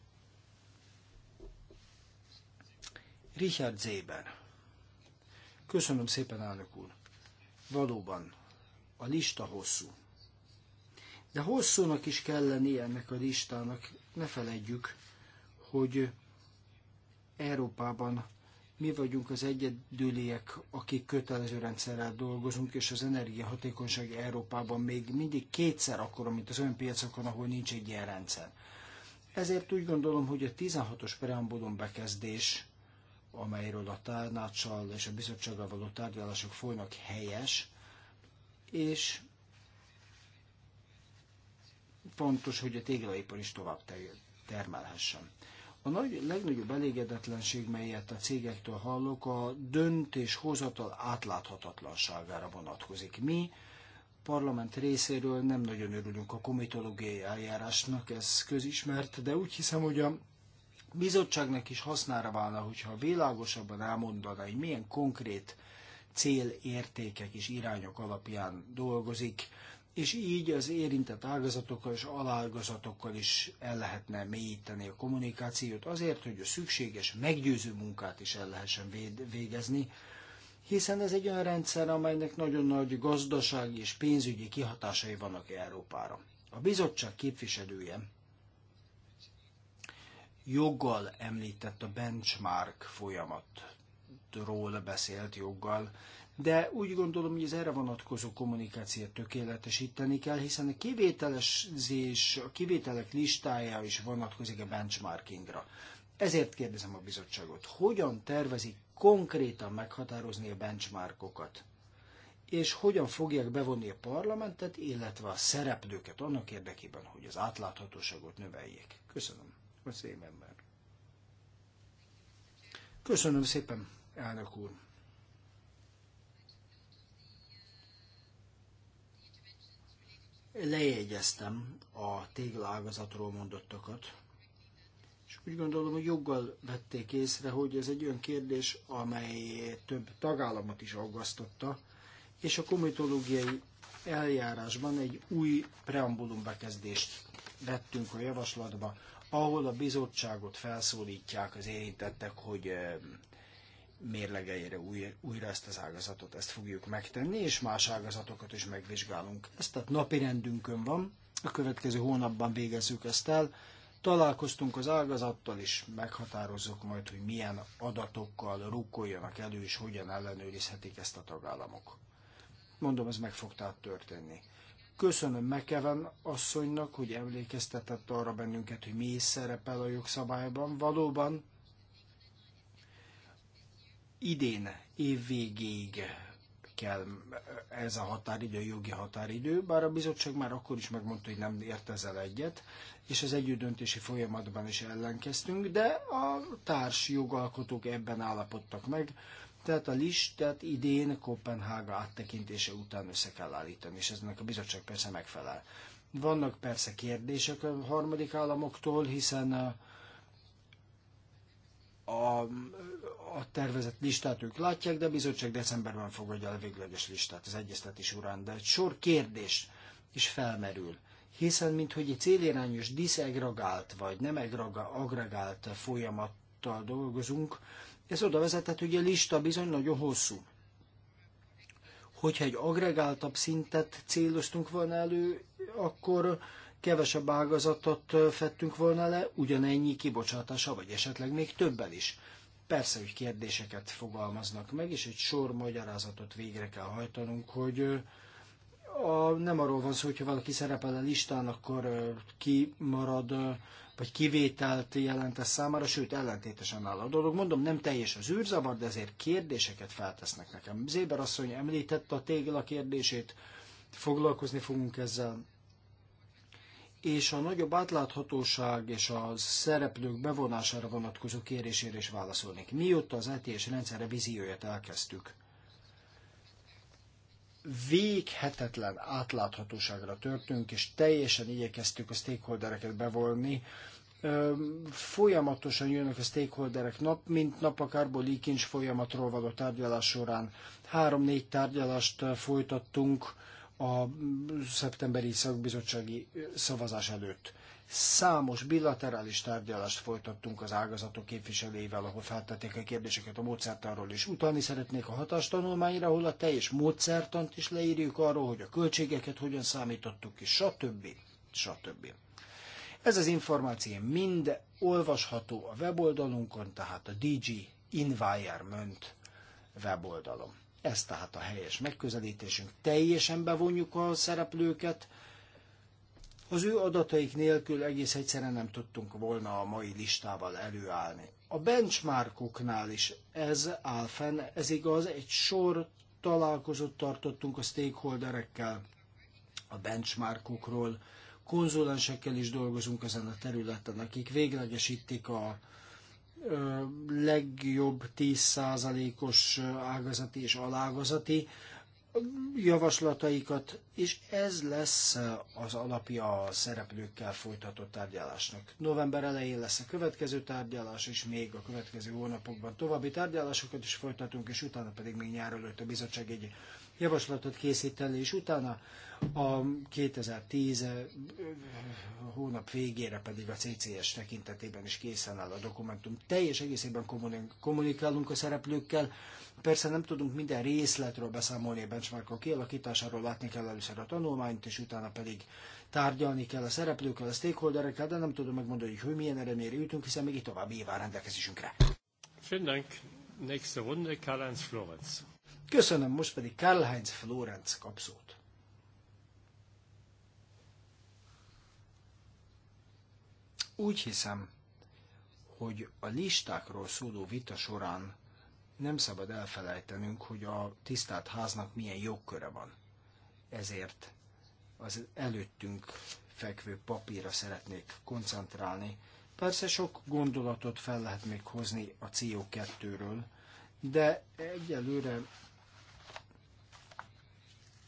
Richard Zéber. Köszönöm szépen, elnök úr. Valóban, a lista hosszú. De hosszúnak is kell lennie ennek a listának. Ne feledjük, hogy Európában mi vagyunk az egyedüliek, akik kötelező rendszerrel dolgozunk, és az energiahatékonyság Európában még mindig kétszer akkora, mint az olyan piacokon, ahol nincs egy ilyen rendszer. Ezért úgy gondolom, hogy a 16-os preambulum bekezdés, amelyről a tárnácsal és a bizottsággal való tárgyalások folynak helyes, és fontos, hogy a téglaipar is tovább termelhessen. A nagy, legnagyobb elégedetlenség, melyet a cégektől hallok, a döntéshozatal átláthatatlanságára vonatkozik. Mi parlament részéről nem nagyon örülünk a komitológiai eljárásnak, ez közismert, de úgy hiszem, hogy a bizottságnak is hasznára válna, hogyha világosabban elmondaná, hogy milyen konkrét célértékek és irányok alapján dolgozik, és így az érintett ágazatokkal és alágazatokkal is el lehetne mélyíteni a kommunikációt azért, hogy a szükséges, meggyőző munkát is el lehessen végezni, hiszen ez egy olyan rendszer, amelynek nagyon nagy gazdasági és pénzügyi kihatásai vannak Európára. A bizottság képviselője joggal említett a benchmark folyamatról beszélt joggal, de úgy gondolom, hogy az erre vonatkozó kommunikációt tökéletesíteni kell, hiszen a kivételezés, a kivételek listája is vonatkozik a benchmarkingra. Ezért kérdezem a bizottságot, hogyan tervezik konkrétan meghatározni a benchmarkokat? és hogyan fogják bevonni a parlamentet, illetve a szereplőket annak érdekében, hogy az átláthatóságot növeljék. Köszönöm. Köszönöm szépen, Köszönöm szépen, elnök úr. lejegyeztem a téglágazatról mondottakat, és úgy gondolom, hogy joggal vették észre, hogy ez egy olyan kérdés, amely több tagállamot is aggasztotta, és a komitológiai eljárásban egy új preambulum bekezdést vettünk a javaslatba, ahol a bizottságot felszólítják az érintettek, hogy eh, mérlegeire új, újra ezt az ágazatot, ezt fogjuk megtenni, és más ágazatokat is megvizsgálunk. ezt tehát napi rendünkön van, a következő hónapban végezzük ezt el, találkoztunk az ágazattal, és meghatározzuk majd, hogy milyen adatokkal rukkoljanak elő, és hogyan ellenőrizhetik ezt a tagállamok. Mondom, ez meg fog tehát történni. Köszönöm Mekeven asszonynak, hogy emlékeztetett arra bennünket, hogy mi is szerepel a jogszabályban. Valóban idén év végéig kell ez a határidő, jogi határidő, bár a bizottság már akkor is megmondta, hogy nem ért ezzel egyet, és az együttdöntési folyamatban is ellenkeztünk, de a társ jogalkotók ebben állapodtak meg, tehát a listát idén Kopenhága áttekintése után össze kell állítani, és eznek a bizottság persze megfelel. Vannak persze kérdések a harmadik államoktól, hiszen a, a tervezett listát ők látják, de a bizottság decemberben fogadja a végleges listát az egyeztetés urán. De egy sor kérdés is felmerül, hiszen mint hogy egy célirányos diszegregált vagy nem agregált folyamattal dolgozunk, ez oda vezetett, hogy a lista bizony nagyon hosszú. Hogyha egy agregáltabb szintet céloztunk volna elő, akkor kevesebb ágazatot fettünk volna le, ugyanennyi kibocsátása, vagy esetleg még többel is. Persze, hogy kérdéseket fogalmaznak meg, és egy sor magyarázatot végre kell hajtanunk, hogy a, nem arról van szó, hogyha valaki szerepel a listán, akkor kimarad, vagy kivételt jelent ez számára, sőt, ellentétesen áll a dolog. Mondom, nem teljes az űrzavar, de ezért kérdéseket feltesznek nekem. Zéber asszony említette a tégla kérdését, foglalkozni fogunk ezzel és a nagyobb átláthatóság és a szereplők bevonására vonatkozó kérésére is válaszolnék. Mióta az ETS rendszerre vízióját elkezdtük, véghetetlen átláthatóságra törtünk, és teljesen igyekeztük a stakeholdereket bevonni. Folyamatosan jönnek a stakeholderek nap, mint nap a Carbon folyamatról való tárgyalás során. Három-négy tárgyalást folytattunk, a szeptemberi szakbizottsági szavazás előtt. Számos bilaterális tárgyalást folytattunk az ágazatok képviselőivel, ahol feltették a kérdéseket a módszertanról is. Utalni szeretnék a hatástanulmányra, ahol a teljes módszertant is leírjuk arról, hogy a költségeket hogyan számítottuk, és stb. stb. Ez az információ mind olvasható a weboldalunkon, tehát a DG Environment weboldalon. Ez tehát a helyes megközelítésünk. Teljesen bevonjuk a szereplőket. Az ő adataik nélkül egész egyszerűen nem tudtunk volna a mai listával előállni. A benchmarkoknál is ez áll fenn, ez igaz, egy sor találkozót tartottunk a stakeholderekkel, a benchmarkokról, konzulensekkel is dolgozunk ezen a területen, akik véglegesítik a legjobb 10%-os ágazati és alágazati javaslataikat, és ez lesz az alapja a szereplőkkel folytatott tárgyalásnak. November elején lesz a következő tárgyalás, és még a következő hónapokban további tárgyalásokat is folytatunk, és utána pedig még nyár előtt a bizottság egy javaslatot készíteni, és utána a 2010 eh, hónap végére pedig a CCS tekintetében is készen áll a dokumentum. Teljes egészében kommunikálunk a szereplőkkel, Persze nem tudunk minden részletről beszámolni a benchmarkok kialakításáról, látni kell először a tanulmányt, és utána pedig tárgyalni kell a szereplőkkel, a stakeholderekkel, de nem tudom megmondani, hogy, hogy milyen eredményre jutunk, hiszen még további év áll rendelkezésünkre. Vielen Dank. Nächste Runde, Karl-Heinz Florenz. Köszönöm, most pedig Karl-Heinz Florenz kapszót. Úgy hiszem, hogy a listákról szóló vita során nem szabad elfelejtenünk, hogy a tisztelt háznak milyen jogköre van. Ezért az előttünk fekvő papírra szeretnék koncentrálni. Persze sok gondolatot fel lehet még hozni a CO2-ről, de egyelőre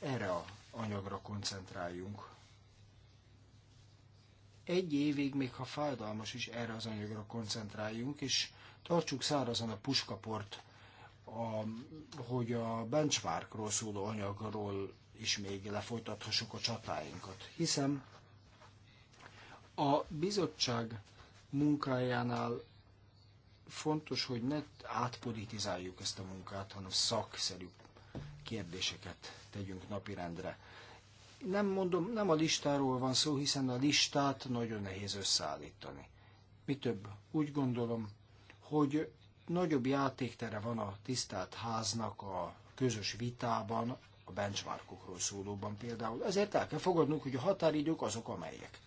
erre a anyagra koncentráljunk. Egy évig, még ha fájdalmas is, erre az anyagra koncentráljunk, és tartsuk szárazon a puskaport, a, hogy a benchmarkról szóló anyagról is még lefolytathassuk a csatáinkat. Hiszem, a bizottság munkájánál fontos, hogy ne átpolitizáljuk ezt a munkát, hanem szakszerű kérdéseket tegyünk napirendre. Nem mondom, nem a listáról van szó, hiszen a listát nagyon nehéz összeállítani. Mi több, úgy gondolom, hogy nagyobb játéktere van a tisztelt háznak a közös vitában, a benchmarkokról szólóban például. Ezért el kell fogadnunk, hogy a határidők azok amelyek.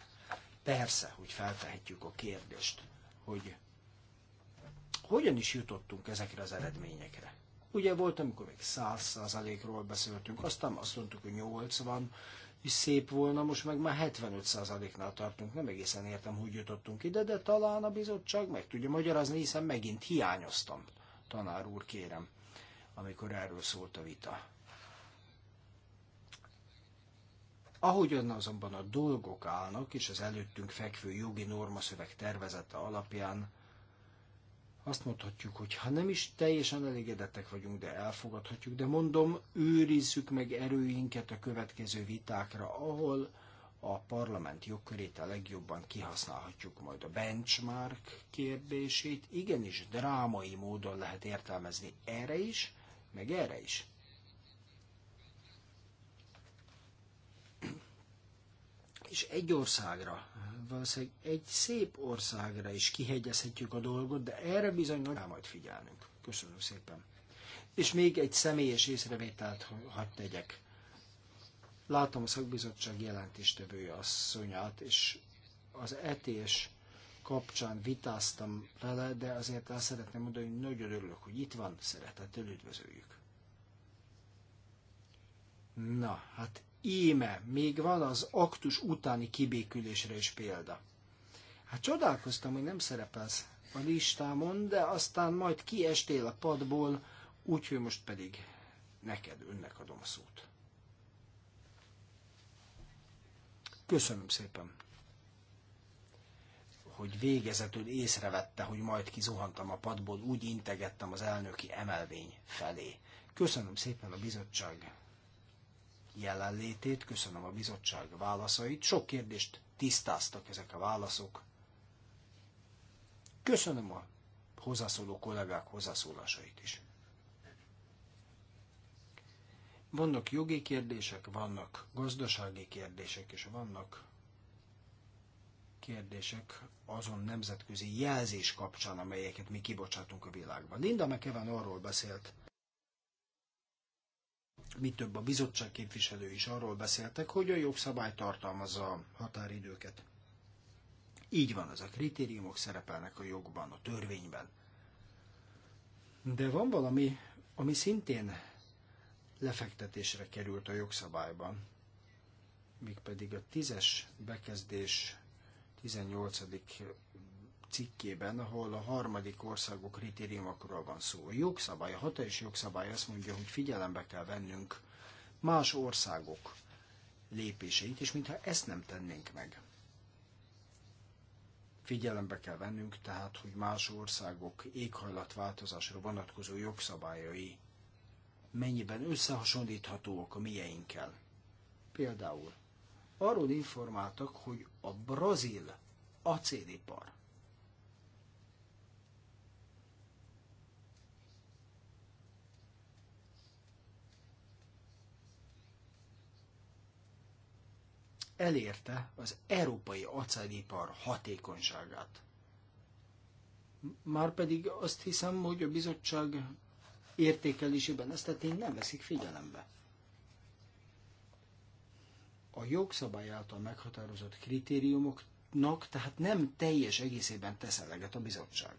Persze, hogy feltehetjük a kérdést, hogy hogyan is jutottunk ezekre az eredményekre. Ugye volt, amikor még 100%-ról beszéltünk, aztán azt mondtuk, hogy 80, is szép volna, most meg már 75%-nál tartunk. Nem egészen értem, hogy jutottunk ide, de talán a bizottság meg tudja magyarázni, hiszen megint hiányoztam, tanár úr kérem, amikor erről szólt a vita. Ahogyan azonban a dolgok állnak, és az előttünk fekvő jogi normaszöveg tervezete alapján azt mondhatjuk, hogy ha nem is teljesen elégedettek vagyunk, de elfogadhatjuk, de mondom, őrizzük meg erőinket a következő vitákra, ahol a parlament jogkörét a legjobban kihasználhatjuk majd a benchmark kérdését. Igenis, drámai módon lehet értelmezni erre is, meg erre is. és egy országra, valószínűleg egy szép országra is kihegyezhetjük a dolgot, de erre bizony nagy majd figyelnünk. Köszönöm szépen. És még egy személyes észrevételt hadd tegyek. Látom a szakbizottság jelentéstevője asszonyát, és az etés kapcsán vitáztam vele, de azért el szeretném mondani, hogy nagyon örülök, hogy itt van, szeretettel üdvözöljük. Na, hát íme még van az aktus utáni kibékülésre is példa. Hát csodálkoztam, hogy nem szerepelsz a listámon, de aztán majd kiestél a padból, úgyhogy most pedig neked, önnek adom a szót. Köszönöm szépen, hogy végezetül észrevette, hogy majd kizuhantam a padból, úgy integettem az elnöki emelvény felé. Köszönöm szépen a bizottság jelenlétét, köszönöm a bizottság válaszait. Sok kérdést tisztáztak ezek a válaszok. Köszönöm a hozzászóló kollégák hozzászólásait is. Vannak jogi kérdések, vannak gazdasági kérdések, és vannak kérdések azon nemzetközi jelzés kapcsán, amelyeket mi kibocsátunk a világban. Linda McEwan arról beszélt, mi több a bizottság képviselő is arról beszéltek, hogy a jogszabály tartalmazza a határidőket. Így van, az a kritériumok szerepelnek a jogban, a törvényben. De van valami, ami szintén lefektetésre került a jogszabályban, mégpedig a tízes bekezdés 18 cikkében, ahol a harmadik országok kritériumokról van szó. A jogszabály, a hatályos jogszabály azt mondja, hogy figyelembe kell vennünk más országok lépéseit, és mintha ezt nem tennénk meg. Figyelembe kell vennünk tehát, hogy más országok éghajlatváltozásra vonatkozó jogszabályai mennyiben összehasonlíthatóak a mieinkkel. Például arról informáltak, hogy a brazil acélipar elérte az európai acélipar hatékonyságát. Márpedig azt hiszem, hogy a bizottság értékelésében ezt a tényt nem veszik figyelembe. A jogszabály által meghatározott kritériumoknak tehát nem teljes egészében tesz eleget a bizottság.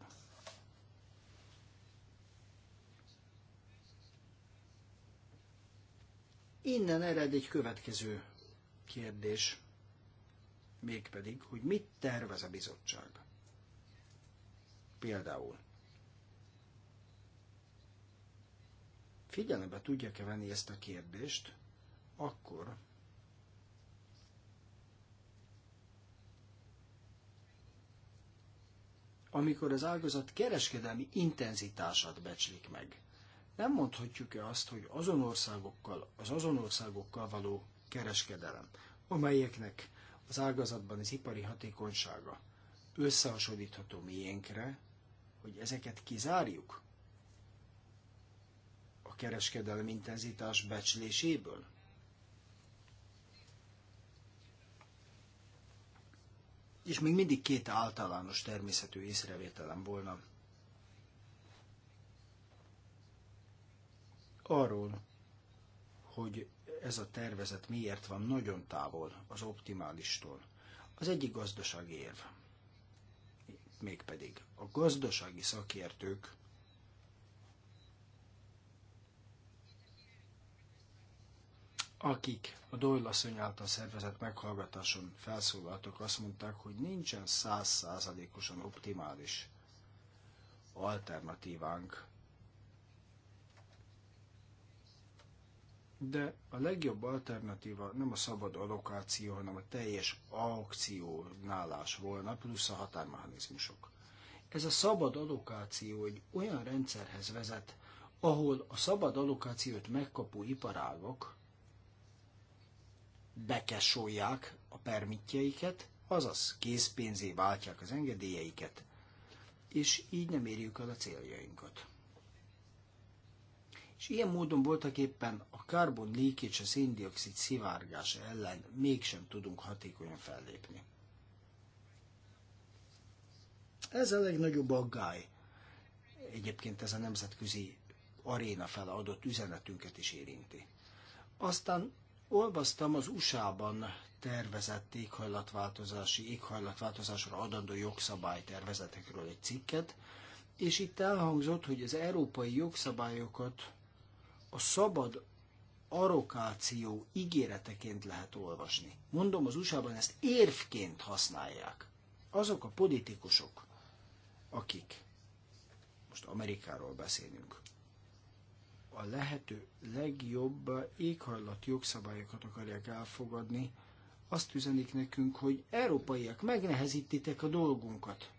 Innen ered egy következő kérdés, mégpedig, hogy mit tervez a bizottság. Például figyelembe tudják-e venni ezt a kérdést, akkor amikor az ágazat kereskedelmi intenzitását becslik meg. Nem mondhatjuk-e azt, hogy azon országokkal, az azon országokkal való kereskedelem, amelyeknek az ágazatban az ipari hatékonysága összehasonlítható miénkre, hogy ezeket kizárjuk a kereskedelem intenzitás becsléséből? És még mindig két általános természetű észrevételem volna arról, hogy ez a tervezet miért van nagyon távol az optimálistól. Az egyik gazdasági érv, mégpedig a gazdasági szakértők akik a Doyle asszony által szervezett meghallgatáson felszólaltak, azt mondták, hogy nincsen százszázalékosan optimális alternatívánk de a legjobb alternatíva nem a szabad allokáció, hanem a teljes aukciónálás volna, plusz a határmechanizmusok. Ez a szabad allokáció egy olyan rendszerhez vezet, ahol a szabad allokációt megkapó iparágok bekesolják a permitjeiket, azaz készpénzé váltják az engedélyeiket, és így nem érjük el a céljainkat és ilyen módon voltak éppen a karbon leakage, a széndiokszid szivárgása ellen mégsem tudunk hatékonyan fellépni. Ez a legnagyobb aggály. Egyébként ez a nemzetközi aréna fele adott üzenetünket is érinti. Aztán olvastam az USA-ban tervezett éghajlatváltozási, éghajlatváltozásra adandó jogszabálytervezetekről egy cikket, és itt elhangzott, hogy az európai jogszabályokat a szabad arokáció ígéreteként lehet olvasni. Mondom, az USA-ban ezt érvként használják. Azok a politikusok, akik, most Amerikáról beszélünk, a lehető legjobb éghajlat jogszabályokat akarják elfogadni, azt üzenik nekünk, hogy európaiak, megnehezítitek a dolgunkat.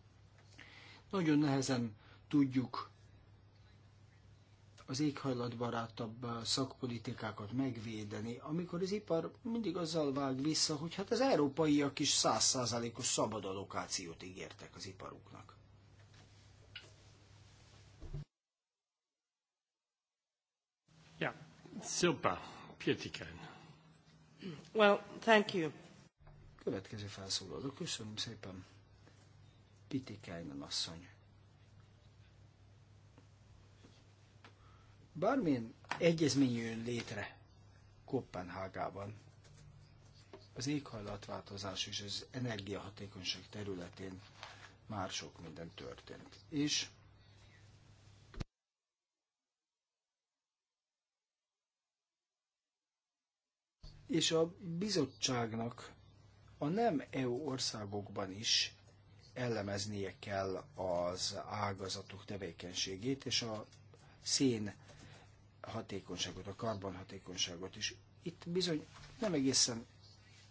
Nagyon nehezen tudjuk az éghajlatbarátabb szakpolitikákat megvédeni, amikor az ipar mindig azzal vág vissza, hogy hát az európaiak is százszázalékos szabad allokációt ígértek az iparuknak. Ja, szuper, Pietiken. Well, thank you. Következő felszólaló, köszönöm szépen. Pitikájnen asszony. Bármilyen egyezmény jön létre Kopenhágában, az éghajlatváltozás és az energiahatékonyság területén már sok minden történt. És és a bizottságnak a nem EU országokban is elemeznie kell az ágazatok tevékenységét, és a szén hatékonyságot, a karbonhatékonyságot is. Itt bizony nem egészen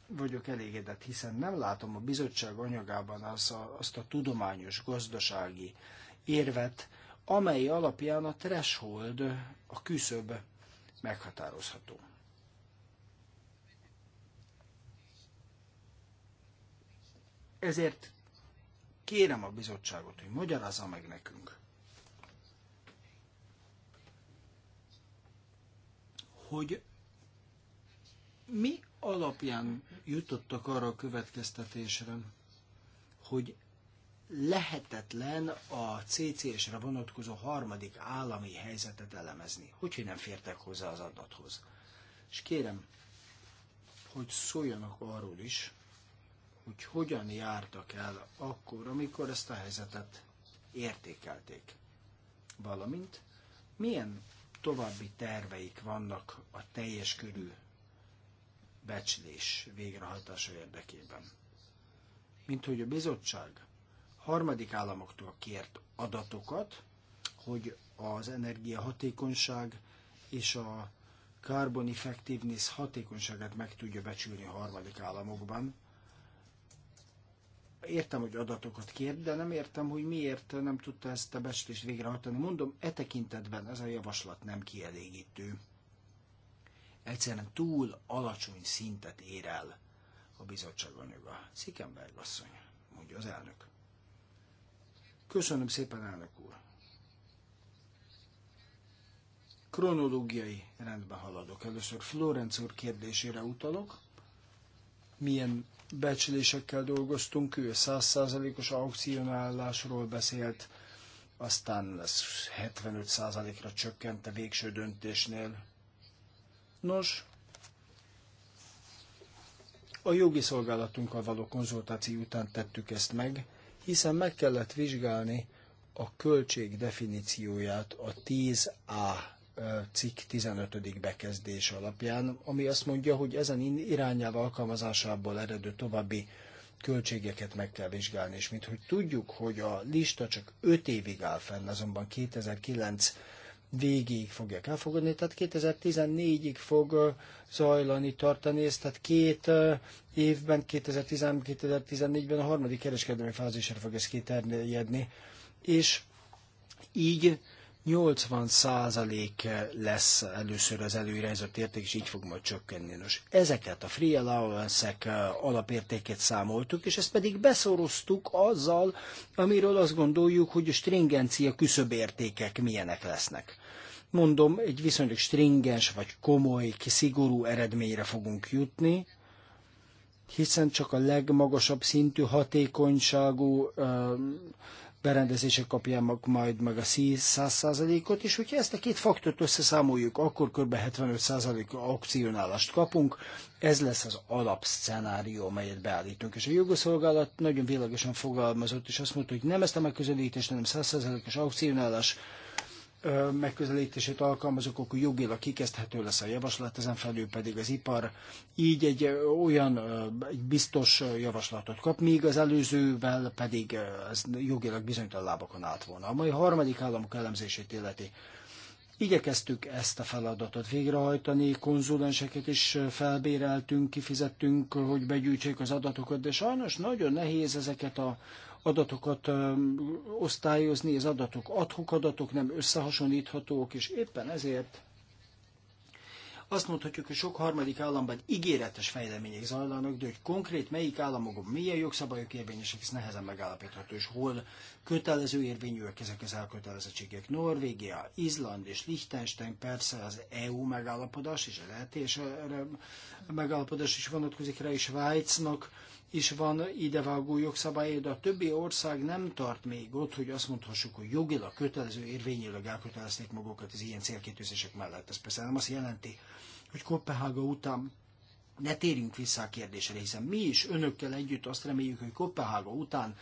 vagyok elégedett, hiszen nem látom a bizottság anyagában azt a, azt a tudományos, gazdasági érvet, amely alapján a threshold, a küszöb meghatározható. Ezért kérem a bizottságot, hogy magyarázza meg nekünk, hogy mi alapján jutottak arra a következtetésre, hogy lehetetlen a CCS-re vonatkozó harmadik állami helyzetet elemezni, Hogy nem fértek hozzá az adathoz. És kérem, hogy szóljanak arról is, hogy hogyan jártak el akkor, amikor ezt a helyzetet értékelték. Valamint milyen további terveik vannak a teljes körű becslés végrehajtása érdekében. Mint hogy a bizottság harmadik államoktól kért adatokat, hogy az energiahatékonyság és a carbon effectiveness hatékonyságát meg tudja becsülni a harmadik államokban, Értem, hogy adatokat kér, de nem értem, hogy miért nem tudta ezt a becslést végrehajtani. Mondom, e tekintetben ez a javaslat nem kielégítő. Egyszerűen túl alacsony szintet ér el a bizottság anyaga. Szikemberg asszony, mondja az elnök. Köszönöm szépen, elnök úr. Kronológiai rendben haladok. Először Florenc úr kérdésére utalok. Milyen becslésekkel dolgoztunk, ő 100%-os aukcionálásról beszélt, aztán ez 75%-ra csökkent a végső döntésnél. Nos, a jogi szolgálatunkkal való konzultáció után tettük ezt meg, hiszen meg kellett vizsgálni a költség definícióját a 10A cikk 15. bekezdés alapján, ami azt mondja, hogy ezen irányelv alkalmazásából eredő további költségeket meg kell vizsgálni, és mint hogy tudjuk, hogy a lista csak 5 évig áll fenn, azonban 2009 végéig fogják elfogadni, tehát 2014-ig fog zajlani, tartani ezt, tehát két évben, 2013-2014-ben a harmadik kereskedelmi fázisra fog ez kiterjedni, és így 80% lesz először az előirányzott érték, és így fog majd csökkenni. Nos, ezeket a free allowance eh, alapértékét számoltuk, és ezt pedig beszoroztuk azzal, amiről azt gondoljuk, hogy a stringencia küszöbértékek milyenek lesznek. Mondom, egy viszonylag stringens vagy komoly, szigorú eredményre fogunk jutni, hiszen csak a legmagasabb szintű hatékonyságú eh, berendezések kapják majd meg a 100%-ot, és hogyha ezt a két faktort összeszámoljuk, akkor kb. 75%-a akcionálást kapunk. Ez lesz az alapszcenárió, amelyet beállítunk. És a jogoszolgálat nagyon világosan fogalmazott, és azt mondta, hogy nem ezt a megközelítést, hanem 100%-os akcionálás megközelítését alkalmazok, akkor jogilag kikezdhető lesz a javaslat, ezen felül pedig az ipar így egy olyan egy biztos javaslatot kap, míg az előzővel pedig ez jogilag bizonytalan lábakon állt volna. A mai harmadik államok elemzését illeti. Igyekeztük ezt a feladatot végrehajtani, konzulenseket is felbéreltünk, kifizettünk, hogy begyűjtsék az adatokat, de sajnos nagyon nehéz ezeket a adatokat osztályozni, az adatok adhok adatok nem összehasonlíthatók, és éppen ezért azt mondhatjuk, hogy sok harmadik államban ígéretes fejlemények zajlanak, de hogy konkrét melyik államokban milyen jogszabályok érvényesek, ez nehezen megállapítható, és hol kötelező érvényűek ezek az elkötelezettségek. Norvégia, Izland és Liechtenstein persze az EU megállapodás, és a lehetés megállapodás is vonatkozik rá, és Svájcnak is van idevágó jogszabály, de a többi ország nem tart még ott, hogy azt mondhassuk, hogy jogilag kötelező érvényileg elkötelezték magukat az ilyen célkitűzések mellett. Ez persze nem azt jelenti, hogy Kopenhága után ne térjünk vissza a kérdésre, hiszen mi is önökkel együtt azt reméljük, hogy Kopenhága után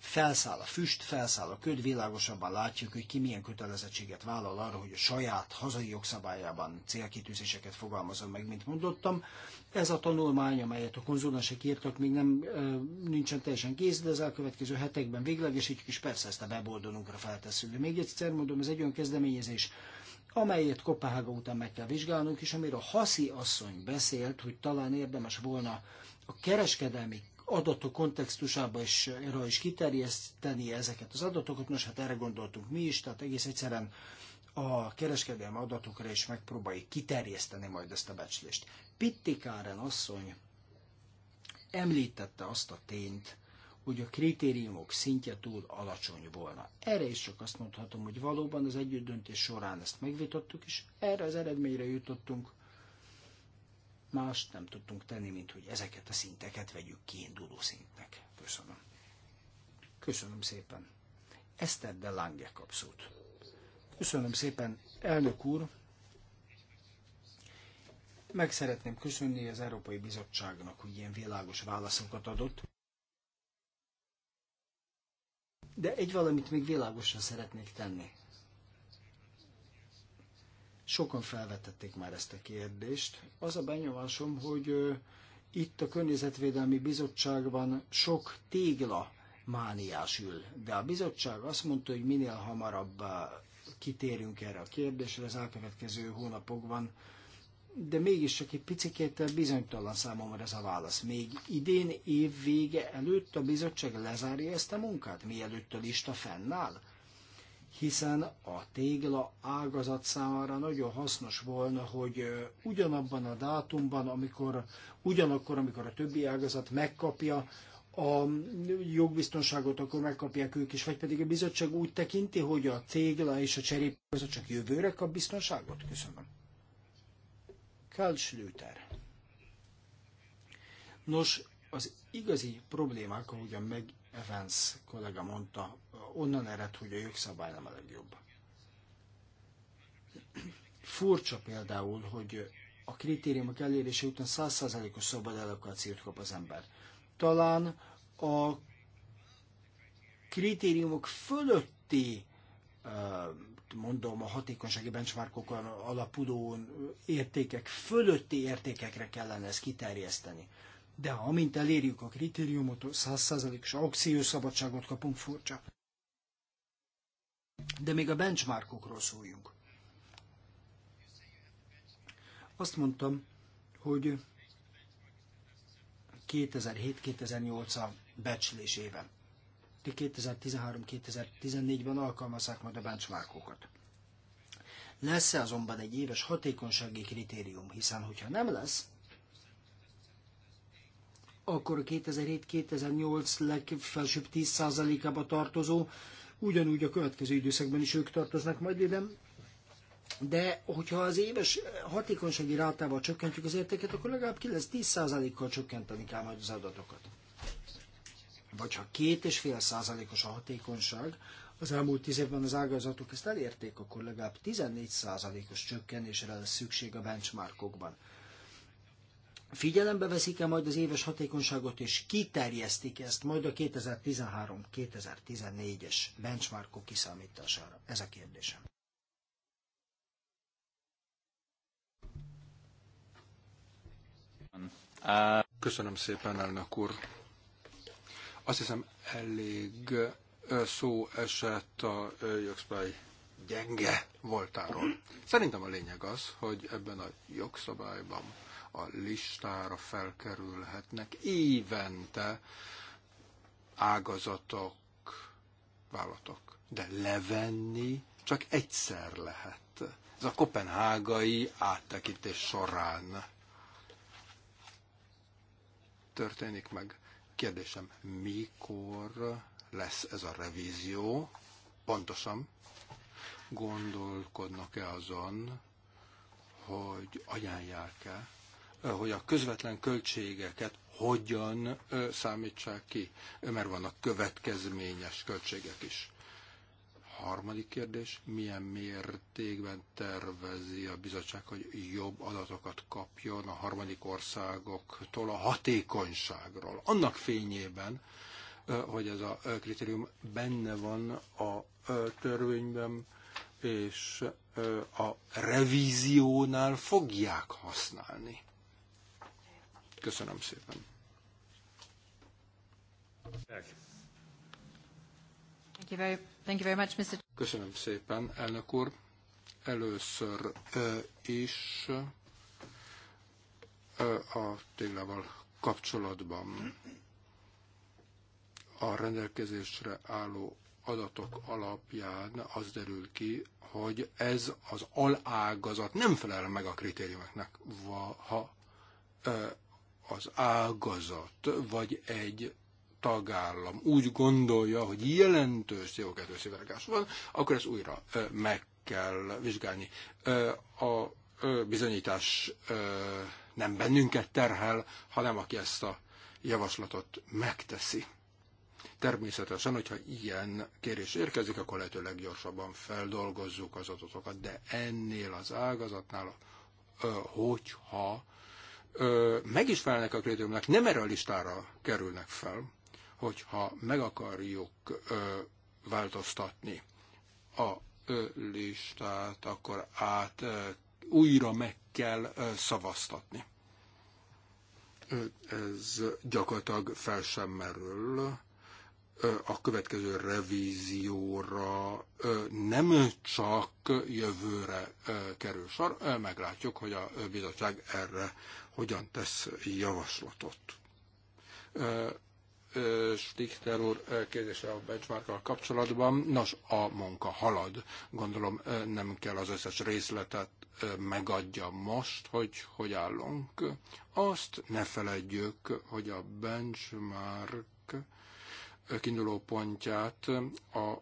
felszáll a füst, felszáll a köd, világosabban látjuk, hogy ki milyen kötelezettséget vállal arra, hogy a saját hazai jogszabályában célkitűzéseket fogalmazom meg, mint mondottam. Ez a tanulmány, amelyet a konzulnasek írtak, még nem nincsen teljesen kész, de az elkövetkező hetekben véglegesítjük, és persze ezt a weboldalunkra feltesszük. De még egyszer mondom, ez egy olyan kezdeményezés, amelyet Kopenhága után meg kell vizsgálnunk, és amiről Haszi asszony beszélt, hogy talán érdemes volna a kereskedelmi adatok kontextusába is, rá is kiterjeszteni ezeket az adatokat. Nos, hát erre gondoltunk mi is, tehát egész egyszerűen a kereskedelmi adatokra is megpróbáljuk kiterjeszteni majd ezt a becslést. Pitti káren asszony említette azt a tényt, hogy a kritériumok szintje túl alacsony volna. Erre is csak azt mondhatom, hogy valóban az együttdöntés során ezt megvitattuk, és erre az eredményre jutottunk, mást nem tudtunk tenni, mint hogy ezeket a szinteket vegyük kiinduló szintnek. Köszönöm. Köszönöm szépen. Eszter de Lange kapszót. Köszönöm szépen, elnök úr. Meg szeretném köszönni az Európai Bizottságnak, hogy ilyen világos válaszokat adott. De egy valamit még világosan szeretnék tenni. Sokan felvetették már ezt a kérdést. Az a benyomásom, hogy itt a Környezetvédelmi Bizottságban sok tégla mániás ül, de a bizottság azt mondta, hogy minél hamarabb kitérünk erre a kérdésre az elkövetkező hónapokban, de mégis csak egy picit bizonytalan számomra ez a válasz. Még idén év vége előtt a bizottság lezárja ezt a munkát, mielőtt a lista fennáll? hiszen a tégla ágazat számára nagyon hasznos volna, hogy ugyanabban a dátumban, amikor, ugyanakkor, amikor a többi ágazat megkapja a jogbiztonságot, akkor megkapják ők is, vagy pedig a bizottság úgy tekinti, hogy a tégla és a cserép között csak jövőre kap biztonságot? Köszönöm. Karl Schlüter. Nos, az igazi problémák, ahogyan meg Evans kollega mondta, onnan ered, hogy a jogszabály nem a legjobb. Furcsa például, hogy a kritériumok elérése után 100%-os szabad allokációt kap az ember. Talán a kritériumok fölötti mondom a hatékonysági benchmarkokon alapuló értékek fölötti értékekre kellene ezt kiterjeszteni de ha amint elérjük a kritériumot, 100%-os akciószabadságot kapunk furcsa. De még a benchmarkokról szóljunk. Azt mondtam, hogy 2007-2008 a becslés éve. 2013-2014-ben alkalmazzák majd a benchmarkokat. Lesz-e azonban egy éves hatékonysági kritérium, hiszen hogyha nem lesz, akkor 2007-2008 legfelsőbb 10%-ába tartozó, ugyanúgy a következő időszakban is ők tartoznak majd ide, de hogyha az éves hatékonysági rátával csökkentjük az értéket, akkor legalább 9-10%-kal csökkenteni kell majd az adatokat. Vagy ha 2,5%-os a hatékonyság, az elmúlt tíz évben az ágazatok ezt elérték, akkor legalább 14%-os csökkenésre lesz szükség a benchmarkokban. Figyelembe veszik-e majd az éves hatékonyságot, és kiterjesztik -e ezt majd a 2013-2014-es benchmarkok kiszámítására? Ez a kérdésem. Köszönöm szépen, elnök úr. Azt hiszem, elég szó esett a jogszabály gyenge voltáról. Szerintem a lényeg az, hogy ebben a jogszabályban a listára felkerülhetnek évente ágazatok, vállatok. De levenni csak egyszer lehet. Ez a kopenhágai áttekintés során történik meg. Kérdésem, mikor lesz ez a revízió? Pontosan gondolkodnak-e azon, hogy ajánlják-e hogy a közvetlen költségeket hogyan számítsák ki, mert vannak következményes költségek is. Harmadik kérdés, milyen mértékben tervezi a bizottság, hogy jobb adatokat kapjon a harmadik országoktól a hatékonyságról? Annak fényében, hogy ez a kritérium benne van a törvényben, és a revíziónál fogják használni. Köszönöm szépen. Köszönöm szépen, elnök úr. Először is a téglával kapcsolatban a rendelkezésre álló adatok alapján az derül ki, hogy ez az alágazat nem felel meg a kritériumoknak, ha az ágazat vagy egy tagállam úgy gondolja, hogy jelentős CO2 szivárgás van, akkor ezt újra meg kell vizsgálni. A bizonyítás nem bennünket terhel, hanem aki ezt a javaslatot megteszi. Természetesen, hogyha ilyen kérés érkezik, akkor lehető leggyorsabban feldolgozzuk az adatokat, de ennél az ágazatnál, hogyha ö, is a kritériumnak, nem erre a listára kerülnek fel, hogyha meg akarjuk változtatni a listát, akkor át újra meg kell szavaztatni. Ez gyakorlatilag fel sem merül a következő revízióra nem csak jövőre kerül sor, meglátjuk, hogy a bizottság erre hogyan tesz javaslatot. Stichter úr kérdése a benchmarkkal kapcsolatban. Nos, a munka halad. Gondolom nem kell az összes részletet megadja most, hogy hogy állunk. Azt ne feledjük, hogy a benchmark kiinduló pontját a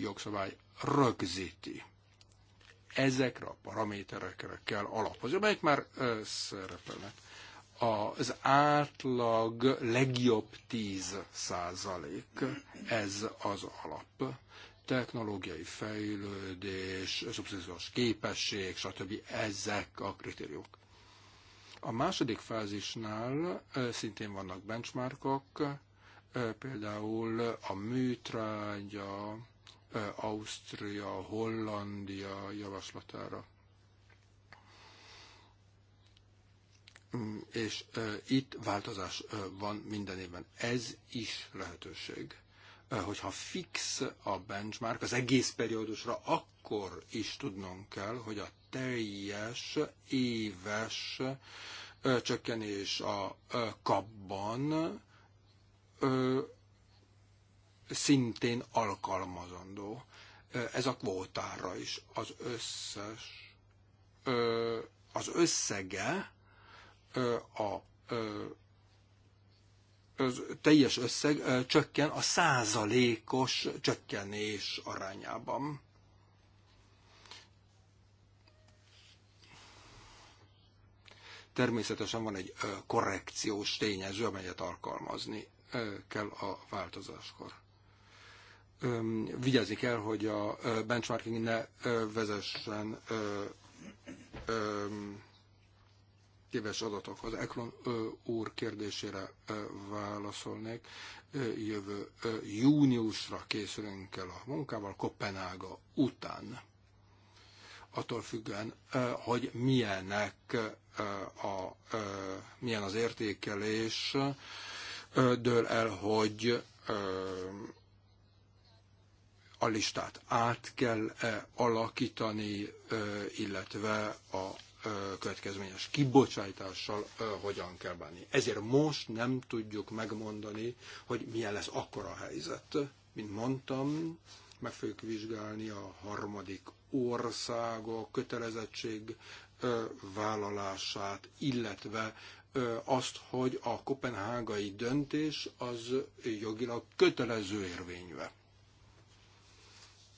jogszabály rögzíti. Ezekre a paraméterekre kell alapozni, amelyek már szerepelnek. Az átlag legjobb 10 százalék, ez az alap technológiai fejlődés, szubszidiós képesség, stb. ezek a kritériumok. A második fázisnál szintén vannak benchmarkok, például a műtrágya, Ausztria, Hollandia javaslatára. Mm, és itt változás van minden évben. Ez is lehetőség. Hogyha fix a benchmark az egész periódusra, akkor is tudnunk kell, hogy a teljes éves csökkenés a kapban ö, szintén alkalmazandó. Ez a kvótára is az összes, ö, az összege ö, a ö, az teljes összeg ö, csökken a százalékos csökkenés arányában. Természetesen van egy korrekciós tényező, amelyet alkalmazni kell a változáskor. Vigyázni kell, hogy a benchmarking ne vezessen téves adatokhoz. Eklon úr kérdésére válaszolnék. Jövő júniusra készülünk el a munkával, Kopenhága után. Attól függően, hogy milyenek a, milyen az értékelés, dől el, hogy a listát át kell -e alakítani, illetve a következményes kibocsátással hogyan kell bánni. Ezért most nem tudjuk megmondani, hogy milyen lesz akkora a helyzet. Mint mondtam, meg fogjuk vizsgálni a harmadik országok kötelezettség vállalását, illetve azt, hogy a kopenhágai döntés az jogilag kötelező érvényve.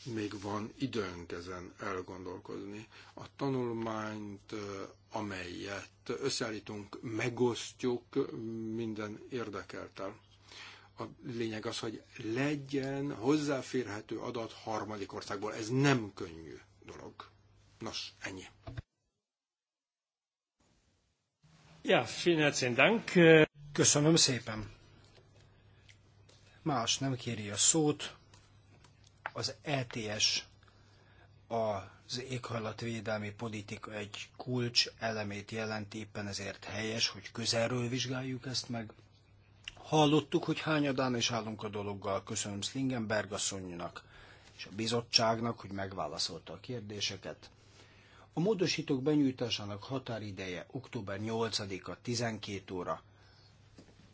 Még van időnk ezen elgondolkozni. A tanulmányt, amelyet összeállítunk, megosztjuk minden érdekeltel. A lényeg az, hogy legyen hozzáférhető adat harmadik országból. Ez nem könnyű dolog. Nos, ennyi. Ja, vielen herzlichen Dank. Köszönöm szépen. Más nem kéri a szót. Az ETS az éghajlatvédelmi politika egy kulcs elemét jelent, éppen ezért helyes, hogy közelről vizsgáljuk ezt meg. Hallottuk, hogy hányadán és állunk a dologgal. Köszönöm Slingenberg asszonynak és a bizottságnak, hogy megválaszolta a kérdéseket. A módosítók benyújtásának határideje október 8-a 12 óra.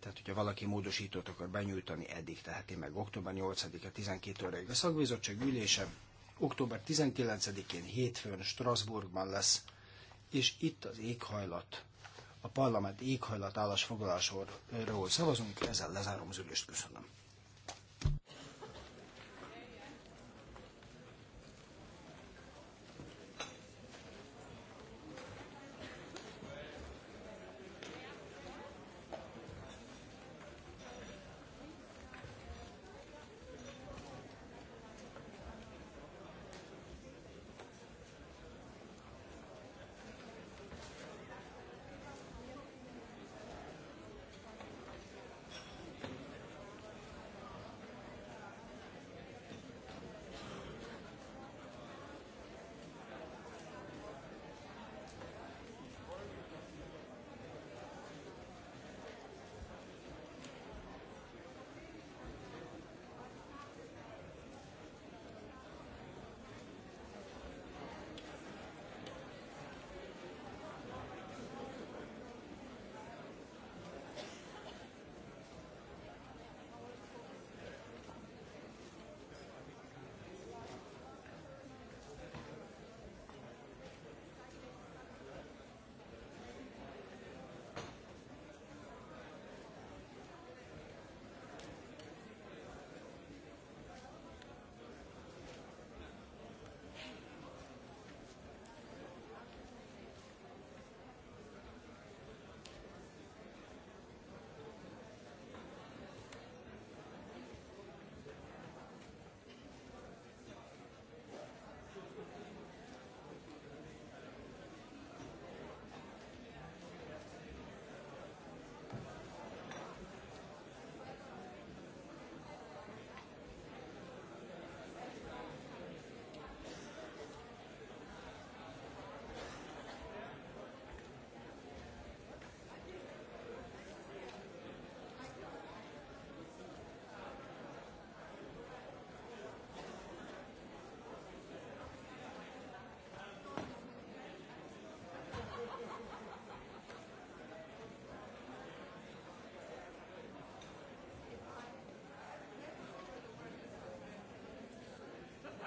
Tehát, hogyha valaki módosítót akar benyújtani, eddig teheti meg október 8-a 12 óraig. A szakbizottság ülése október 19-én hétfőn Strasbourgban lesz, és itt az éghajlat, a parlament éghajlat állásfoglalásról szavazunk, ezzel lezárom az ülést, köszönöm.